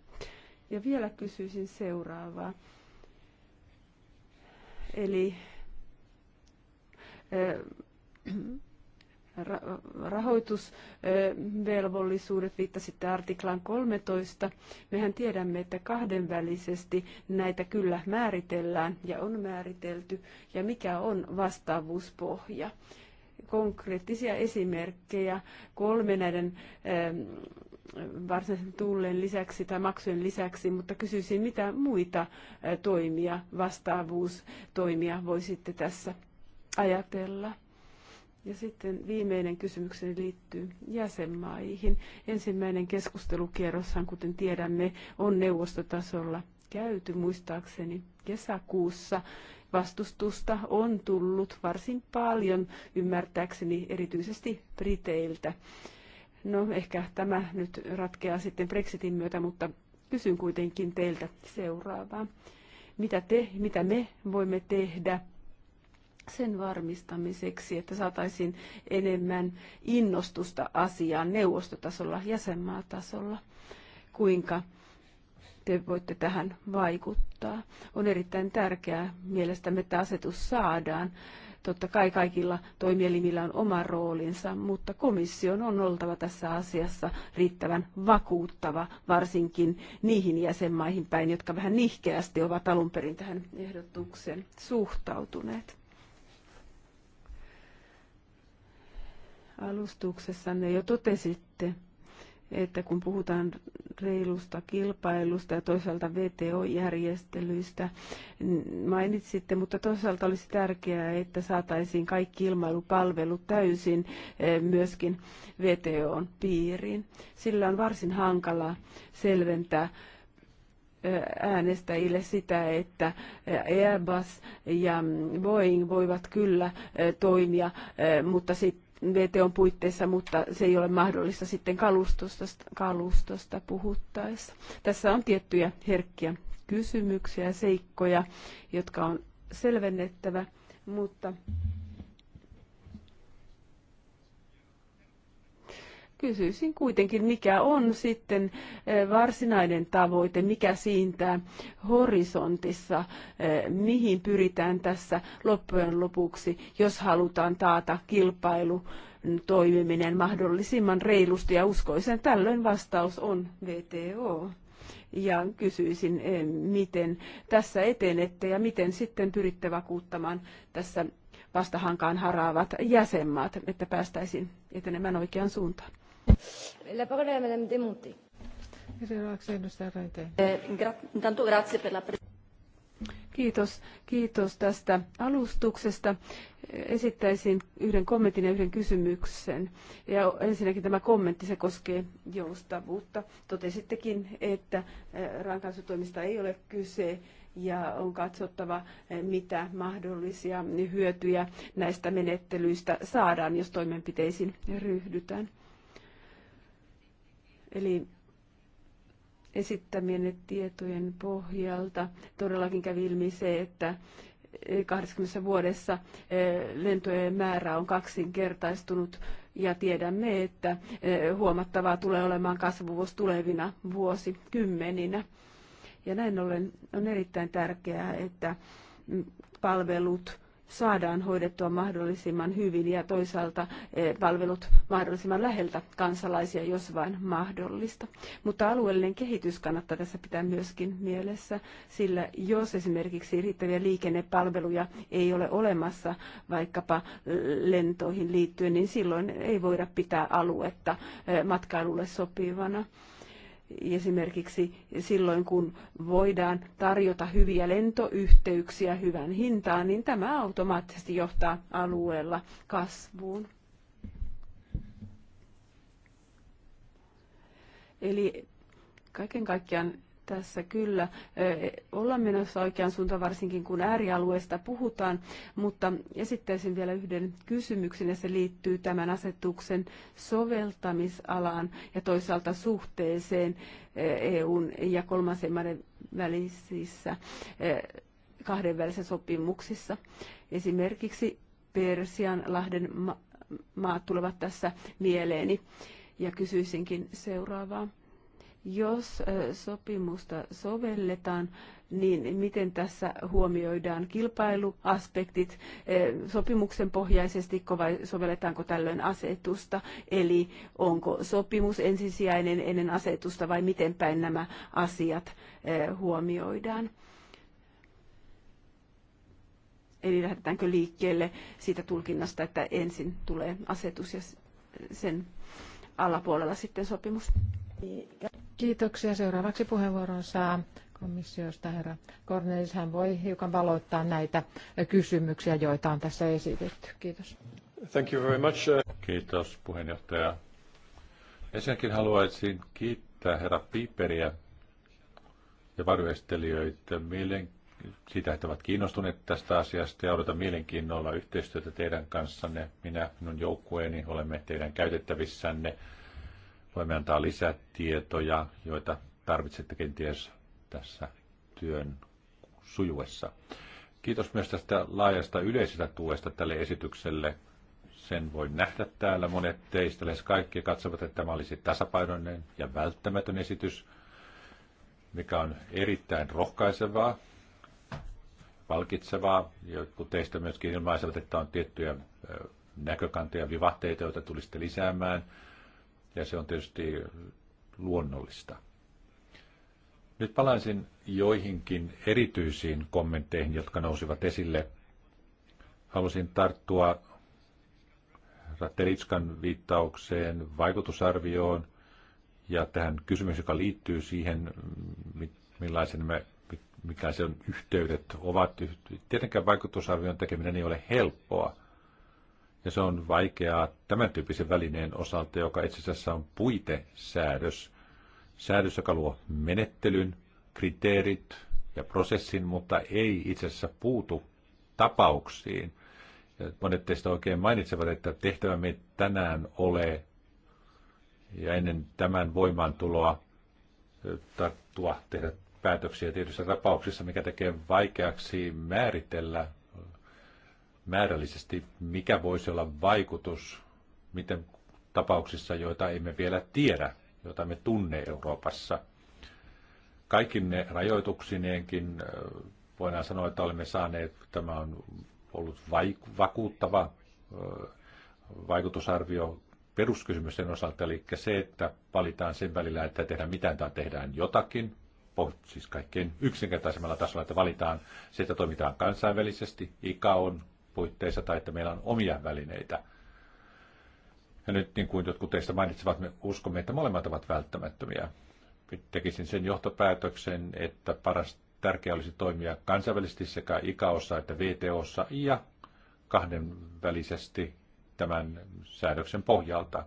Speaker 3: Ja vielä kysyisin seuraavaa. Eli äh, rahoitusvelvollisuudet, viittasitte artiklan 13. Mehän tiedämme, että kahdenvälisesti näitä kyllä määritellään ja on määritelty, ja mikä on vastaavuuspohja. Konkreettisia esimerkkejä kolme näiden ähm, varsinaisen tulleen lisäksi tai maksujen lisäksi, mutta kysyisin, mitä muita äh, toimia, vastaavuustoimia voisitte tässä ajatella. Ja sitten viimeinen kysymykseni liittyy jäsenmaihin. Ensimmäinen keskustelukierroshan, kuten tiedämme, on neuvostotasolla käyty muistaakseni kesäkuussa. Vastustusta on tullut varsin paljon, ymmärtääkseni erityisesti Briteiltä. No ehkä tämä nyt ratkeaa sitten Brexitin myötä, mutta kysyn kuitenkin teiltä seuraavaa. Mitä te, mitä me voimme tehdä sen varmistamiseksi, että saataisiin enemmän innostusta asiaan neuvostotasolla, jäsenmaatasolla, kuinka te voitte tähän vaikuttaa. On erittäin tärkeää mielestämme, että asetus saadaan. Totta kai kaikilla toimielimillä on oma roolinsa, mutta komission on oltava tässä asiassa riittävän vakuuttava, varsinkin niihin jäsenmaihin päin, jotka vähän nihkeästi ovat alun perin tähän ehdotukseen suhtautuneet. Alustuksessanne jo totesitte, että kun puhutaan reilusta kilpailusta ja toisaalta VTO-järjestelyistä, mainitsitte, mutta toisaalta olisi tärkeää, että saataisiin kaikki ilmailupalvelut täysin eh, myöskin VTOn piiriin. Sillä on varsin hankala selventää eh, äänestäjille sitä, että eh, Airbus ja mm, Boeing voivat kyllä toimia, mutta sitten VTOn puitteissa, mutta se ei ole mahdollista sitten kalustosta, kalustosta puhuttaessa. Tässä on tiettyjä herkkiä kysymyksiä ja seikkoja, jotka on selvennettävä, mutta kysyisin kuitenkin, mikä on sitten eh, varsinainen tavoite, mikä siintää horisontissa, eh, mihin pyritään tässä loppujen lopuksi, jos halutaan taata kilpailu mm, toimiminen mahdollisimman reilusti ja uskoisen. Tällöin vastaus on VTO ja kysyisin, eh, miten tässä etenette ja miten sitten pyritte vakuuttamaan tässä vastahankaan haraavat jäsenmaat, että päästäisiin etenemään oikeaan suuntaan. La parola è Madame eh, Kiitos, kiitos tästä alustuksesta. Esittäisin yhden kommentin ja yhden kysymyksen. Ja ensinnäkin tämä kommentti, se koskee joustavuutta. Totesittekin, että eh, rankaisutoimista ei ole kyse ja on katsottava, eh, mitä mahdollisia hyötyjä näistä menettelyistä saadaan, jos toimenpiteisiin ryhdytään. Eli esittämien tietojen pohjalta todellakin kävi ilmi se, että 20 e, vuodessa e, lentojen määrä on kaksinkertaistunut ja tiedämme, että e, huomattavaa tulee olemaan kasvuvuosi tulevina vuosikymmeninä. Ja näin ollen on erittäin tärkeää, että palvelut saadaan hoidettua mahdollisimman hyvin ja toisaalta eh, palvelut mahdollisimman läheltä kansalaisia, jos vain mahdollista. Mutta alueellinen kehitys kannattaa tässä pitää myöskin mielessä, sillä jos esimerkiksi riittäviä liikennepalveluja ei ole olemassa vaikkapa lentoihin liittyen, niin silloin ei voida pitää aluetta eh, matkailulle sopivana esimerkiksi silloin, kun voidaan tarjota hyviä lentoyhteyksiä hyvän hintaan, niin tämä automaattisesti johtaa alueella kasvuun. Eli kaiken kaikkiaan tässä kyllä ollaan menossa oikean suuntaan, varsinkin kun äärialueista puhutaan, mutta esittäisin vielä yhden kysymyksen ja se liittyy tämän asetuksen soveltamisalaan ja toisaalta suhteeseen EUn ja kolmansien maiden välisissä kahdenvälisissä sopimuksissa. Esimerkiksi Persian lahden maat tulevat tässä mieleeni ja kysyisinkin seuraavaa jos sopimusta sovelletaan, niin miten tässä huomioidaan kilpailuaspektit sopimuksen pohjaisesti vai sovelletaanko tällöin asetusta? Eli onko sopimus ensisijainen ennen asetusta vai miten päin nämä asiat huomioidaan? Eli lähdetäänkö liikkeelle siitä tulkinnasta, että ensin tulee asetus ja sen alapuolella sitten sopimus? Kiitoksia. Seuraavaksi
Speaker 2: puheenvuoron saa komissiosta herra Cornelis. Hän voi hiukan valoittaa näitä kysymyksiä, joita on tässä esitetty. Kiitos.
Speaker 1: Thank you very much. Uh, Kiitos puheenjohtaja. Ensinnäkin haluaisin kiittää herra Piiperiä ja varjoestelijöitä mielen, siitä, että ovat kiinnostuneet tästä asiasta ja odotan mielenkiinnolla yhteistyötä teidän kanssanne. Minä, minun joukkueeni, olemme teidän käytettävissänne Voimme antaa lisätietoja, joita tarvitsette kenties tässä työn sujuessa. Kiitos myös tästä laajasta yleisestä tuesta tälle esitykselle. Sen voi nähdä täällä. Monet teistä, lähes kaikki, katsovat, että tämä olisi tasapainoinen ja välttämätön esitys, mikä on erittäin rohkaisevaa, palkitsevaa. Jotkut teistä myöskin ilmaisevat, että on tiettyjä näkökantoja, vivahteita, joita tulisitte lisäämään – ja se on tietysti luonnollista. Nyt palaisin joihinkin erityisiin kommentteihin, jotka nousivat esille. Halusin tarttua Ratteritskan viittaukseen, vaikutusarvioon ja tähän kysymys, joka liittyy siihen, millaisen me, mikä se on yhteydet ovat. Tietenkään vaikutusarvion tekeminen ei ole helppoa. Ja se on vaikeaa tämän tyyppisen välineen osalta, joka itse asiassa on puitesäädös. Säädös, joka luo menettelyn, kriteerit ja prosessin, mutta ei itse asiassa puutu tapauksiin. Ja monet teistä oikein mainitsevat, että tehtävämme tänään ole ja ennen tämän voimaantuloa tarttua tehdä päätöksiä tietyissä tapauksissa, mikä tekee vaikeaksi määritellä määrällisesti, mikä voisi olla vaikutus, miten tapauksissa, joita emme vielä tiedä, joita me tunne Euroopassa. Kaikinne rajoituksineenkin voidaan sanoa, että olemme saaneet, tämä on ollut vaik- vakuuttava vaikutusarvio peruskysymysten osalta, eli se, että valitaan sen välillä, että tehdään mitään tai tehdään jotakin, siis kaikkein yksinkertaisemmalla tasolla, että valitaan se, että toimitaan kansainvälisesti, ICAO on puitteissa tai että meillä on omia välineitä. Ja nyt niin kuin jotkut teistä mainitsivat, me uskomme, että molemmat ovat välttämättömiä. Tekisin sen johtopäätöksen, että paras tärkeää olisi toimia kansainvälisesti sekä ICAOssa että VTOssa ja kahdenvälisesti tämän säädöksen pohjalta.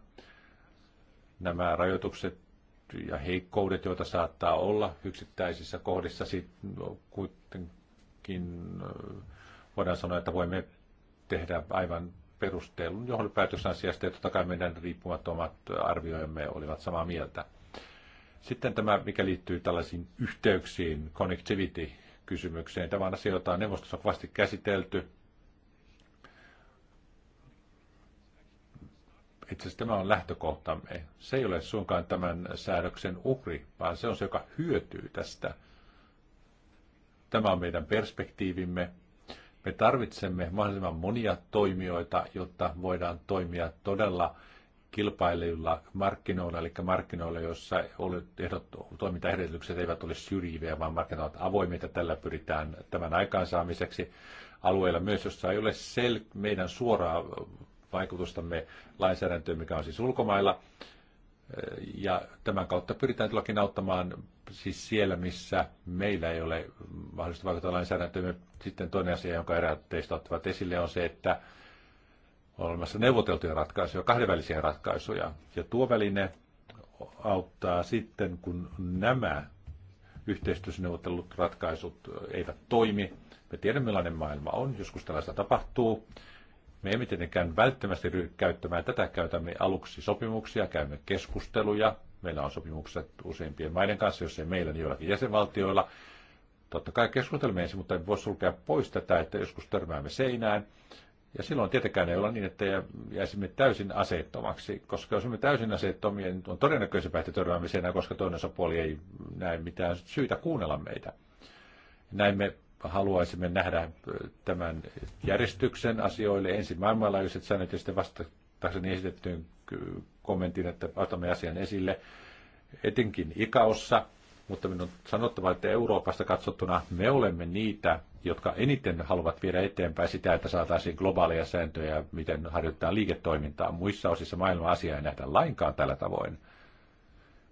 Speaker 1: Nämä rajoitukset ja heikkoudet, joita saattaa olla yksittäisissä kohdissa, no, kuitenkin voidaan sanoa, että voimme tehdä aivan perusteellun johdonpäätöksen asiasta, ja totta kai meidän riippumattomat arvioimme olivat samaa mieltä. Sitten tämä, mikä liittyy tällaisiin yhteyksiin, connectivity-kysymykseen. Tämä on asia, jota neuvostossa on kovasti käsitelty. Itse asiassa tämä on lähtökohtamme. Se ei ole suinkaan tämän säädöksen uhri, vaan se on se, joka hyötyy tästä. Tämä on meidän perspektiivimme me tarvitsemme mahdollisimman monia toimijoita, jotta voidaan toimia todella kilpailevilla markkinoilla, eli markkinoilla, joissa toimintaehdotukset eivät ole syrjiviä, vaan markkinat ovat avoimia, tällä pyritään tämän aikaansaamiseksi alueilla myös, jossa ei ole sel- meidän suoraa vaikutustamme lainsäädäntöön, mikä on siis ulkomailla, ja tämän kautta pyritään todellakin auttamaan siis siellä, missä meillä ei ole mahdollista vaikuttaa lainsäädäntöön. Sitten toinen asia, jonka eräät teistä ottavat esille, on se, että on olemassa neuvoteltuja ratkaisuja, kahdenvälisiä ratkaisuja. Ja tuo väline auttaa sitten, kun nämä yhteistyösneuvottelut ratkaisut eivät toimi. Me tiedämme, millainen maailma on, joskus tällaista tapahtuu. Me emme tietenkään välttämättä ryhdy käyttämään tätä. Käytämme aluksi sopimuksia, käymme keskusteluja. Meillä on sopimukset useimpien maiden kanssa, jos ei meillä, niin joillakin jäsenvaltioilla. Totta kai keskustelemme ensin, mutta ei voi sulkea pois tätä, että joskus törmäämme seinään. Ja silloin tietenkään ei olla niin, että jäisimme täysin aseettomaksi, koska jos olemme täysin aseettomia, niin on todennäköisempää, että törmäämme seinään, koska toinen osapuoli ei näe mitään syytä kuunnella meitä. Näin me haluaisimme nähdä äh, tämän järjestyksen asioille. Ensin maailmanlaajuiset säännöt ja sitten vastatakseni esitettyyn kommentin, että otamme asian esille etenkin ikaossa. Mutta minun on sanottava, että Euroopasta katsottuna me olemme niitä, jotka eniten haluavat viedä eteenpäin sitä, että saataisiin globaaleja sääntöjä, miten harjoittaa liiketoimintaa. Muissa osissa maailmaa asiaa ei nähdä lainkaan tällä tavoin.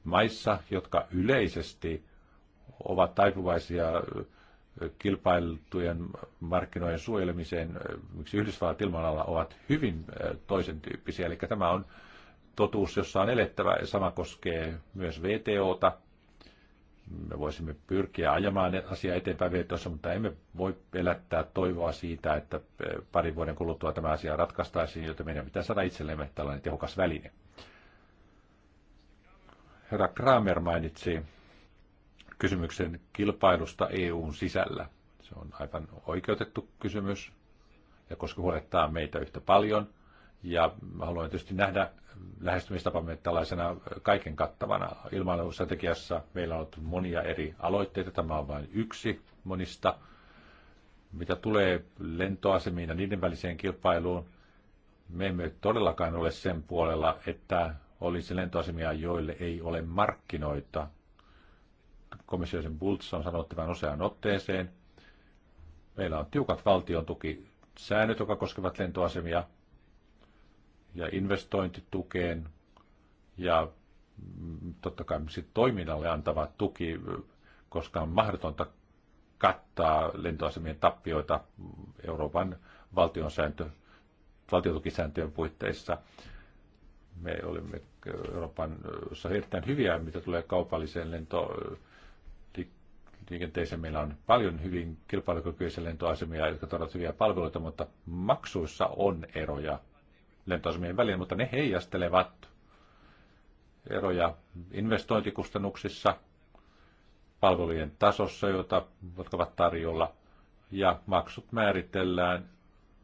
Speaker 1: Maissa, jotka yleisesti ovat taipuvaisia kilpailtujen markkinoiden suojelemiseen, miksi Yhdysvallat ilmanalalla ovat hyvin toisen tyyppisiä. Eli tämä on totuus, jossa on elettävä. Sama koskee myös VTOta. Me voisimme pyrkiä ajamaan asiaa eteenpäin VTOssa, mutta emme voi elättää toivoa siitä, että parin vuoden kuluttua tämä asia ratkaistaisiin, joten meidän pitää saada itsellemme tällainen tehokas väline. Herra Kramer mainitsi kysymyksen kilpailusta EUn sisällä. Se on aivan oikeutettu kysymys ja koska huolettaa meitä yhtä paljon. Ja haluan tietysti nähdä lähestymistapamme tällaisena kaiken kattavana ilmailustrategiassa. Meillä on ollut monia eri aloitteita, tämä on vain yksi monista. Mitä tulee lentoasemiin ja niiden väliseen kilpailuun, me emme todellakaan ole sen puolella, että olisi lentoasemia, joille ei ole markkinoita komissiosen Bultz on sanonut tämän useaan otteeseen. Meillä on tiukat valtion tukisäännöt, jotka koskevat lentoasemia ja investointitukeen ja totta kai sit toiminnalle antava tuki, koska on mahdotonta kattaa lentoasemien tappioita Euroopan valtion sääntö, valtiotukisääntöjen puitteissa. Me olimme Euroopan erittäin hyviä, mitä tulee kaupalliseen lentoon liikenteeseen. Meillä on paljon hyvin kilpailukykyisiä lentoasemia, jotka tarjoavat hyviä palveluita, mutta maksuissa on eroja lentoasemien välillä, mutta ne heijastelevat eroja investointikustannuksissa, palvelujen tasossa, jota, jotka ovat tarjolla, ja maksut määritellään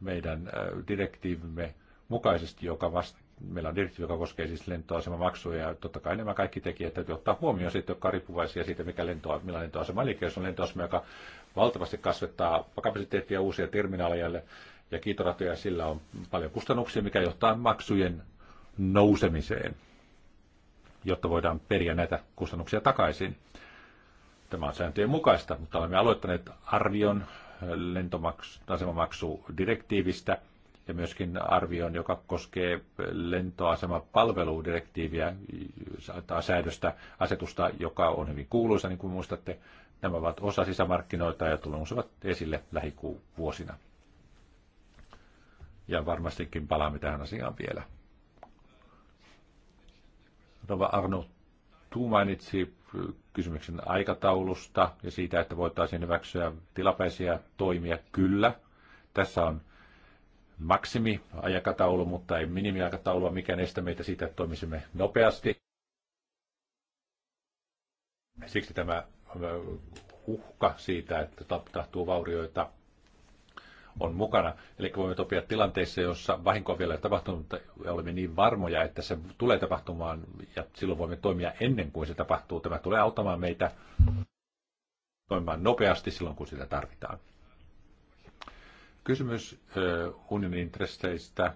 Speaker 1: meidän äh, direktiivimme mukaisesti, joka vasta meillä on direktiivi, joka koskee siis lentoasemamaksuja ja totta kai nämä kaikki tekijät täytyy ottaa huomioon sitten, jotka riippuvaisia siitä, mikä lentoa, millä lentoasema. Eli jos on lentoasema, joka valtavasti kasvattaa kapasiteettia uusia terminaaleja ja kiitoratoja, sillä on paljon kustannuksia, mikä johtaa maksujen nousemiseen, jotta voidaan periä näitä kustannuksia takaisin. Tämä on sääntöjen mukaista, mutta olemme aloittaneet arvion lentomaksu, direktiivistä ja myöskin arvion, joka koskee lentoasemapalveludirektiiviä, säädöstä, asetusta, joka on hyvin kuuluisa, niin kuin muistatte. Nämä ovat osa sisämarkkinoita ja tulevat esille lähikuvuosina. Ja varmastikin palaamme tähän asiaan vielä. Rova Arno Tuu mainitsi kysymyksen aikataulusta ja siitä, että voitaisiin hyväksyä tilapäisiä toimia. Kyllä, tässä on maksimiajakataulu, mutta ei minimiaikataulua, mikä estä meitä siitä, että toimisimme nopeasti. Siksi tämä äh, uhka siitä, että tapahtuu vaurioita, on mukana. Eli voimme topia tilanteissa, jossa vahinko on vielä tapahtunut, mutta olemme niin varmoja, että se tulee tapahtumaan ja silloin voimme toimia ennen kuin se tapahtuu. Tämä tulee auttamaan meitä toimimaan nopeasti silloin, kun sitä tarvitaan. Kysymys unionin intresseistä.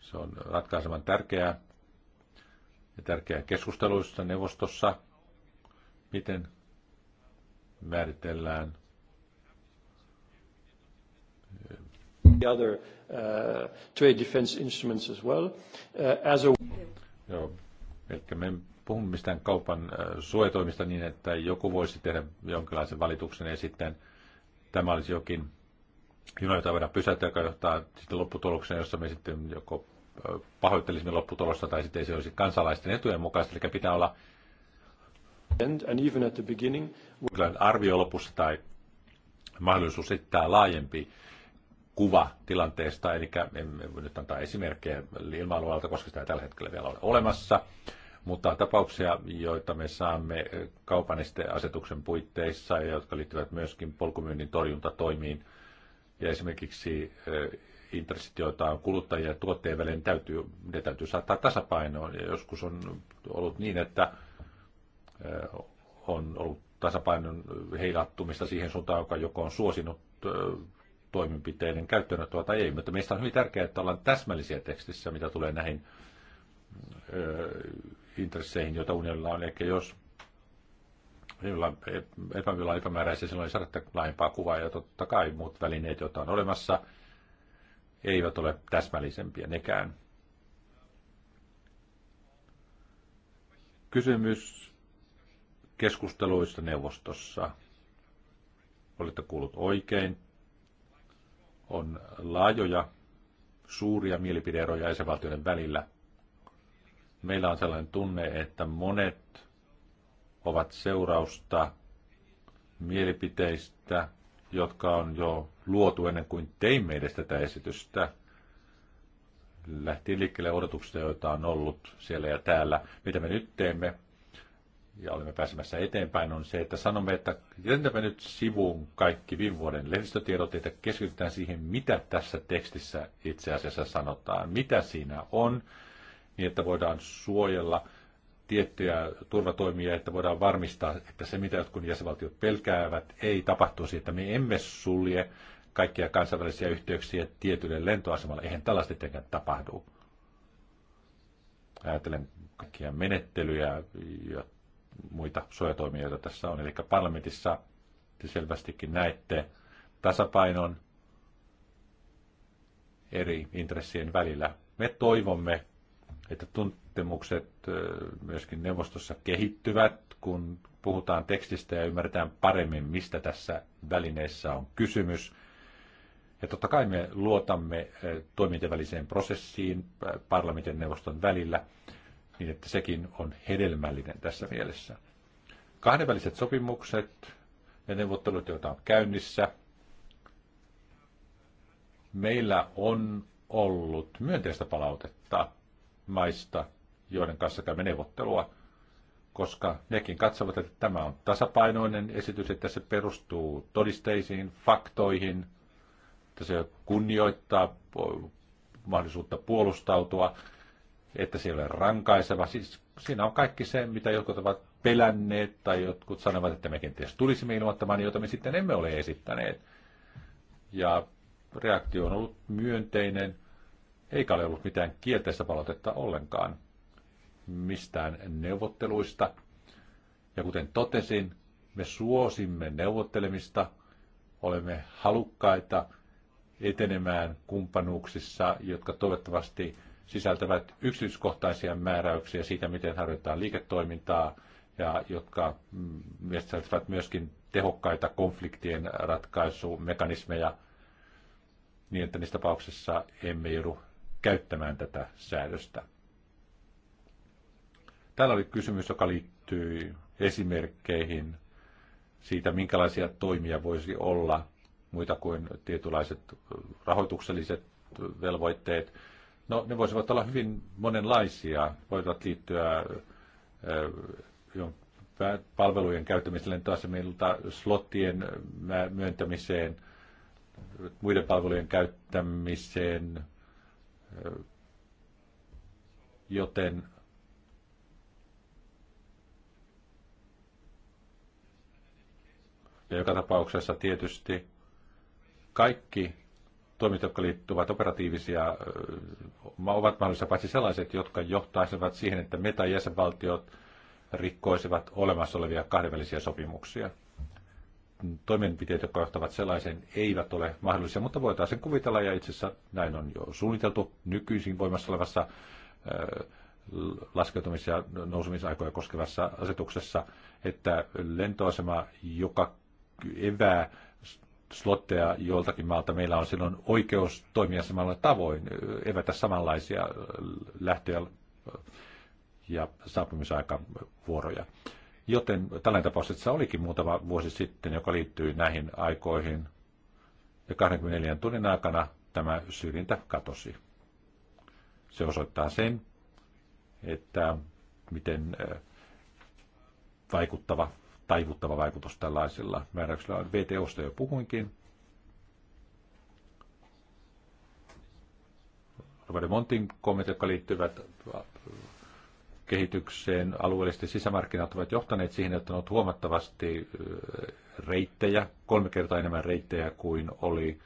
Speaker 1: Se on ratkaisevan tärkeää ja tärkeää keskusteluissa neuvostossa, miten määritellään the other uh,
Speaker 4: trade defense instruments as well. Uh, as a...
Speaker 1: Joo, me puhu mistään kaupan äh, suojatoimista niin, että joku voisi tehdä jonkinlaisen valituksen ja sitten tämä olisi jokin juna, jota voidaan pysäyttää, joka johtaa sitten lopputulokseen, jossa me sitten joko äh, pahoittelisimme lopputulosta tai sitten se olisi kansalaisten etujen mukaista. Eli pitää olla and, even at the beginning... arvio lopussa tai mahdollisuus esittää laajempi kuva tilanteesta, eli emme nyt antaa esimerkkejä ilma koska sitä ei tällä hetkellä vielä ole olemassa mutta on tapauksia, joita me saamme eh, kaupanisteasetuksen puitteissa ja jotka liittyvät myöskin polkumyynnin torjuntatoimiin. Ja esimerkiksi eh, intressit, joita on kuluttajia ja tuotteen välillä, täytyy, ne täytyy saattaa tasapainoon. Ja joskus on ollut niin, että eh, on ollut tasapainon heilattumista siihen suuntaan, joka joko on suosinut toimenpiteiden käyttöönottoa tai ei. Mutta meistä on hyvin tärkeää, että ollaan täsmällisiä tekstissä, mitä tulee näihin intresseihin, joita unionilla on. Eli jos epämillä on e- epämääräisiä, silloin ei saada laajempaa kuvaa, ja totta kai muut välineet, joita on olemassa, eivät ole täsmällisempiä nekään. Kysymys keskusteluista neuvostossa. Olette kuullut oikein. On laajoja, suuria mielipideeroja jäsenvaltioiden välillä – meillä on sellainen tunne, että monet ovat seurausta mielipiteistä, jotka on jo luotu ennen kuin teimme edes tätä esitystä. Lähti liikkeelle odotuksista, joita on ollut siellä ja täällä. Mitä me nyt teemme, ja olemme pääsemässä eteenpäin, on se, että sanomme, että jätämme nyt sivuun kaikki viime vuoden lehdistötiedot, että keskitytään siihen, mitä tässä tekstissä itse asiassa sanotaan, mitä siinä on, niin että voidaan suojella tiettyjä turvatoimia, että voidaan varmistaa, että se mitä jotkut jäsenvaltiot pelkäävät ei tapahtuisi, että me emme sulje kaikkia kansainvälisiä yhteyksiä tietylle lentoasemalle. Eihän tällaista tietenkään tapahdu. Ajattelen kaikkia menettelyjä ja muita suojatoimia, joita tässä on. Eli parlamentissa te selvästikin näette tasapainon eri intressien välillä. Me toivomme, että tuntemukset myöskin neuvostossa kehittyvät, kun puhutaan tekstistä ja ymmärretään paremmin, mistä tässä välineessä on kysymys. Ja totta kai me luotamme toimintaväliseen prosessiin parlamentin neuvoston välillä, niin että sekin on hedelmällinen tässä mielessä. Kahdenväliset sopimukset ja neuvottelut, joita on käynnissä, meillä on ollut myönteistä palautetta maista, joiden kanssa käymme neuvottelua, koska nekin katsovat, että tämä on tasapainoinen esitys, että se perustuu todisteisiin, faktoihin, että se kunnioittaa mahdollisuutta puolustautua, että se ei ole rankaiseva. Siis siinä on kaikki se, mitä jotkut ovat pelänneet tai jotkut sanovat, että me kenties tulisimme ilmoittamaan, niin joita me sitten emme ole esittäneet. Ja reaktio on ollut myönteinen – eikä ole ollut mitään kielteistä palautetta ollenkaan mistään neuvotteluista. Ja kuten totesin, me suosimme neuvottelemista, olemme halukkaita etenemään kumppanuuksissa, jotka toivottavasti sisältävät yksityiskohtaisia määräyksiä siitä, miten harjoitetaan liiketoimintaa ja jotka mm, sisältävät myöskin tehokkaita konfliktien ratkaisumekanismeja niin, että niissä tapauksissa emme joudu käyttämään tätä säädöstä. Täällä oli kysymys, joka liittyy esimerkkeihin siitä, minkälaisia toimia voisi olla muita kuin tietynlaiset rahoitukselliset velvoitteet. No, ne voisivat olla hyvin monenlaisia, voivat liittyä palvelujen käyttämiselle lentoasemilta, slottien myöntämiseen, muiden palvelujen käyttämiseen, Joten ja joka tapauksessa tietysti kaikki toimit, jotka liittyvät operatiivisia, ovat mahdollisia paitsi sellaiset, jotka johtaisivat siihen, että meta-jäsenvaltiot rikkoisivat olemassa olevia kahdenvälisiä sopimuksia toimenpiteet, jotka johtavat sellaiseen, eivät ole mahdollisia, mutta voitaisiin kuvitella, ja itse asiassa näin on jo suunniteltu nykyisin voimassa olevassa äh, laskeutumis- ja nousumisaikoja koskevassa asetuksessa, että lentoasema, joka evää slotteja joltakin maalta, meillä on silloin oikeus toimia samalla tavoin, äh, evätä samanlaisia äh, lähtöjä ja saapumisaikavuoroja. vuoroja Joten tällainen tapauksessa olikin muutama vuosi sitten, joka liittyy näihin aikoihin. Ja 24 tunnin aikana tämä syrjintä katosi. Se osoittaa sen, että miten vaikuttava, taivuttava vaikutus tällaisilla määräyksillä on. VTOsta jo puhuinkin. Robert Montin kommentit, jotka liittyvät kehitykseen. Alueellisesti sisämarkkinat ovat johtaneet siihen, että on ollut huomattavasti reittejä, kolme kertaa enemmän reittejä kuin oli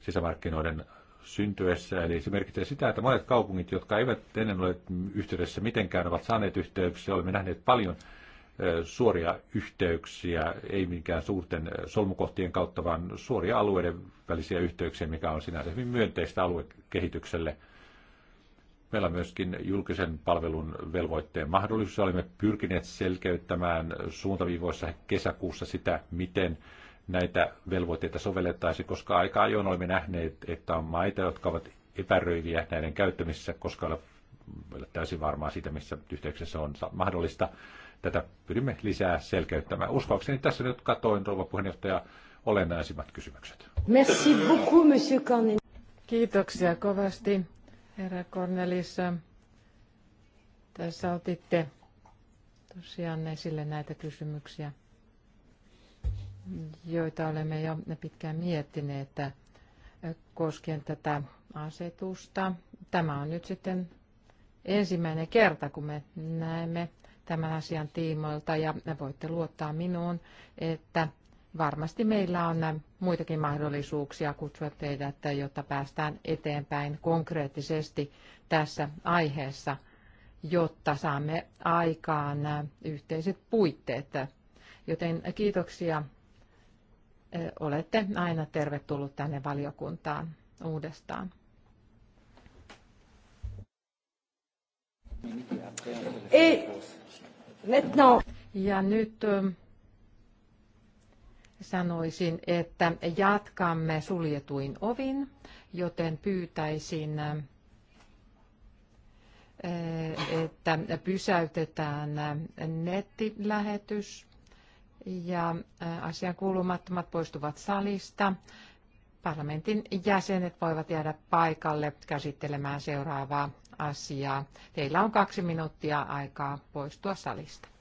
Speaker 1: sisämarkkinoiden syntyessä. Eli se merkitsee sitä, että monet kaupungit, jotka eivät ennen ole yhteydessä mitenkään, ovat saaneet yhteyksiä. Olemme nähneet paljon suoria yhteyksiä, ei minkään suurten solmukohtien kautta, vaan suoria alueiden välisiä yhteyksiä, mikä on sinänsä hyvin myönteistä aluekehitykselle – Meillä on myöskin julkisen palvelun velvoitteen mahdollisuus. Olemme pyrkineet selkeyttämään suuntaviivoissa kesäkuussa sitä, miten näitä velvoitteita sovellettaisiin, koska aika ajoin olemme nähneet, että on maita, jotka ovat epäröiviä näiden käyttämisessä, koska olemme täysin varmaa siitä, missä yhteyksessä on mahdollista. Tätä pyrimme lisää selkeyttämään. Uskoakseni tässä nyt katoin, rouva puheenjohtaja, olennaisimmat kysymykset.
Speaker 2: Merci beaucoup, monsieur Kiitoksia kovasti. Herra Cornelis, tässä otitte tosiaan esille näitä kysymyksiä, joita olemme jo pitkään miettineet, että koskien tätä asetusta. Tämä on nyt sitten ensimmäinen kerta, kun me näemme tämän asian tiimoilta ja voitte luottaa minuun, että varmasti meillä on muitakin mahdollisuuksia kutsua teidät, jotta päästään eteenpäin konkreettisesti tässä aiheessa, jotta saamme aikaan yhteiset puitteet. Joten kiitoksia. Olette aina tervetullut tänne valiokuntaan uudestaan. Et no. Ja nyt sanoisin, että jatkamme suljetuin ovin, joten pyytäisin, että pysäytetään nettilähetys ja asian kuulumattomat poistuvat salista. Parlamentin jäsenet voivat jäädä paikalle käsittelemään seuraavaa asiaa. Teillä on kaksi minuuttia aikaa poistua salista.